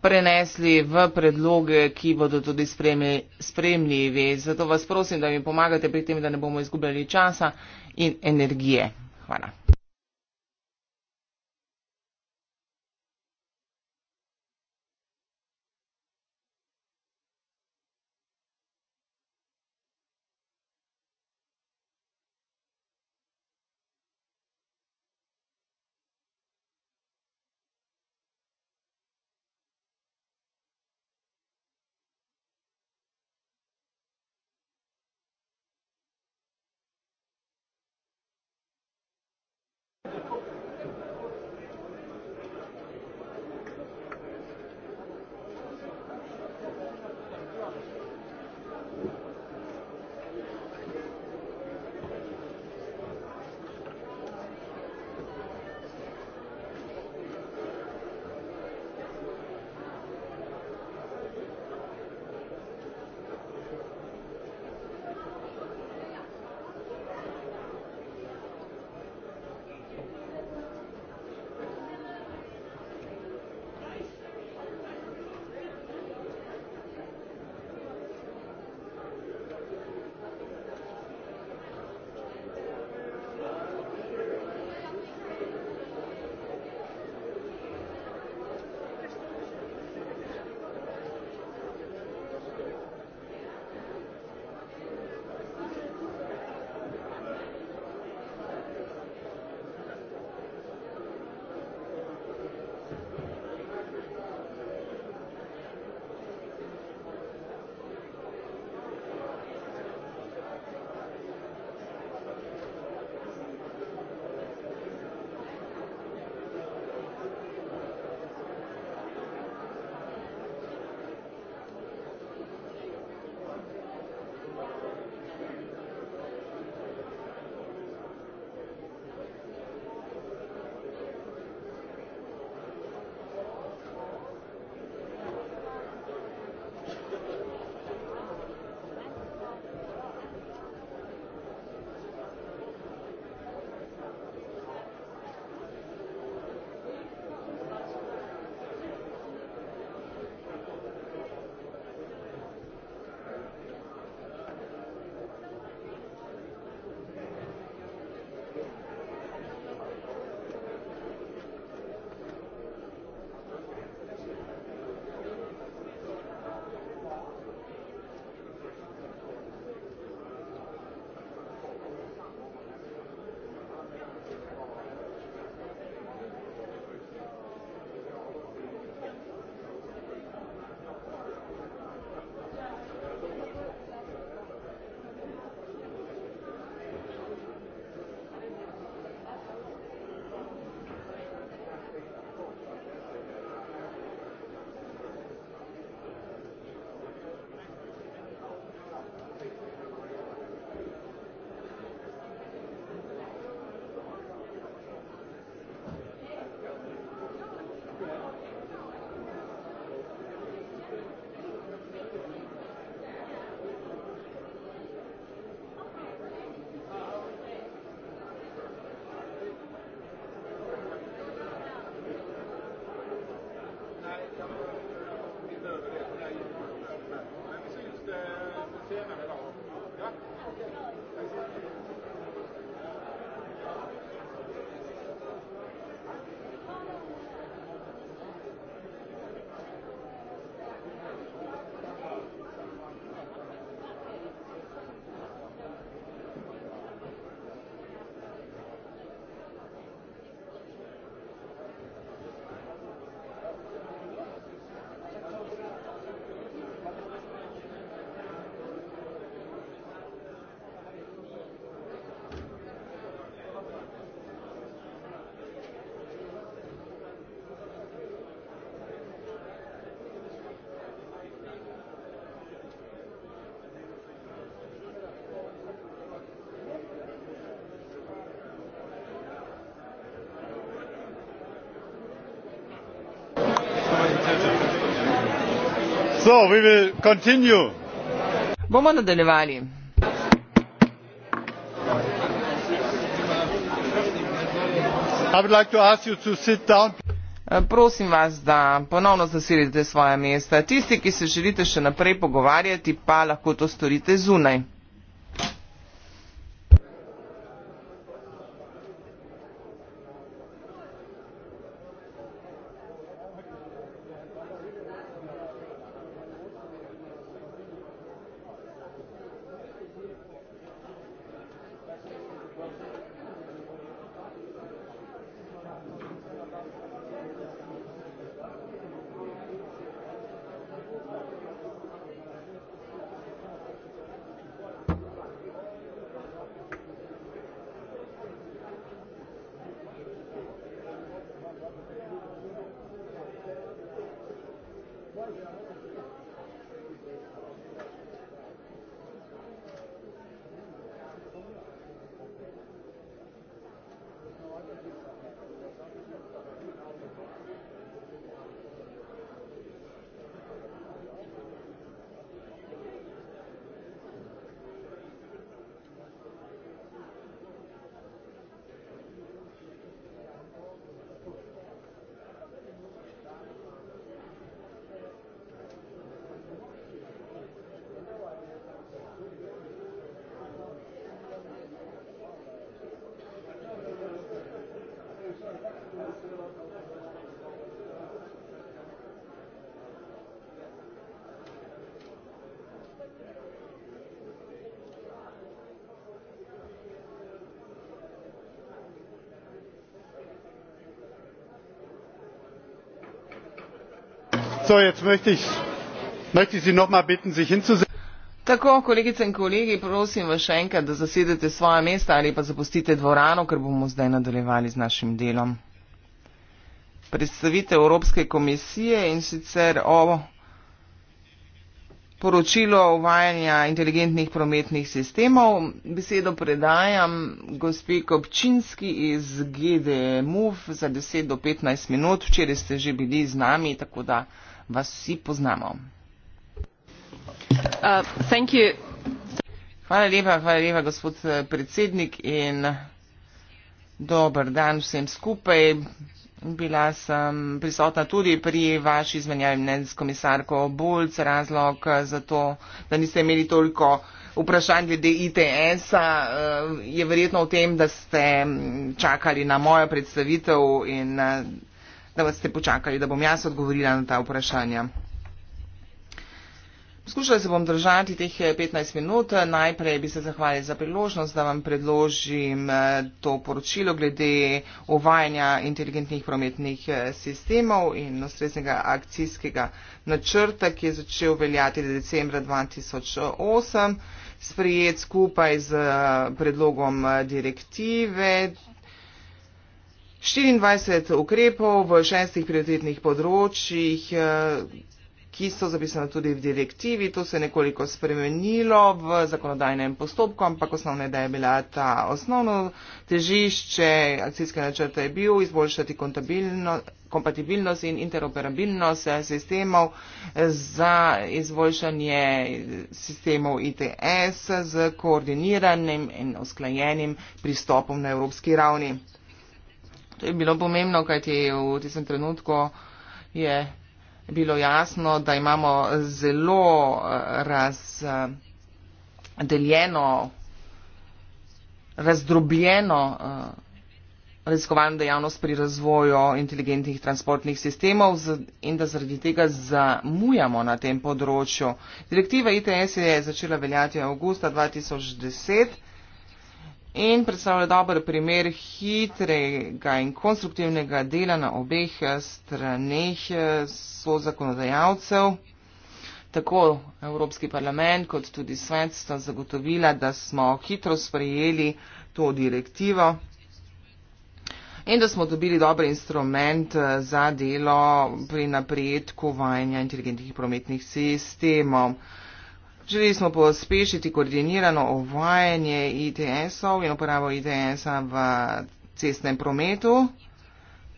prenesli v predloge, ki bodo tudi spremljivi. Zato vas prosim, da mi pomagate pri tem, da ne bomo izgubljali časa in energije. Hvala. So, we will continue. Bomo nadaljevali. Like eh, Prosim vas, da ponovno zasedite svoje mesta. Tisti, ki se želite še naprej pogovarjati, pa lahko to storite zunaj. so jetzt möchte ich, möchte ich Sie noch mal bitten, sich hinzusetzen. Tako, kolegice in kolegi, prosim vas še enkrat, da zasedete svoje mesta ali pa zapustite dvorano, ker bomo zdaj nadaljevali z našim delom. Predstavite Evropske komisije in sicer o poročilo uvajanja inteligentnih prometnih sistemov. Besedo predajam gospe Kopčinski iz GDMUF za 10 do 15 minut. Včeraj ste že bili z nami, tako da vas vsi poznamo. Uh, hvala lepa, hvala lepa, gospod eh, predsednik in dober dan vsem skupaj. Bila sem prisotna tudi pri vaši izmenjavi mnenj s komisarko Bulc, razlog eh, za to, da niste imeli toliko vprašanj glede ITS-a, eh, je verjetno v tem, da ste mm, čakali na mojo predstavitev in da vas ste počakali, da bom jaz odgovorila na ta vprašanja. Skušala se bom držati teh 15 eh, minut. Najprej bi se zahvalila za priložnost, da vam predložim eh, to poročilo glede uvajanja inteligentnih prometnih eh, sistemov in ustreznega akcijskega načrta, ki je začel veljati decembra 2008, sprejet skupaj z predlogom direktive 24 ukrepov v šestih prioritetnih področjih, eh, ki so zapisane tudi v direktivi. To se je nekoliko spremenilo v zakonodajnem postopku, ampak osnovna ideja je bila ta. Osnovno težišče akcijske načrta je bil izboljšati kompatibilnost in interoperabilnost eh, sistemov eh, za izboljšanje sistemov ITS z koordiniranim in usklajenim pristopom na evropski ravni. To je bilo pomembno, kajti v tistem trenutku je bilo jasno, da imamo zelo eh, razdeljeno, razdrobljeno eh, raziskovalno dejavnost pri razvoju inteligentnih transportnih sistemov in da zaradi tega zamujamo na tem področju. Direktiva ITS je začela veljati avgusta 2010 in predstavlja dober primer hitrega in konstruktivnega dela na obeh eh, straneh eh, sozakonodajalcev. Tako Evropski parlament kot tudi svet sta zagotovila, da smo hitro sprejeli to direktivo in da smo dobili dober instrument eh, za delo pri napredku vajanja inteligentnih prometnih sistemov. Želeli smo pospešiti koordinirano uvajanje ITS-ov in uporabo ITS-a v cestnem prometu,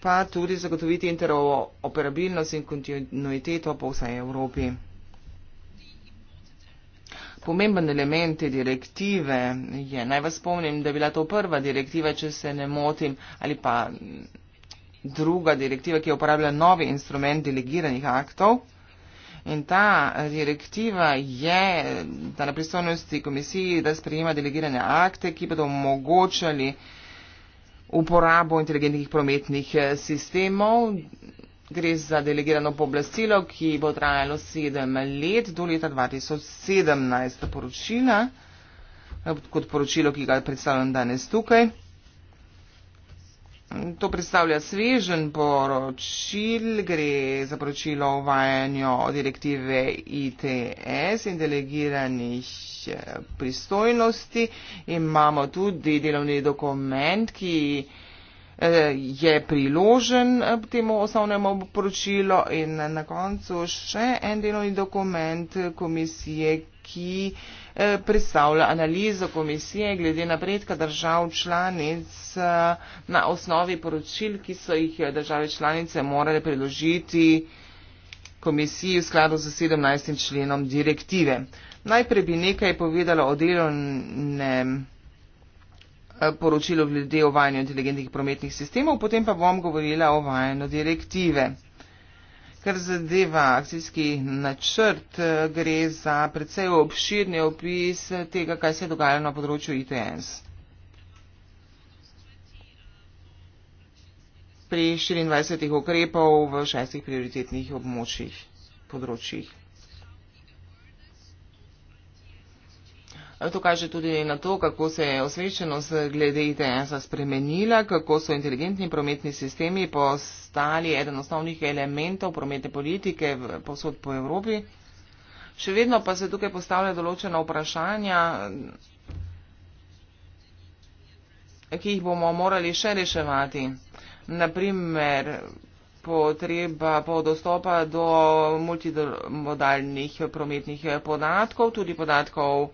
pa tudi zagotoviti interoperabilnost in kontinuiteto po vsej Evropi. Pomemben element te direktive je, naj vas spomnim, da je bila to prva direktiva, če se ne motim, ali pa druga direktiva, ki je uporabljala novi instrument delegiranih aktov. In ta direktiva je na pristojnosti komisiji, da sprejema delegirane akte, ki bodo omogočali uporabo inteligentnih prometnih eh, sistemov. Gre za delegirano pooblastilo, ki bo trajalo sedem let do leta 2017. Poročila, eh, kot poročilo, ki ga predstavljam danes tukaj. To predstavlja svežen poročil, gre za poročilo o uvajanju direktive ITS in delegiranih eh, pristojnosti. Imamo tudi delovni dokument, ki eh, je priložen eh, temu osnovnemu poročilu in na koncu še en delovni dokument komisije, ki Eh, predstavlja analizo komisije glede napredka držav članic eh, na osnovi poročil, ki so jih eh, države članice morale predložiti komisiji v skladu z 17. členom direktive. Najprej bi nekaj povedala o delovnem poročilu glede o vajanju inteligentnih prometnih sistemov, potem pa bom govorila o vajanju direktive. Kar zadeva akcijski načrt, eh, gre za predvsej obširni opis tega, kaj se je dogajalo na področju ITNs. Pri 24 ukrepov v šestih prioritetnih območjih, področjih. To kaže tudi na to, kako se je osveščenost glede ITS-a spremenila, kako so inteligentni prometni sistemi postali eden osnovnih elementov prometne politike posod po Evropi. Še vedno pa se tukaj postavlja določena vprašanja, ki jih bomo morali še reševati. Naprimer, potreba po dostopa do multimodalnih prometnih podatkov, tudi podatkov,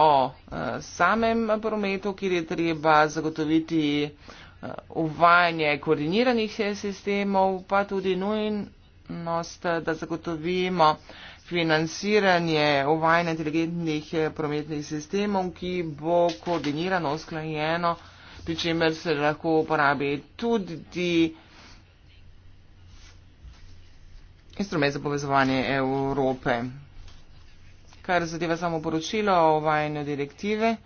o eh, samem prometu, kjer je treba zagotoviti eh, uvajanje koordiniranih eh, sistemov, pa tudi nujnost, da zagotovimo financiranje uvajanja inteligentnih prometnih sistemov, ki bo koordinirano, usklajeno, pri čemer se lahko uporabi tudi instrument za povezovanje Evrope kar zadeva samo poročilo o uvajanju direktive.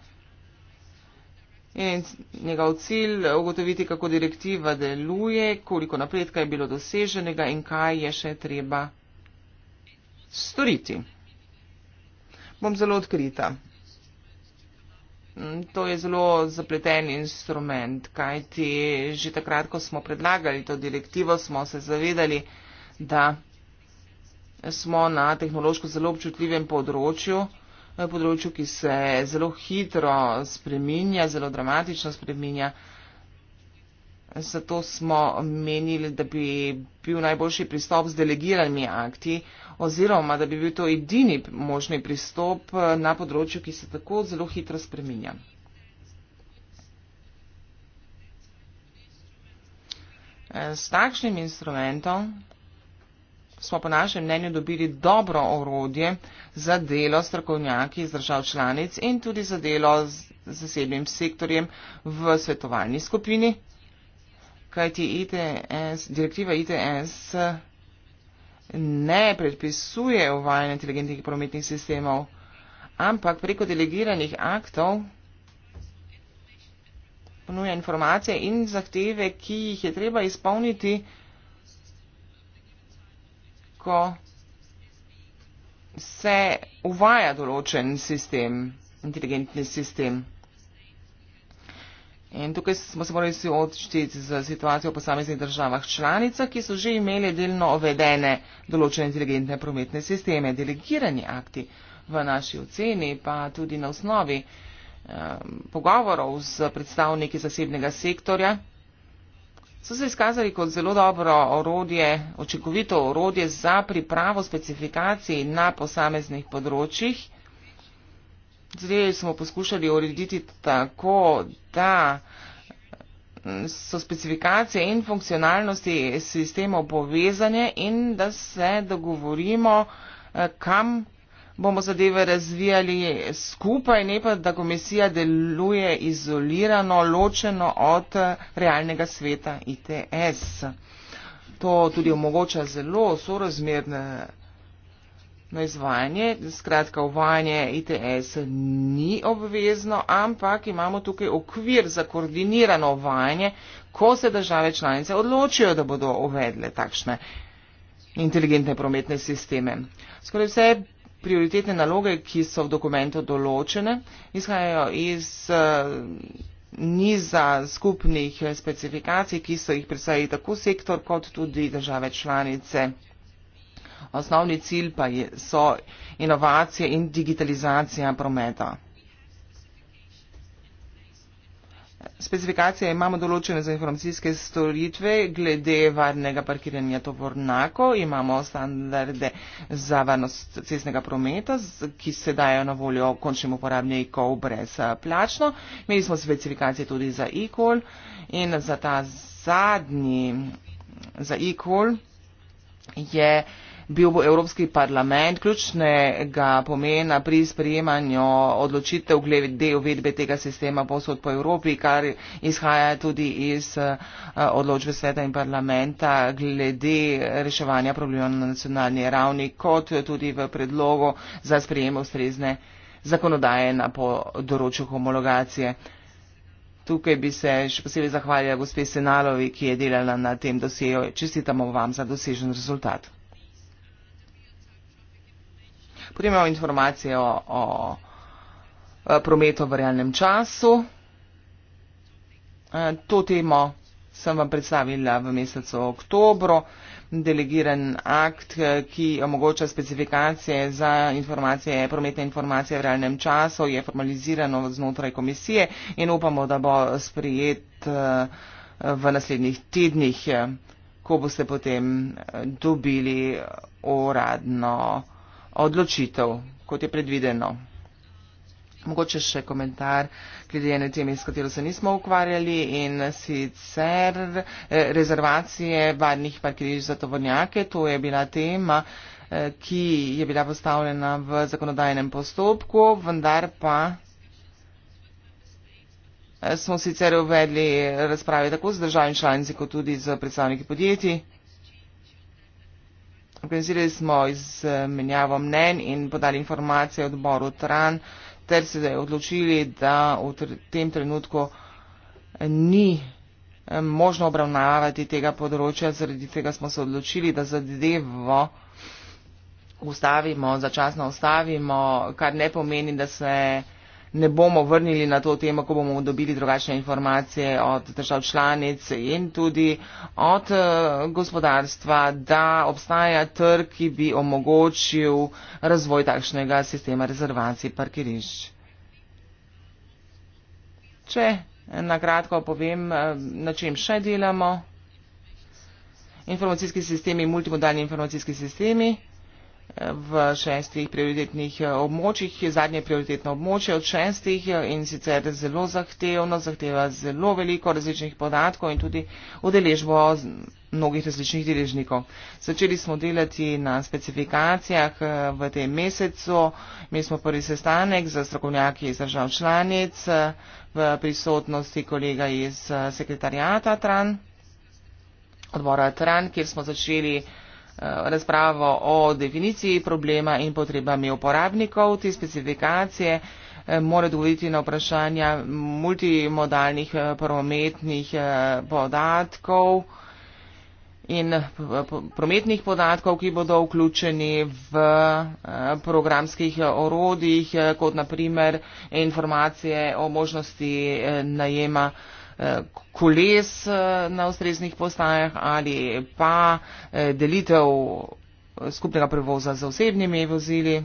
In njegov cilj je ugotoviti, kako direktiva deluje, koliko napredka je bilo doseženega in kaj je še treba storiti. Bom zelo odkrita. To je zelo zapleten instrument, kajti že takrat, ko smo predlagali to direktivo, smo se zavedali, da smo na tehnološko zelo občutljivem področju, eh, področju, ki se zelo hitro spreminja, zelo dramatično spreminja. Zato smo menili, da bi bil najboljši pristop z delegiranimi akti oziroma da bi bil to edini možni pristop eh, na področju, ki se tako zelo hitro spreminja. Eh, s takšnim instrumentom smo po našem mnenju dobili dobro orodje za delo strokovnjaki iz držav članic in tudi za delo z zasebnim sektorjem v svetovalni skupini, kajti ITS, direktiva ITS ne predpisuje uvajanje inteligentnih prometnih sistemov, ampak preko delegiranih aktov ponuja informacije in zahteve, ki jih je treba izpolniti ko se uvaja določen sistem, inteligentni sistem. In tukaj smo se morali si odštiti za situacijo v posameznih državah članica, ki so že imeli delno ovedene določene inteligentne prometne sisteme, delegirani akti v naši oceni, pa tudi na osnovi eh, pogovorov z predstavniki zasebnega sektorja so se izkazali kot zelo dobro orodje, očinkovito orodje za pripravo specifikacij na posameznih področjih. Zdaj smo poskušali urediti tako, da so specifikacije in funkcionalnosti sistemov povezane in da se dogovorimo, eh, kam bomo zadeve razvijali skupaj, ne pa, da komisija deluje izolirano, ločeno od realnega sveta ITS. To tudi omogoča zelo sorazmerne na izvajanje, skratka uvajanje ITS ni obvezno, ampak imamo tukaj okvir za koordinirano uvajanje, ko se države članice odločijo, da bodo uvedle takšne inteligentne prometne sisteme. Skoraj vse prioritetne naloge, ki so v dokumentu določene, izhajajo iz eh, niza skupnih specifikacij, ki so jih predstavili tako sektor kot tudi države članice. Osnovni cilj pa so inovacije in digitalizacija prometa. Specifikacije imamo določene za informacijske storitve, glede varnega parkiranja tovornako, imamo standarde za varnost cestnega prometa, ki se dajo na voljo končnim uporabnikom brez plačno. Imeli smo specifikacije tudi za e-call in za ta zadnji, za e-call je bil bo Evropski parlament ključnega pomena pri sprejemanju odločitev glede uvedbe tega sistema posod po Evropi, kar izhaja tudi iz eh, odločbe sveta in parlamenta glede reševanja problema na nacionalni ravni, kot tudi v predlogu za sprejem ustrezne zakonodaje na področju homologacije. Tukaj bi se še posebej zahvalila gospe Senalovi, ki je delala na tem dosejo. Čestitamo vam za dosežen rezultat. Potem imamo informacije o, o prometu v realnem času. E, to temo sem vam predstavila v mesecu oktobru. Delegiran akt, e, ki omogoča specifikacije za informacije, prometne informacije v realnem času, je formalizirano znotraj komisije in upamo, da bo sprijet e, v naslednjih tednih, ko boste potem dobili uradno odločitev, kot je predvideno. Mogoče še komentar, glede ene teme, s katero se nismo ukvarjali in sicer eh, rezervacije varnih parkirišč za tovornjake. To je bila tema, eh, ki je bila postavljena v zakonodajnem postopku, vendar pa eh, smo sicer uvedli razprave tako z državami članici, kot tudi z predstavniki podjetij. Organizirali smo izmenjavo mnen in podali informacije odboru TRAN, ter se odločili, da v tem trenutku ni eh, možno obravnavati tega področja, zaradi tega smo se odločili, da zadevo ustavimo, začasno ustavimo, kar ne pomeni, da se ne bomo vrnili na to temo, ko bomo dobili drugačne informacije od držav članic in tudi od eh, gospodarstva, da obstaja trg, ki bi omogočil razvoj takšnega sistema rezervacij parkirišč. Če nakratko povem, eh, na čem še delamo. Informacijski sistemi, multimodalni informacijski sistemi v šestih prioritetnih eh, območjih. Zadnje prioritetno območje od šestih eh, in sicer zelo zahtevno, zahteva zelo veliko različnih podatkov in tudi udeležbo mnogih različnih deležnikov. Začeli smo delati na specifikacijah eh, v tem mesecu. Mi smo prvi sestanek za strokovnjaki iz držav članic v prisotnosti kolega iz sekretarijata TRAN, odbora TRAN, kjer smo začeli razpravo o definiciji problema in potrebami uporabnikov. Te specifikacije eh, mora odgovoriti na vprašanja multimodalnih eh, prometnih eh, podatkov in prometnih podatkov, ki bodo vključeni v programskih orodjih, kot naprimer informacije o možnosti najema Eh, koles eh, na ustreznih postajah ali pa eh, delitev skupnega prevoza z osebnimi vozili.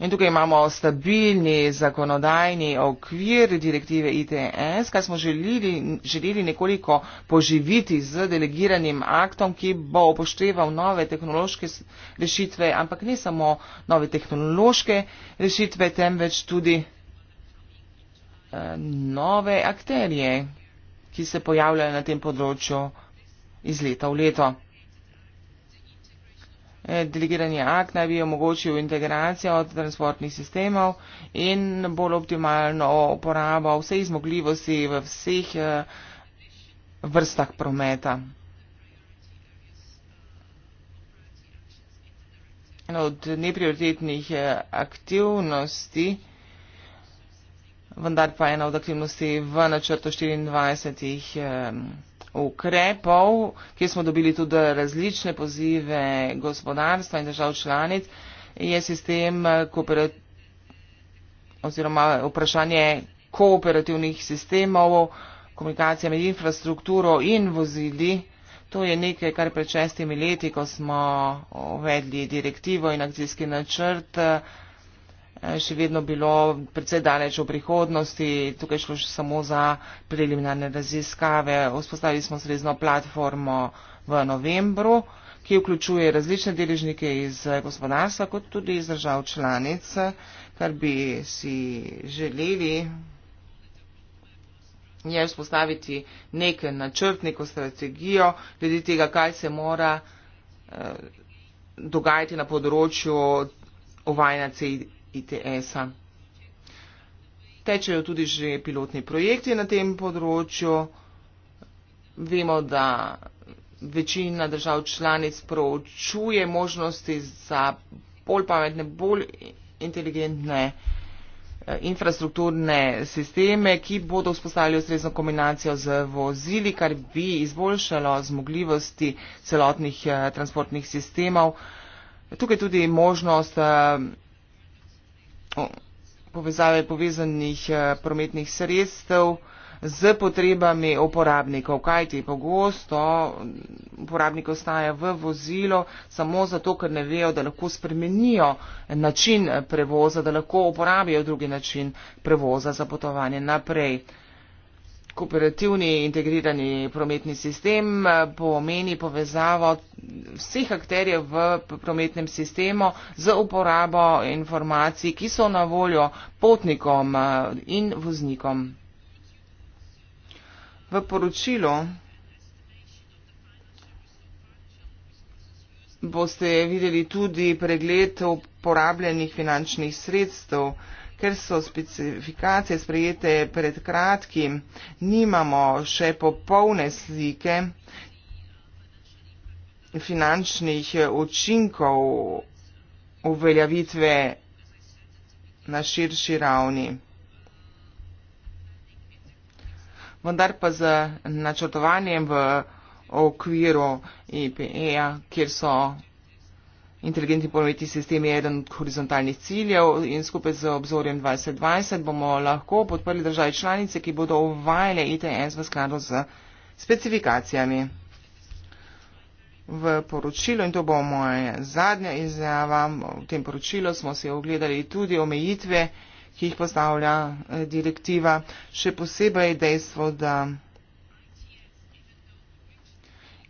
In tukaj imamo stabilni zakonodajni okvir direktive ITS, kar smo želili, želili nekoliko poživiti z delegiranim aktom, ki bo upošteval nove tehnološke rešitve, ampak ne samo nove tehnološke rešitve, temveč tudi Eh, nove akterije, ki se pojavljajo na tem področju iz leta v leto. Eh, delegirani akt naj bi omogočil integracijo od transportnih sistemov in bolj optimalno uporabo vseh zmogljivosti v vseh eh, vrstah prometa. Od neprioritetnih aktivnosti vendar pa ena od aktivnosti v načrtu 24 eh, ukrepov, kjer smo dobili tudi različne pozive gospodarstva in držav članic, je sistem eh, oziroma vprašanje kooperativnih sistemov, komunikacija med infrastrukturo in vozili. To je nekaj, kar pred šestimi leti, ko smo uvedli direktivo in akcijski načrt, eh, še vedno bilo predvsej daleč v prihodnosti, tukaj šlo še samo za preliminarne raziskave. Vzpostavili smo srezno platformo v novembru, ki vključuje različne deležnike iz gospodarstva, kot tudi iz držav članic, kar bi si želeli je vzpostaviti nek načrt, neko strategijo, glede tega, kaj se mora eh, dogajati na področju uvajanja ITS-a. Tečejo tudi že pilotni projekti na tem področju. Vemo, da večina držav članic proučuje možnosti za bolj pametne, bolj inteligentne eh, infrastrukturne sisteme, ki bodo vzpostavili ustrezno kombinacijo z vozili, kar bi izboljšalo zmogljivosti celotnih eh, transportnih sistemov. Tukaj tudi možnost eh, povezave povezanih eh, prometnih sredstev z potrebami uporabnikov, kajti pogosto uporabnik ostaja v vozilo samo zato, ker ne vejo, da lahko spremenijo način prevoza, da lahko uporabijo drugi način prevoza za potovanje naprej kooperativni integrirani prometni sistem eh, pomeni povezavo vseh akterjev v prometnem sistemu z uporabo informacij, ki so na voljo potnikom eh, in voznikom. V poročilu boste videli tudi pregled uporabljenih finančnih sredstev, ker so specifikacije sprejete pred kratkim, nimamo še popolne slike finančnih učinkov uveljavitve na širši ravni. Vendar pa z načrtovanjem v okviru IPE-ja, kjer so Inteligentni pometni sistem je eden od horizontalnih ciljev in skupaj z obzorjem 2020 bomo lahko podprli države članice, ki bodo uvajale ITS e v skladu z specifikacijami. V poročilu, in to bo moja zadnja izjava, v tem poročilu smo si ogledali tudi omejitve, ki jih postavlja eh, direktiva, še posebej dejstvo, da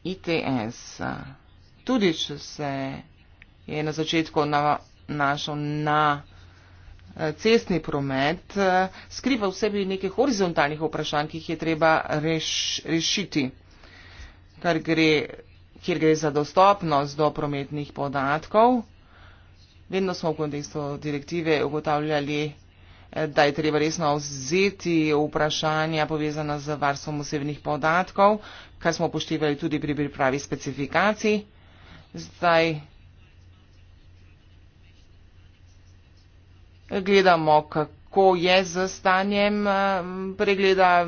ITS, e eh, tudi če se je na začetku na, našel na eh, cestni promet, eh, skriva v sebi nekaj horizontalnih vprašanj, ki jih je treba reš, rešiti, kar gre, kjer gre za dostopnost do prometnih podatkov. Vedno smo v kontekstu direktive ugotavljali, eh, da je treba resno vzeti vprašanja povezana z varstvom osebnih podatkov, kar smo upoštevali tudi pri pripravi specifikacij. Zdaj gledamo, kako je z stanjem eh, pregleda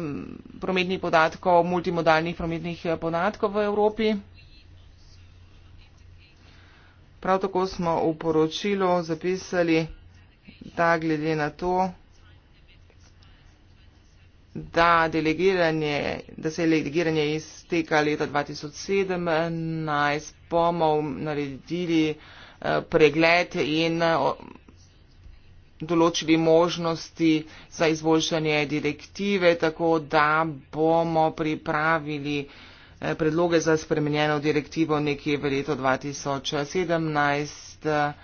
prometnih podatkov, multimodalnih prometnih eh, podatkov v Evropi. Prav tako smo v poročilu zapisali, da glede na to, da, da se je delegiranje izteka leta 2017, bomo naredili eh, pregled in določili možnosti za izboljšanje direktive, tako da bomo pripravili eh, predloge za spremenjeno direktivo nekje v leto 2017. Eh,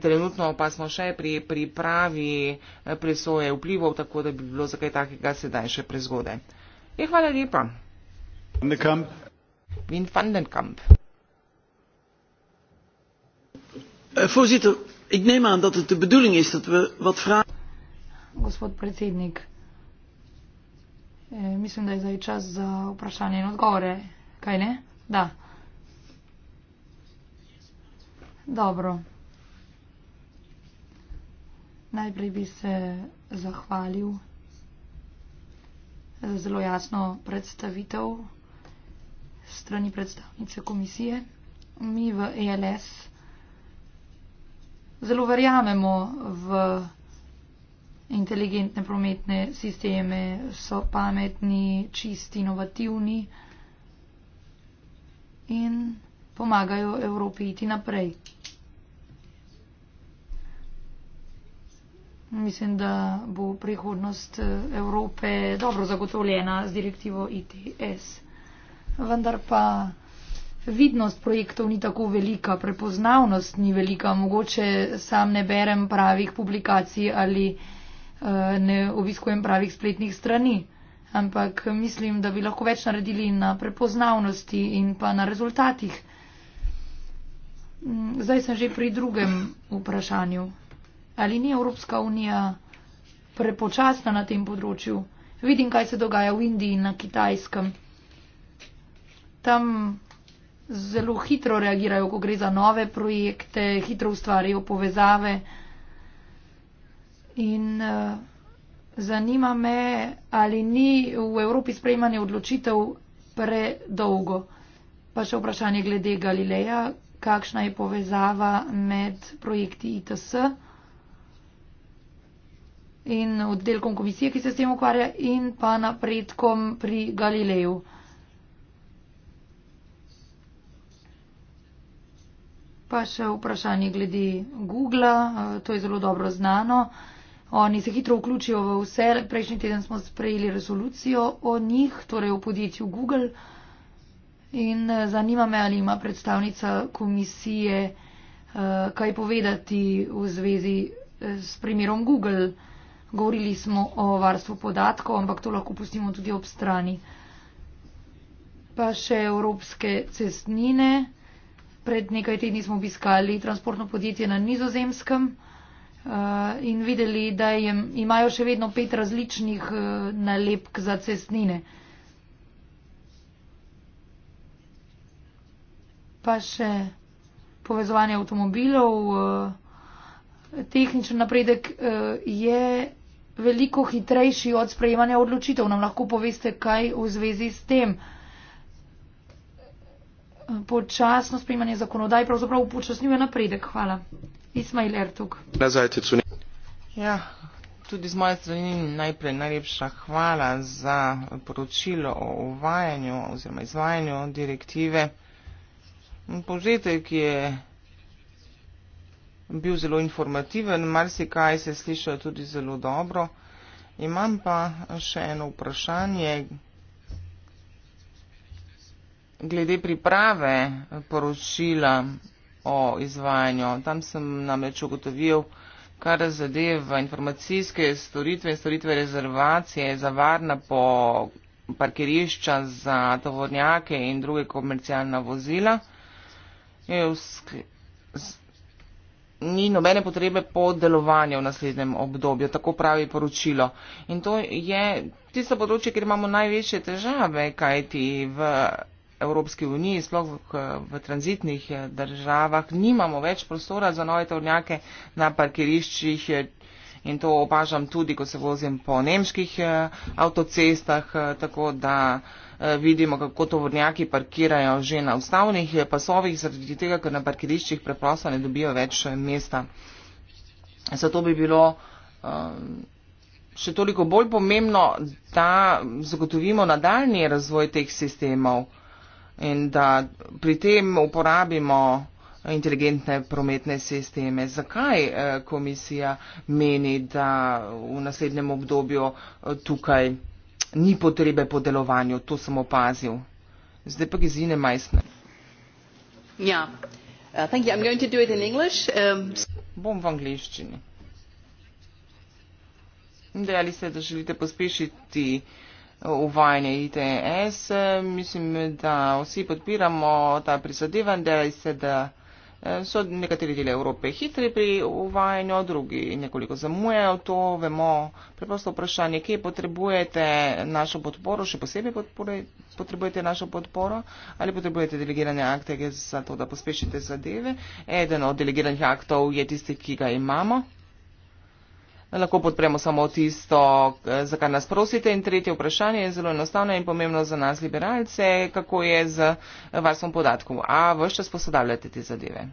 trenutno pa smo še pri pripravi eh, presoje vplivov, tako da bi bilo za kaj takega sedaj še prezgode. Je, ja, hvala lepa. Vin Fandenkamp. Uh, voorzitter, Ik neem aan dat het de bedoeling is dat we wat vragen. Gospod predsednik, eh, mislim, da je zdaj čas za vprašanje in odgovore. Kaj ne? Da. Dobro. Najprej bi se zahvalil za zelo jasno predstavitev strani predstavnice komisije. Mi v ELS zelo verjamemo v inteligentne prometne sisteme, so pametni, čisti, inovativni in pomagajo Evropi iti naprej. Mislim, da bo prihodnost eh, Evrope dobro zagotovljena z direktivo ITS. Vendar pa vidnost projektov ni tako velika, prepoznavnost ni velika, mogoče sam ne berem pravih publikacij ali uh, ne obiskujem pravih spletnih strani. Ampak mislim, da bi lahko več naredili na prepoznavnosti in pa na rezultatih. Mm, zdaj sem že pri drugem vprašanju. Ali ni Evropska unija prepočasna na tem področju? Vidim, kaj se dogaja v Indiji in na Kitajskem. Tam zelo hitro reagirajo, ko gre za nove projekte, hitro ustvarjajo povezave. In uh, zanima me, ali ni v Evropi sprejmanje odločitev predolgo. Pa še vprašanje glede Galileja, kakšna je povezava med projekti ITS in oddelkom komisije, ki se s tem ukvarja, in pa napredkom pri Galileju. Pa še vprašanje glede Google, eh, to je zelo dobro znano. Oni se hitro vključijo v vse. Prejšnji teden smo sprejeli resolucijo o njih, torej o podjetju Google. In eh, zanima me, ali ima predstavnica komisije eh, kaj povedati v zvezi s primerom Google. Govorili smo o varstvu podatkov, ampak to lahko pustimo tudi ob strani. Pa še evropske cestnine pred nekaj tedni smo obiskali transportno podjetje na nizozemskem eh, in videli, da imajo še vedno pet različnih eh, nalepk za cestnine. Pa še povezovanje avtomobilov. Eh, tehničen napredek je veliko hitrejši od sprejemanja odločitev. Nam lahko poveste, kaj v zvezi s tem? počasno sprejmanje zakonodaj pravzaprav upočasnjuje napredek. Hvala. Ismail Ertug. Ja, tudi z moje strani najprej najlepša hvala za poročilo o uvajanju oziroma izvajanju direktive. Požetek je bil zelo informativen, marsikaj se je slišal tudi zelo dobro. Imam pa še eno vprašanje glede priprave poročila o izvajanju. Tam sem namreč ugotovil, kar zadeva informacijske storitve in storitve rezervacije za varna po parkirišča za tovornjake in druge komercialna vozila. Ni nobene potrebe po delovanju v naslednjem obdobju, tako pravi poročilo. In to je tisto področje, kjer imamo največje težave, kajti v Evropski uniji, sploh v, v tranzitnih eh, državah, nimamo več prostora za nove tovornjake na parkiriščih eh, in to opažam tudi, ko se vozim po nemških eh, avtocestah, tako da vidimo, kako tovornjaki parkirajo že na ustavnih pasovih, zaradi tega, ker na parkiriščih preprosto ne dobijo več mesta. Zato bi bilo še toliko bolj pomembno, da zagotovimo nadaljni razvoj teh sistemov in da pri tem uporabimo inteligentne prometne sisteme. Zakaj eh, komisija meni, da v naslednjem obdobju eh, tukaj ni potrebe po delovanju? To sem opazil. Zdaj pa gizine majsne. Ja. Uh, thank you. I'm going to do it in English. Um, Bom v angliščini. Dejali ste, da želite pospešiti uh, uvajanje ITS. Mislim, da vsi podpiramo ta prizadevanje, da se da so nekateri deli Evrope hitri pri uvajanju, drugi nekoliko zamujajo, to vemo. Preprosto vprašanje, kje potrebujete našo podporo, še posebej podpore, potrebujete našo podporo ali potrebujete delegirane akte za to, da pospešite zadeve. Eden od delegiranih aktov je tisti, ki ga imamo lahko podpremo samo tisto, eh, za kar nas prosite. In tretje vprašanje je zelo enostavno in pomembno za nas, liberalce, kako je z varstvom podatkov. A vse čas posodabljate te zadeve?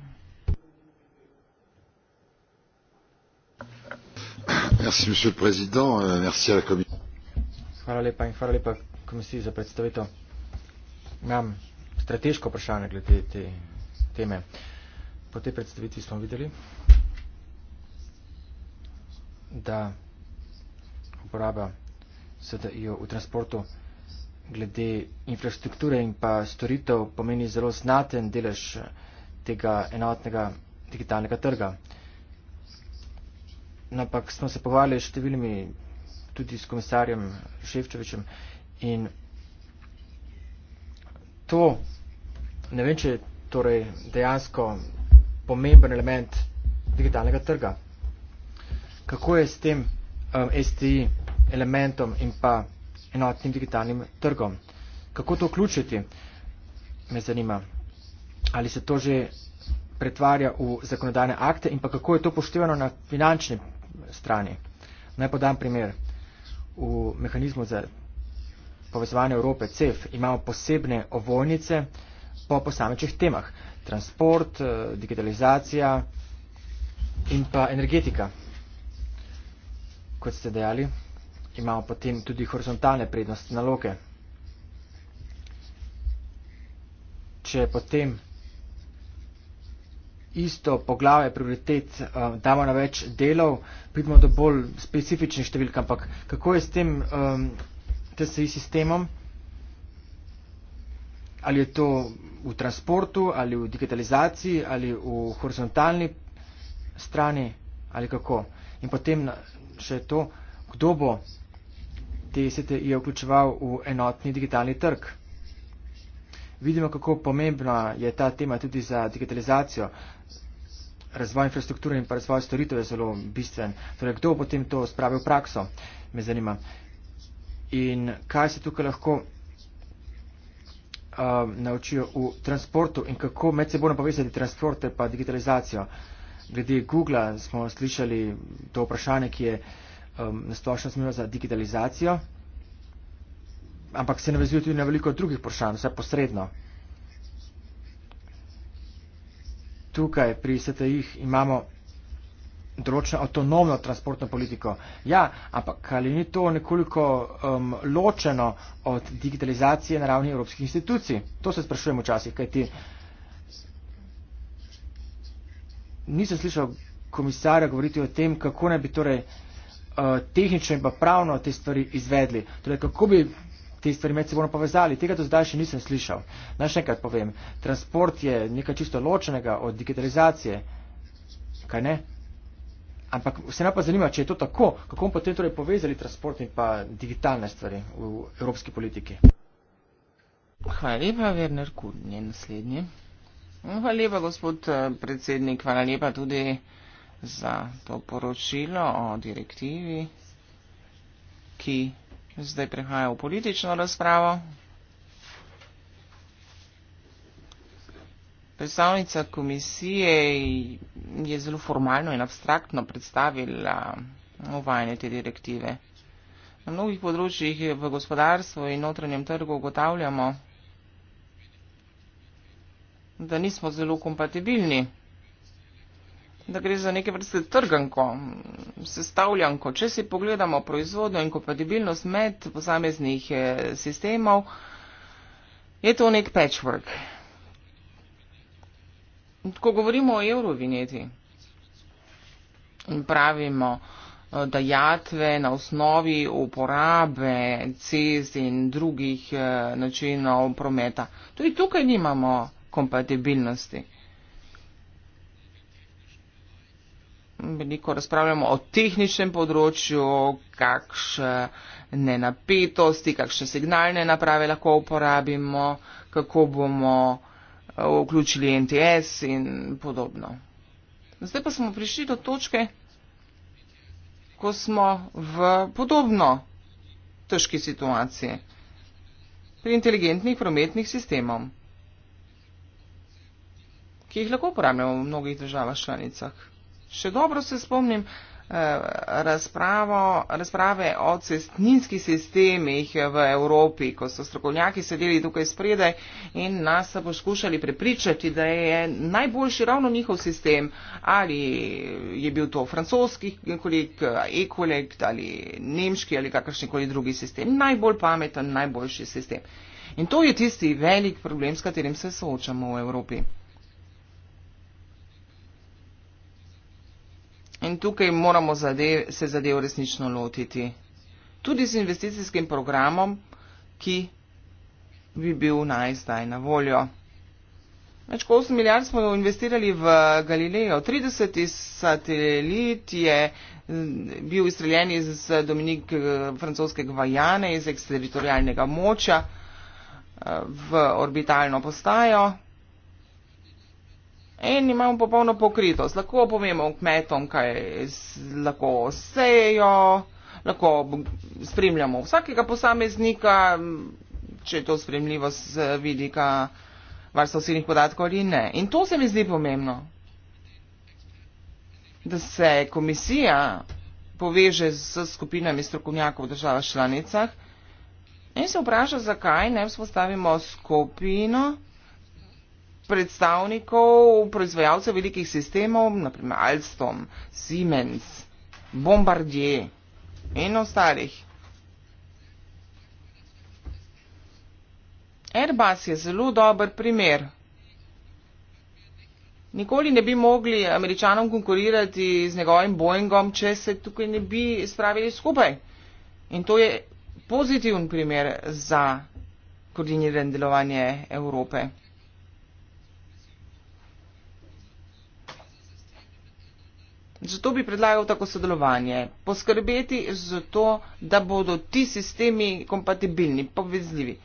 Euh, hvala lepa in hvala lepa komisiji za predstavitev. Imam strateško vprašanje glede te teme. Po tej predstavitvi smo videli, da uporaba SDI-jo v transportu glede infrastrukture in pa storitev pomeni zelo znaten delež tega enotnega digitalnega trga. Napak no, smo se pohvalili številimi tudi s komisarjem Ševčevičem in to, ne vem, če je torej dejansko pomemben element digitalnega trga kako je s tem um, eh, STI elementom in pa enotnim digitalnim trgom. Kako to vključiti, me zanima. Ali se to že pretvarja v zakonodajne akte in pa kako je to poštevano na finančni strani. Naj podam primer. V mehanizmu za povezovanje Evrope CEF imamo posebne ovojnice po posamečnih temah. Transport, eh, digitalizacija in pa energetika kot ste dejali, imamo potem tudi horizontalne prednosti naloge. Če potem isto poglavje prioritet uh, damo na več delov, pridemo do bolj specifičnih številk, ampak kako je s tem um, TSI sistemom? Ali je to v transportu, ali v digitalizaciji, ali v horizontalni strani, ali kako? In potem še to, kdo bo te STI vključeval v enotni digitalni trg. Vidimo, kako pomembna je ta tema tudi za digitalizacijo. Razvoj infrastrukture in pa razvoj storitev je zelo bistven. Torej, kdo potem to spravi v prakso, me zanima. In kaj se tukaj lahko uh, naučijo v transportu in kako med sebojno povezati transport in pa digitalizacijo. Uh, Glede Google smo slišali to vprašanje, ki je um, nastošno smelo za digitalizacijo, ampak se navezuje tudi na veliko drugih vprašanj, vse posredno. Tukaj pri STI-jih imamo določeno avtonomno transportno politiko. Ja, ampak ali ni to nekoliko um, ločeno od digitalizacije na ravni evropskih institucij? To se sprašujemo včasih, kajti. nisem slišal komisarja govoriti o tem, kako naj bi torej uh, tehnično in pa pravno te stvari izvedli. Torej, kako bi te stvari med seboj povezali. Tega do zdaj še nisem slišal. Naj še enkrat povem, transport je nekaj čisto ločenega od digitalizacije, kaj ne? Ampak se nam pa zanima, če je to tako, kako bomo potem torej povezali transport in pa digitalne stvari v evropski politiki. Hvala lepa, Werner Kudn je naslednji. Hvala lepa, gospod eh, predsednik. Hvala lepa tudi za to poročilo o direktivi, ki zdaj prehaja v politično razpravo. Predstavnica komisije je zelo formalno in abstraktno predstavila uvajanje te direktive. Na mnogih področjih v gospodarstvu in notranjem trgu ugotavljamo, da nismo zelo kompatibilni, da gre za neke vrste trganko, sestavljanko. Če si pogledamo proizvodno in kompatibilnost med posameznih eh, sistemov, je to nek patchwork. Ko govorimo o eurovinjeti in pravimo, eh, da jatve na osnovi uporabe cest in drugih eh, načinov prometa. Tudi tukaj nimamo kompatibilnosti. Veliko razpravljamo o tehničnem področju, kakšne napetosti, kakšne signalne naprave lahko uporabimo, kako bomo eh, vključili NTS in podobno. Zdaj pa smo prišli do točke, ko smo v podobno težki situaciji pri inteligentnih prometnih sistemov ki jih lahko uporabljamo v mnogih državah članicah. Še dobro se spomnim eh, razpravo, razprave o cestninskih sistemih v Evropi, ko so strokovnjaki sedeli tukaj spredaj in nas poskušali prepričati, da je najboljši ravno njihov sistem, ali je bil to francoski kolik, ekolek, ali nemški ali kakršnikoli drugi sistem. Najbolj pameten, najboljši sistem. In to je tisti velik problem, s katerim se soočamo v Evropi. In tukaj moramo zadev, se zadev resnično lotiti. Tudi z investicijskim programom, ki bi bil naj zdaj na voljo. Več kot 8 milijard smo investirali v Galileo. 30 satelit je mm, bil izstreljen iz Dominik eh, francoske Gvajane, iz eksteritorijalnega moča eh, v orbitalno postajo. In imamo popolno pokritost. Lahko povemo kmetom, kaj lahko sejejo, lahko spremljamo vsakega posameznika, če je to spremljivo z vidika varstva osebnih podatkov ali ne. In to se mi zdi pomembno, da se komisija poveže s skupinami strokovnjakov v državah članicah in se vpraša, zakaj ne vzpostavimo skupino predstavnikov proizvajalcev velikih sistemov, naprimer Alstom, Siemens, Bombardier in ostalih. Airbus je zelo dober primer. Nikoli ne bi mogli američanom konkurirati z njegovim Boeingom, če se tukaj ne bi spravili skupaj. In to je pozitiven primer za koordiniran delovanje Evrope. Zato bi predlagal tako sodelovanje. Poskrbeti za to, da bodo ti sistemi kompatibilni, povezljivi.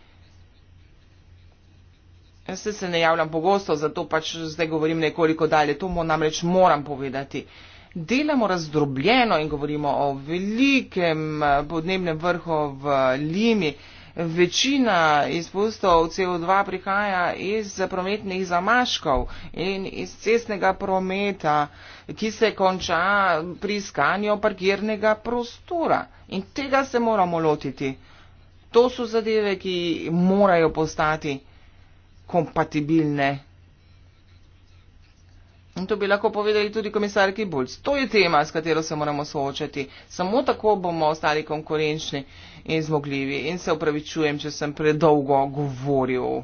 Jaz se, se ne javljam pogosto, zato pač zdaj govorim nekoliko dalje. To mu namreč moram povedati. Delamo razdrobljeno in govorimo o velikem eh, podnebnem vrhu v Limi večina izpustov CO2 prihaja iz prometnih zamaškov in iz cestnega prometa, ki se konča pri iskanju parkirnega prostora. In tega se moramo lotiti. To so zadeve, ki morajo postati kompatibilne. In to bi lahko povedali tudi komisarki Bulc. To je tema, s katero se moramo soočati. Samo tako bomo ostali konkurenčni in zmogljivi. In se upravičujem, če sem predolgo govoril.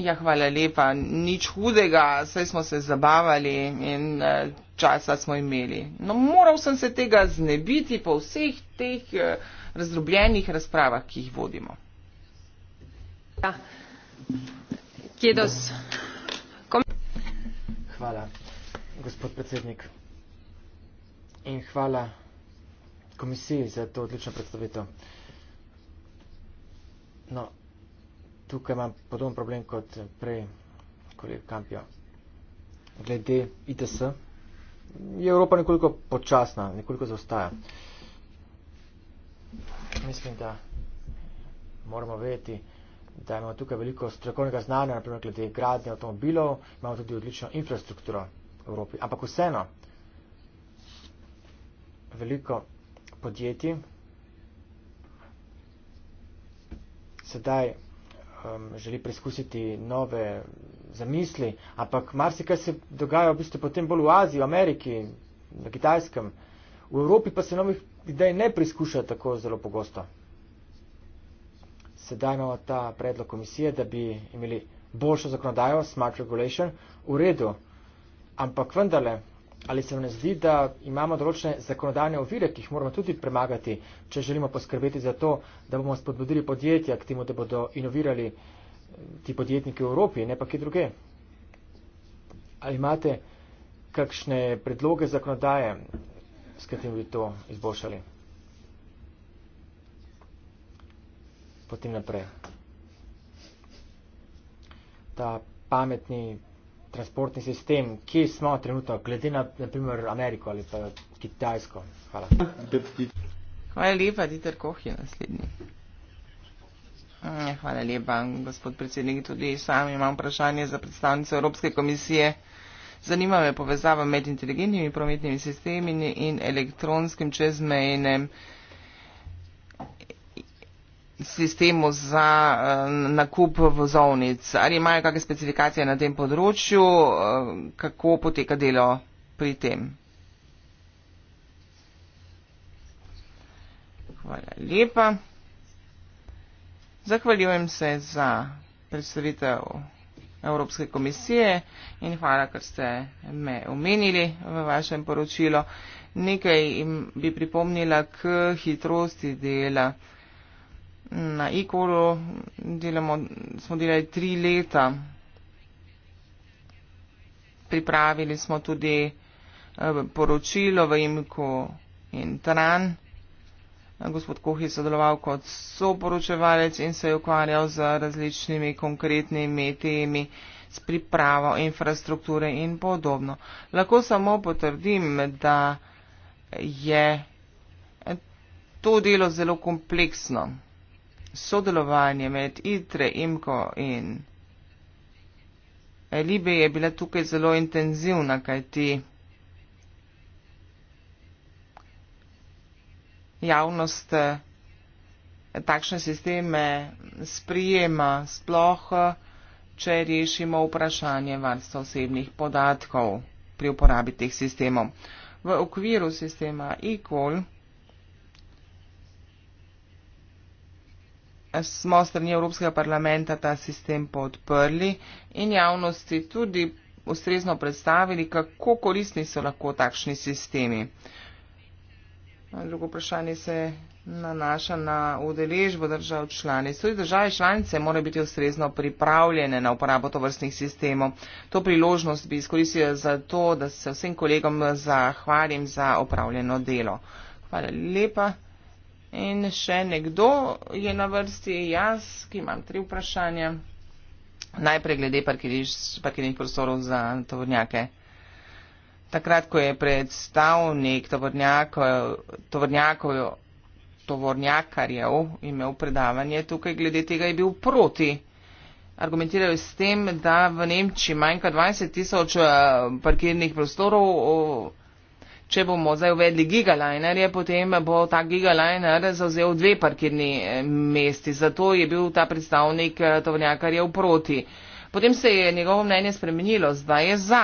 Ja, hvala lepa. Nič hudega, saj smo se zabavali in eh, časa smo imeli. No, moral sem se tega znebiti po vseh teh eh, razdrobljenih razpravah, ki jih vodimo. Ja. Kjedos. No hvala, gospod predsednik. In hvala komisiji za to odlično predstavitev. No, tukaj imam podoben problem kot prej kolega Kampio. Glede ITS je Evropa nekoliko počasna, nekoliko zaostaja. Mislim, da moramo vedeti, da imamo tukaj veliko strokovnega znanja, naprimer glede gradnje avtomobilov, imamo tudi odlično infrastrukturo v Evropi. Ampak vseeno, veliko podjetij sedaj um, želi preizkusiti nove zamisli, ampak marsikaj se dogaja v bistvu potem bolj v Aziji, v Ameriki, na Kitajskem. V Evropi pa se novih idej ne preizkuša tako zelo pogosto sedaj imamo ta predlog komisije, da bi imeli boljšo zakonodajo, smart regulation, v redu. Ampak vendarle, ali se vam ne zdi, da imamo določene zakonodajne ovire, ki jih moramo tudi premagati, če želimo poskrbeti za to, da bomo spodbudili podjetja k temu, da bodo inovirali eh, ti podjetniki v Evropi, ne pa ki druge? Ali imate kakšne predloge zakonodaje, s katerimi bi to izboljšali? potem naprej. Ta pametni transportni sistem, kje smo trenutno, glede na primer Ameriko ali pa Kitajsko. Hvala. Hvala lepa, Dieter Koh je naslednji. Ja, hvala lepa, gospod predsednik. Tudi sam imam vprašanje za predstavnico Evropske komisije. Zanima me povezava med inteligentnimi prometnimi sistemi in elektronskim čezmejnem sistemu za eh, nakup vozovnic? Ali imajo kakšne specifikacije na tem področju? Eh, kako poteka delo pri tem? Hvala lepa. Zahvaljujem se za predstavitev Evropske komisije in hvala, ker ste me omenili v vašem poročilu. Nekaj bi pripomnila k hitrosti dela na Ekoru delamo, smo delali tri leta. Pripravili smo tudi eh, poročilo v imku in tran. Gospod Koh je sodeloval kot soporočevalec in se je ukvarjal z različnimi konkretnimi temi, s pripravo infrastrukture in podobno. Lahko samo potrdim, da je to delo zelo kompleksno sodelovanje med Itre, Imko in Elibe je bila tukaj zelo intenzivna, kajti javnost eh, takšne sisteme sprijema sploh, če rešimo vprašanje varstva osebnih podatkov pri uporabi teh sistemov. V okviru sistema e-call smo strani Evropskega parlamenta ta sistem podprli in javnosti tudi ustrezno predstavili, kako koristni so lahko takšni sistemi. Drugo vprašanje se nanaša na udeležbo držav članic. Tudi države članice morajo biti ustrezno pripravljene na uporabo tovrstnih sistemov. To priložnost bi izkoristila za to, da se vsem kolegom zahvalim za opravljeno delo. Hvala lepa. In še nekdo je na vrsti, jaz, ki imam tri vprašanja. Najprej glede parkirnih prostorov za tovornjake. Takrat, ko je predstavnik tovornjakov, tovornjakarjev imel predavanje tukaj, glede tega je bil proti. Argumentirajo s tem, da v Nemčiji manjka 20 tisoč eh, parkirnih prostorov. O, če bomo zdaj uvedli gigalinerje, potem bo ta gigaliner zauzel dve parkirni eh, mesti. Zato je bil ta predstavnik eh, tovrnjakarjev proti. Potem se je njegovo mnenje spremenilo, zdaj je za.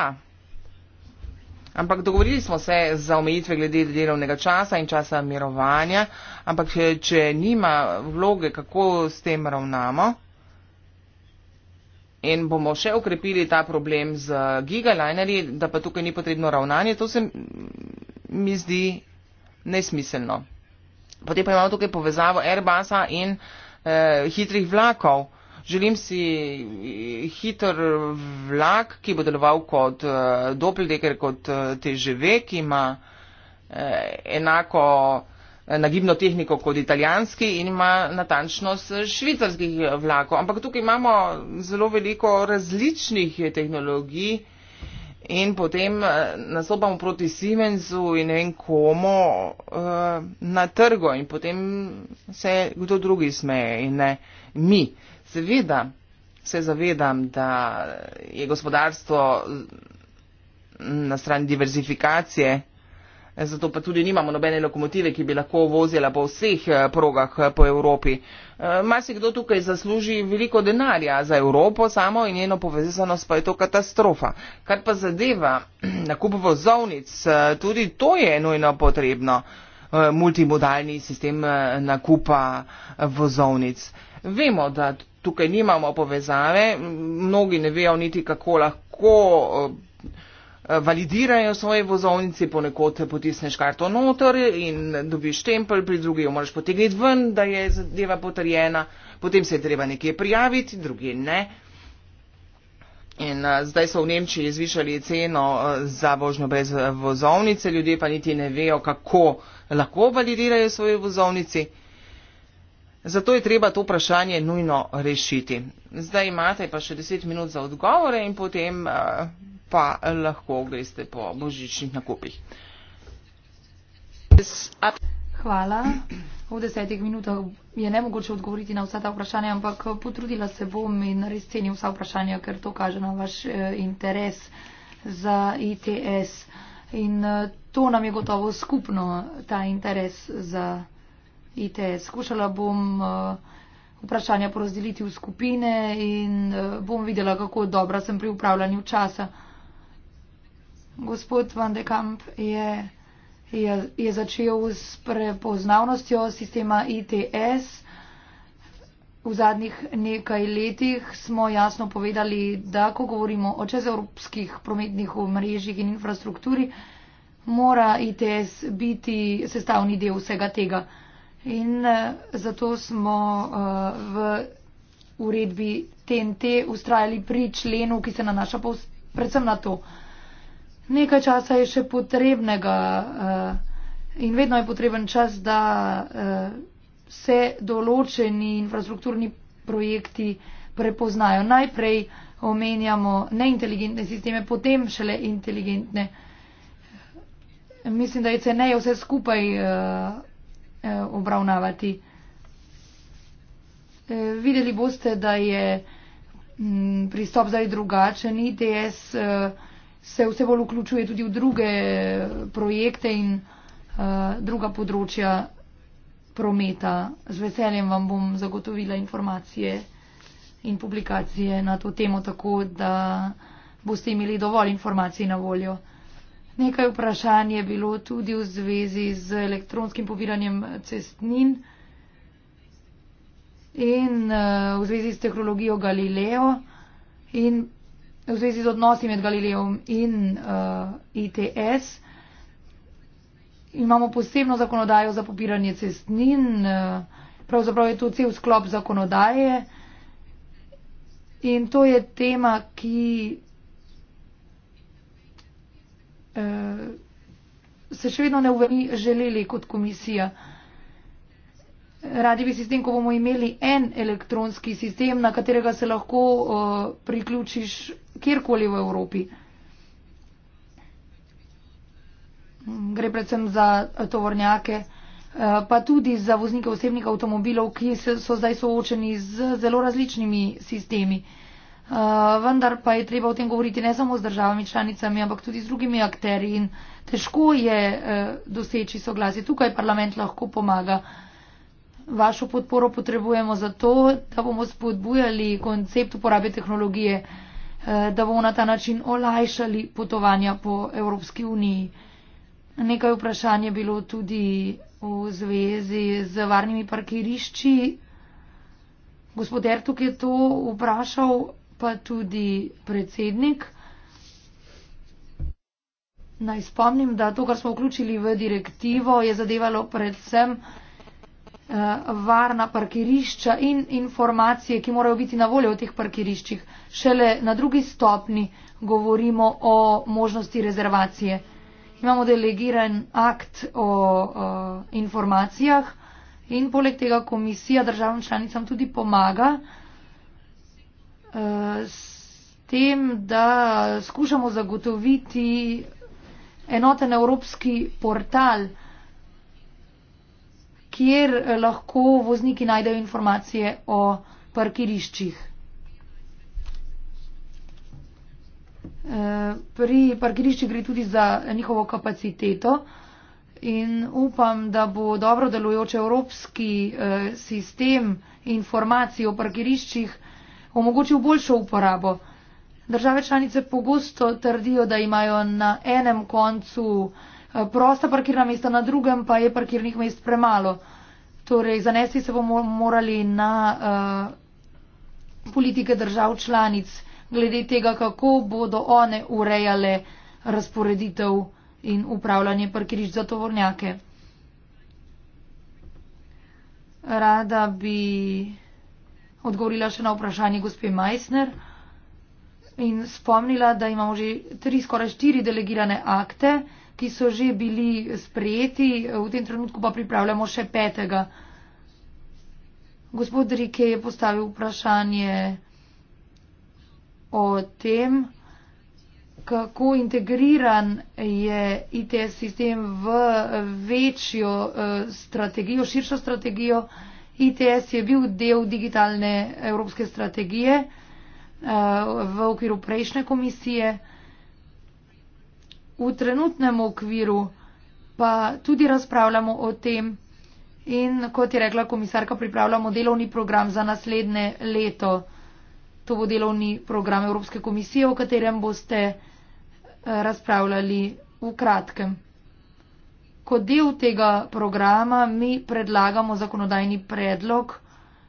Ampak dogovorili smo se za omejitve glede delovnega časa in časa mirovanja, ampak če, eh, če nima vloge, kako s tem ravnamo in bomo še ukrepili ta problem z gigalinerji, da pa tukaj ni potrebno ravnanje, to se mi zdi nesmiselno. Potem pa imamo tukaj povezavo Airbusa in eh, hitrih vlakov. Želim si eh, hiter vlak, ki bo deloval kot eh, dopledeker, kot eh, TGV, ki ima eh, enako eh, nagibno tehniko kot italijanski in ima natančnost švicarskih vlakov. Ampak tukaj imamo zelo veliko različnih tehnologij. Eh, In potem eh, nastopamo proti Siemensu in ne vem komu eh, na trgu in potem se kdo drugi smeje in ne mi. Seveda se zavedam, da je gospodarstvo na strani diverzifikacije E, zato pa tudi nimamo nobene lokomotive, ki bi lahko vozila po vseh e, progah e, po Evropi. Masi kdo tukaj zasluži veliko denarja za Evropo samo in njeno povezanost pa je to katastrofa. Kar pa zadeva nakup vozovnic, tudi to je nujno potrebno, multimodalni sistem nakupa vozovnic. Vemo, da tukaj nimamo povezave, mnogi ne vejo niti kako lahko validirajo svoje vozovnice, ponekod potisneš karto noter in dobiš tempel, pri drugi jo moraš potegniti ven, da je zadeva potrjena, potem se je treba nekje prijaviti, drugi ne. In uh, zdaj so v Nemčiji zvišali ceno uh, za vožnjo brez eh, vozovnice, ljudje pa niti ne vejo, kako lahko validirajo svoje vozovnice. Zato je treba to vprašanje nujno rešiti. Zdaj imate pa še 10 minut za odgovore in potem. Uh, pa lahko greste po božičnih nakupih. Hvala. V desetih minutah je ne mogoče odgovoriti na vsa ta vprašanja, ampak potrudila se bom in res cenim vsa vprašanja, ker to kaže na vaš eh, interes za ITS. In eh, to nam je gotovo skupno, ta interes za ITS. Skušala bom eh, vprašanja porazdeliti v skupine in bom videla, kako dobra sem pri upravljanju časa. Gospod Van de Kamp je, je, je začel s prepoznavnostjo sistema ITS. V zadnjih nekaj letih smo jasno povedali, da ko govorimo o čezevropskih prometnih omrežjih in infrastrukturi, mora ITS biti sestavni del vsega tega. In eh, zato smo eh, v uredbi TNT ustrajali pri členu, ki se nanaša predvsem na to. Nekaj časa je še potrebnega eh, in vedno je potreben čas, da eh, se določeni infrastrukturni projekti prepoznajo. Najprej omenjamo neinteligentne sisteme, potem šele inteligentne. Mislim, da je ceneje vse skupaj eh, obravnavati. Videli boste, da je mm, pristop zdaj drugačen. ITS se vse bolj vključuje tudi v druge projekte in uh, druga področja prometa. Z veseljem vam bom zagotovila informacije in publikacije na to temo, tako da boste imeli dovolj informacij na voljo. Nekaj vprašanj je bilo tudi v zvezi z elektronskim poviranjem cestnin in uh, v zvezi s tehnologijo Galileo in v zvezi z odnosi med Galilejem in uh, ITS. Imamo posebno zakonodajo za popiranje cestnin, uh, pravzaprav je to cel sklop zakonodaje in to je tema, ki uh, se še vedno ne uveli želeli kot komisija. Radi bi sistem, ko bomo imeli en elektronski sistem, na katerega se lahko uh, priključiš kjerkoli v Evropi. Gre predvsem za tovornjake, eh, pa tudi za voznike osebnih avtomobilov, ki so zdaj soočeni z zelo različnimi sistemi. Eh, vendar pa je treba o tem govoriti ne samo z državami članicami, ampak tudi z drugimi akteri in težko je eh, doseči soglasje. Tukaj parlament lahko pomaga. Vašo podporo potrebujemo zato, da bomo spodbujali koncept uporabe tehnologije. Eh, da bomo na ta način olajšali potovanja po Evropski uniji. Nekaj vprašanj je bilo tudi v zvezi z varnimi parkirišči. Gospod Ertuk je to vprašal, pa tudi predsednik. Naj spomnim, da to, kar smo vključili v direktivo, je zadevalo predvsem Eh, varna parkirišča in informacije, ki morajo biti na voljo v teh parkiriščih. Šele na drugi stopni govorimo o možnosti rezervacije. Imamo delegiran akt o, o informacijah in poleg tega komisija državam članicam tudi pomaga o, eh, s tem, da skušamo zagotoviti enoten evropski portal, kjer eh, lahko vozniki najdejo informacije o parkiriščih. Eh, pri parkiriščih gre tudi za njihovo kapaciteto in upam, da bo dobro delujoč evropski eh, sistem informacij o parkiriščih omogočil boljšo uporabo. Države članice pogosto trdijo, da imajo na enem koncu Eh, prosta parkirna mesta, na drugem pa je parkirnih mest premalo. Torej, zanesti se bomo morali na uh, politike držav članic, glede tega, kako bodo one urejale razporeditev in upravljanje parkirišč za tovornjake. Rada bi odgovorila še na vprašanje gospe Meissner in spomnila, da imamo že tri, skoraj štiri delegirane akte ki so že bili sprejeti, v tem trenutku pa pripravljamo še petega. Gospod Rike je postavil vprašanje o tem, kako integriran je ITS sistem v večjo eh, strategijo, širšo strategijo. ITS je bil del digitalne evropske strategije eh, v okviru prejšnje komisije v trenutnem okviru pa tudi razpravljamo o tem in, kot je rekla komisarka, pripravljamo delovni program za naslednje leto. To bo delovni program Evropske komisije, o katerem boste eh, razpravljali v kratkem. Kot del tega programa mi predlagamo zakonodajni predlog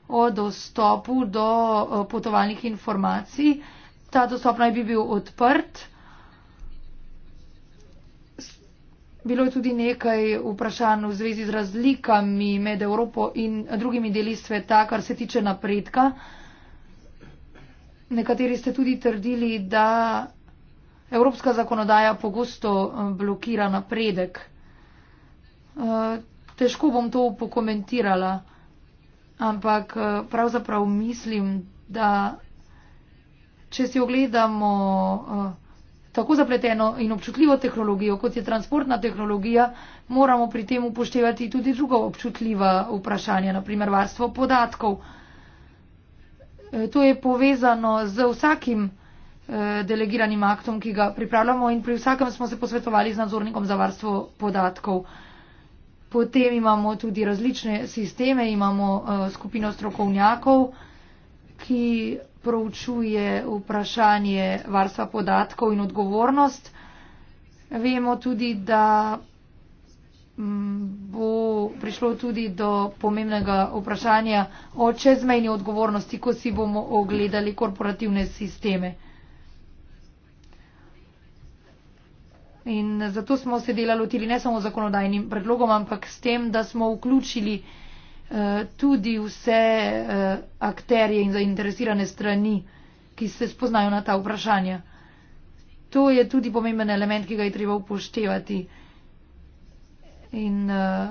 o dostopu do eh, potovalnih informacij. Ta dostop naj bi bil odprt. Bilo je tudi nekaj vprašanj v zvezi z razlikami med Evropo in drugimi deli sveta, kar se tiče napredka. Nekateri ste tudi trdili, da evropska zakonodaja pogosto eh, blokira napredek. Eh, težko bom to pokomentirala, ampak eh, pravzaprav mislim, da če si ogledamo tako zapleteno in občutljivo tehnologijo, kot je transportna tehnologija, moramo pri tem upoštevati tudi druga občutljiva vprašanja, naprimer varstvo podatkov. E, to je povezano z vsakim e, delegiranim aktom, ki ga pripravljamo in pri vsakem smo se posvetovali z nadzornikom za varstvo podatkov. Potem imamo tudi različne sisteme, imamo e, skupino strokovnjakov, ki proučuje vprašanje varstva podatkov in odgovornost. Vemo tudi, da mm, bo prišlo tudi do pomembnega vprašanja o čezmejni odgovornosti, ko si bomo ogledali korporativne sisteme. In zato smo se dela lotili ne samo zakonodajnim predlogom, ampak s tem, da smo vključili Eh, tudi vse eh, akterje in zainteresirane strani, ki se spoznajo na ta vprašanja. To je tudi pomemben element, ki ga je treba upoštevati. In eh,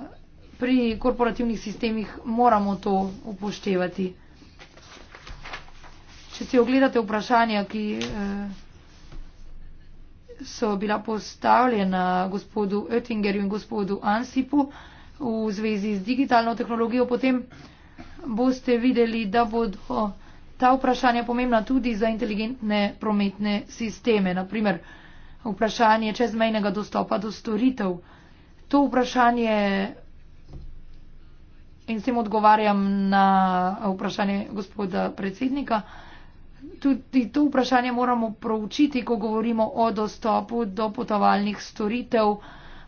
pri korporativnih sistemih moramo to upoštevati. Če si ogledate vprašanja, ki so bila postavljena gospodu Oettingerju in gospodu Ansipu, v zvezi z digitalno tehnologijo, potem boste videli, da bodo ta vprašanja pomembna tudi za inteligentne prometne sisteme. Naprimer, vprašanje čezmejnega dostopa do storitev. To vprašanje in s tem odgovarjam na vprašanje gospoda predsednika. Tudi to vprašanje moramo proučiti, ko govorimo o dostopu do potovalnih storitev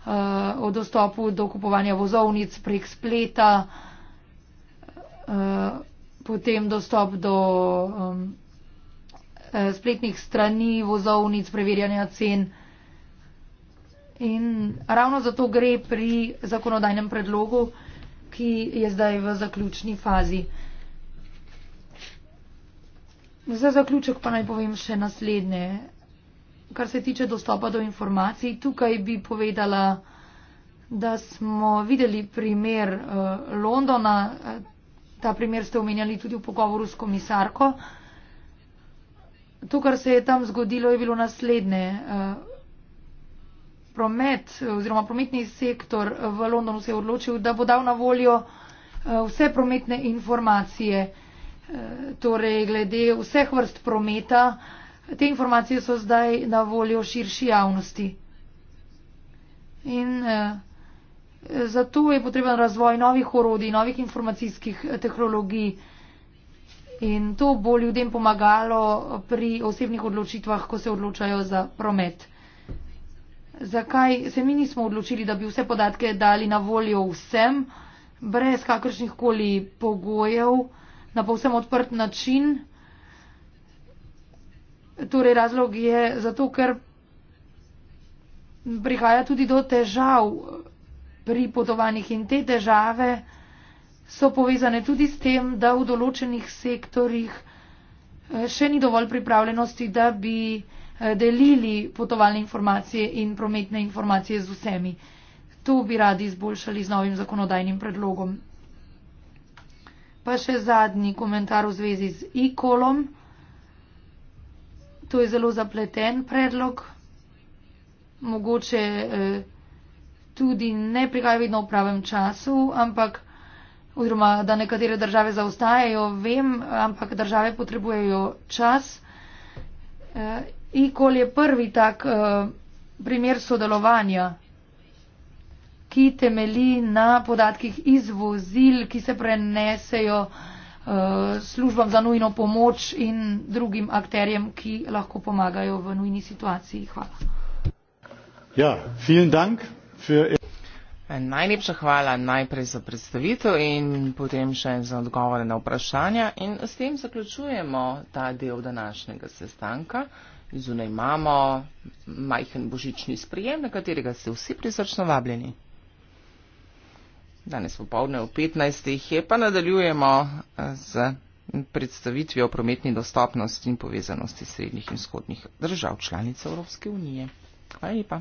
uh, o dostopu do kupovanja vozovnic prek spleta, uh, potem dostop do um, eh, spletnih strani vozovnic, preverjanja cen. In ravno zato gre pri zakonodajnem predlogu, ki je zdaj v zaključni fazi. Za zaključek pa naj povem še naslednje kar se tiče dostopa do informacij, tukaj bi povedala, da smo videli primer eh, Londona, eh, ta primer ste omenjali tudi v pogovoru s komisarko. To, kar se je tam zgodilo, je bilo naslednje. Eh, promet oziroma prometni sektor v Londonu se je odločil, da bo dal na voljo vse prometne informacije, torej glede vseh vrst prometa, Te informacije so zdaj na voljo širši javnosti. In eh, zato je potreben razvoj novih orodij, novih informacijskih eh, tehnologij. In to bo ljudem pomagalo pri osebnih odločitvah, ko se odločajo za promet. Zakaj se mi nismo odločili, da bi vse podatke dali na voljo vsem, brez kakršnih koli pogojev, na povsem odprt način? Eh, Torej, razlog je zato, ker prihaja tudi do težav pri potovanjih in te težave so povezane tudi s tem, da v določenih sektorjih eh, še ni dovolj pripravljenosti, da bi eh, delili potovalne informacije in prometne informacije z vsemi. To bi radi izboljšali z novim zakonodajnim predlogom. Pa še zadnji komentar v zvezi z e-kolom. To je zelo zapleten predlog, mogoče eh, tudi ne prihaja vedno v pravem času, ampak oziroma, da nekatere države zaostajajo, vem, ampak države potrebujejo čas. Eh, Ikol je prvi tak eh, primer sodelovanja, ki temeli na podatkih iz vozil, ki se prenesejo eh, Eh, službam za nujno pomoč in drugim akterjem, ki lahko pomagajo v nujni situaciji. Hvala. Ja, vielen Dank. Für... Najlepša hvala najprej za predstavitev in potem še za odgovore na vprašanja. In s tem zaključujemo ta del današnjega sestanka. Zunaj imamo majhen božični sprijem, na katerega ste vsi prisrčno vabljeni. Danes popovdne v 15. je pa nadaljujemo eh, z predstavitvijo prometni dostopnosti in povezanosti srednjih in vzhodnih držav članic Evropske unije. Hvala lepa.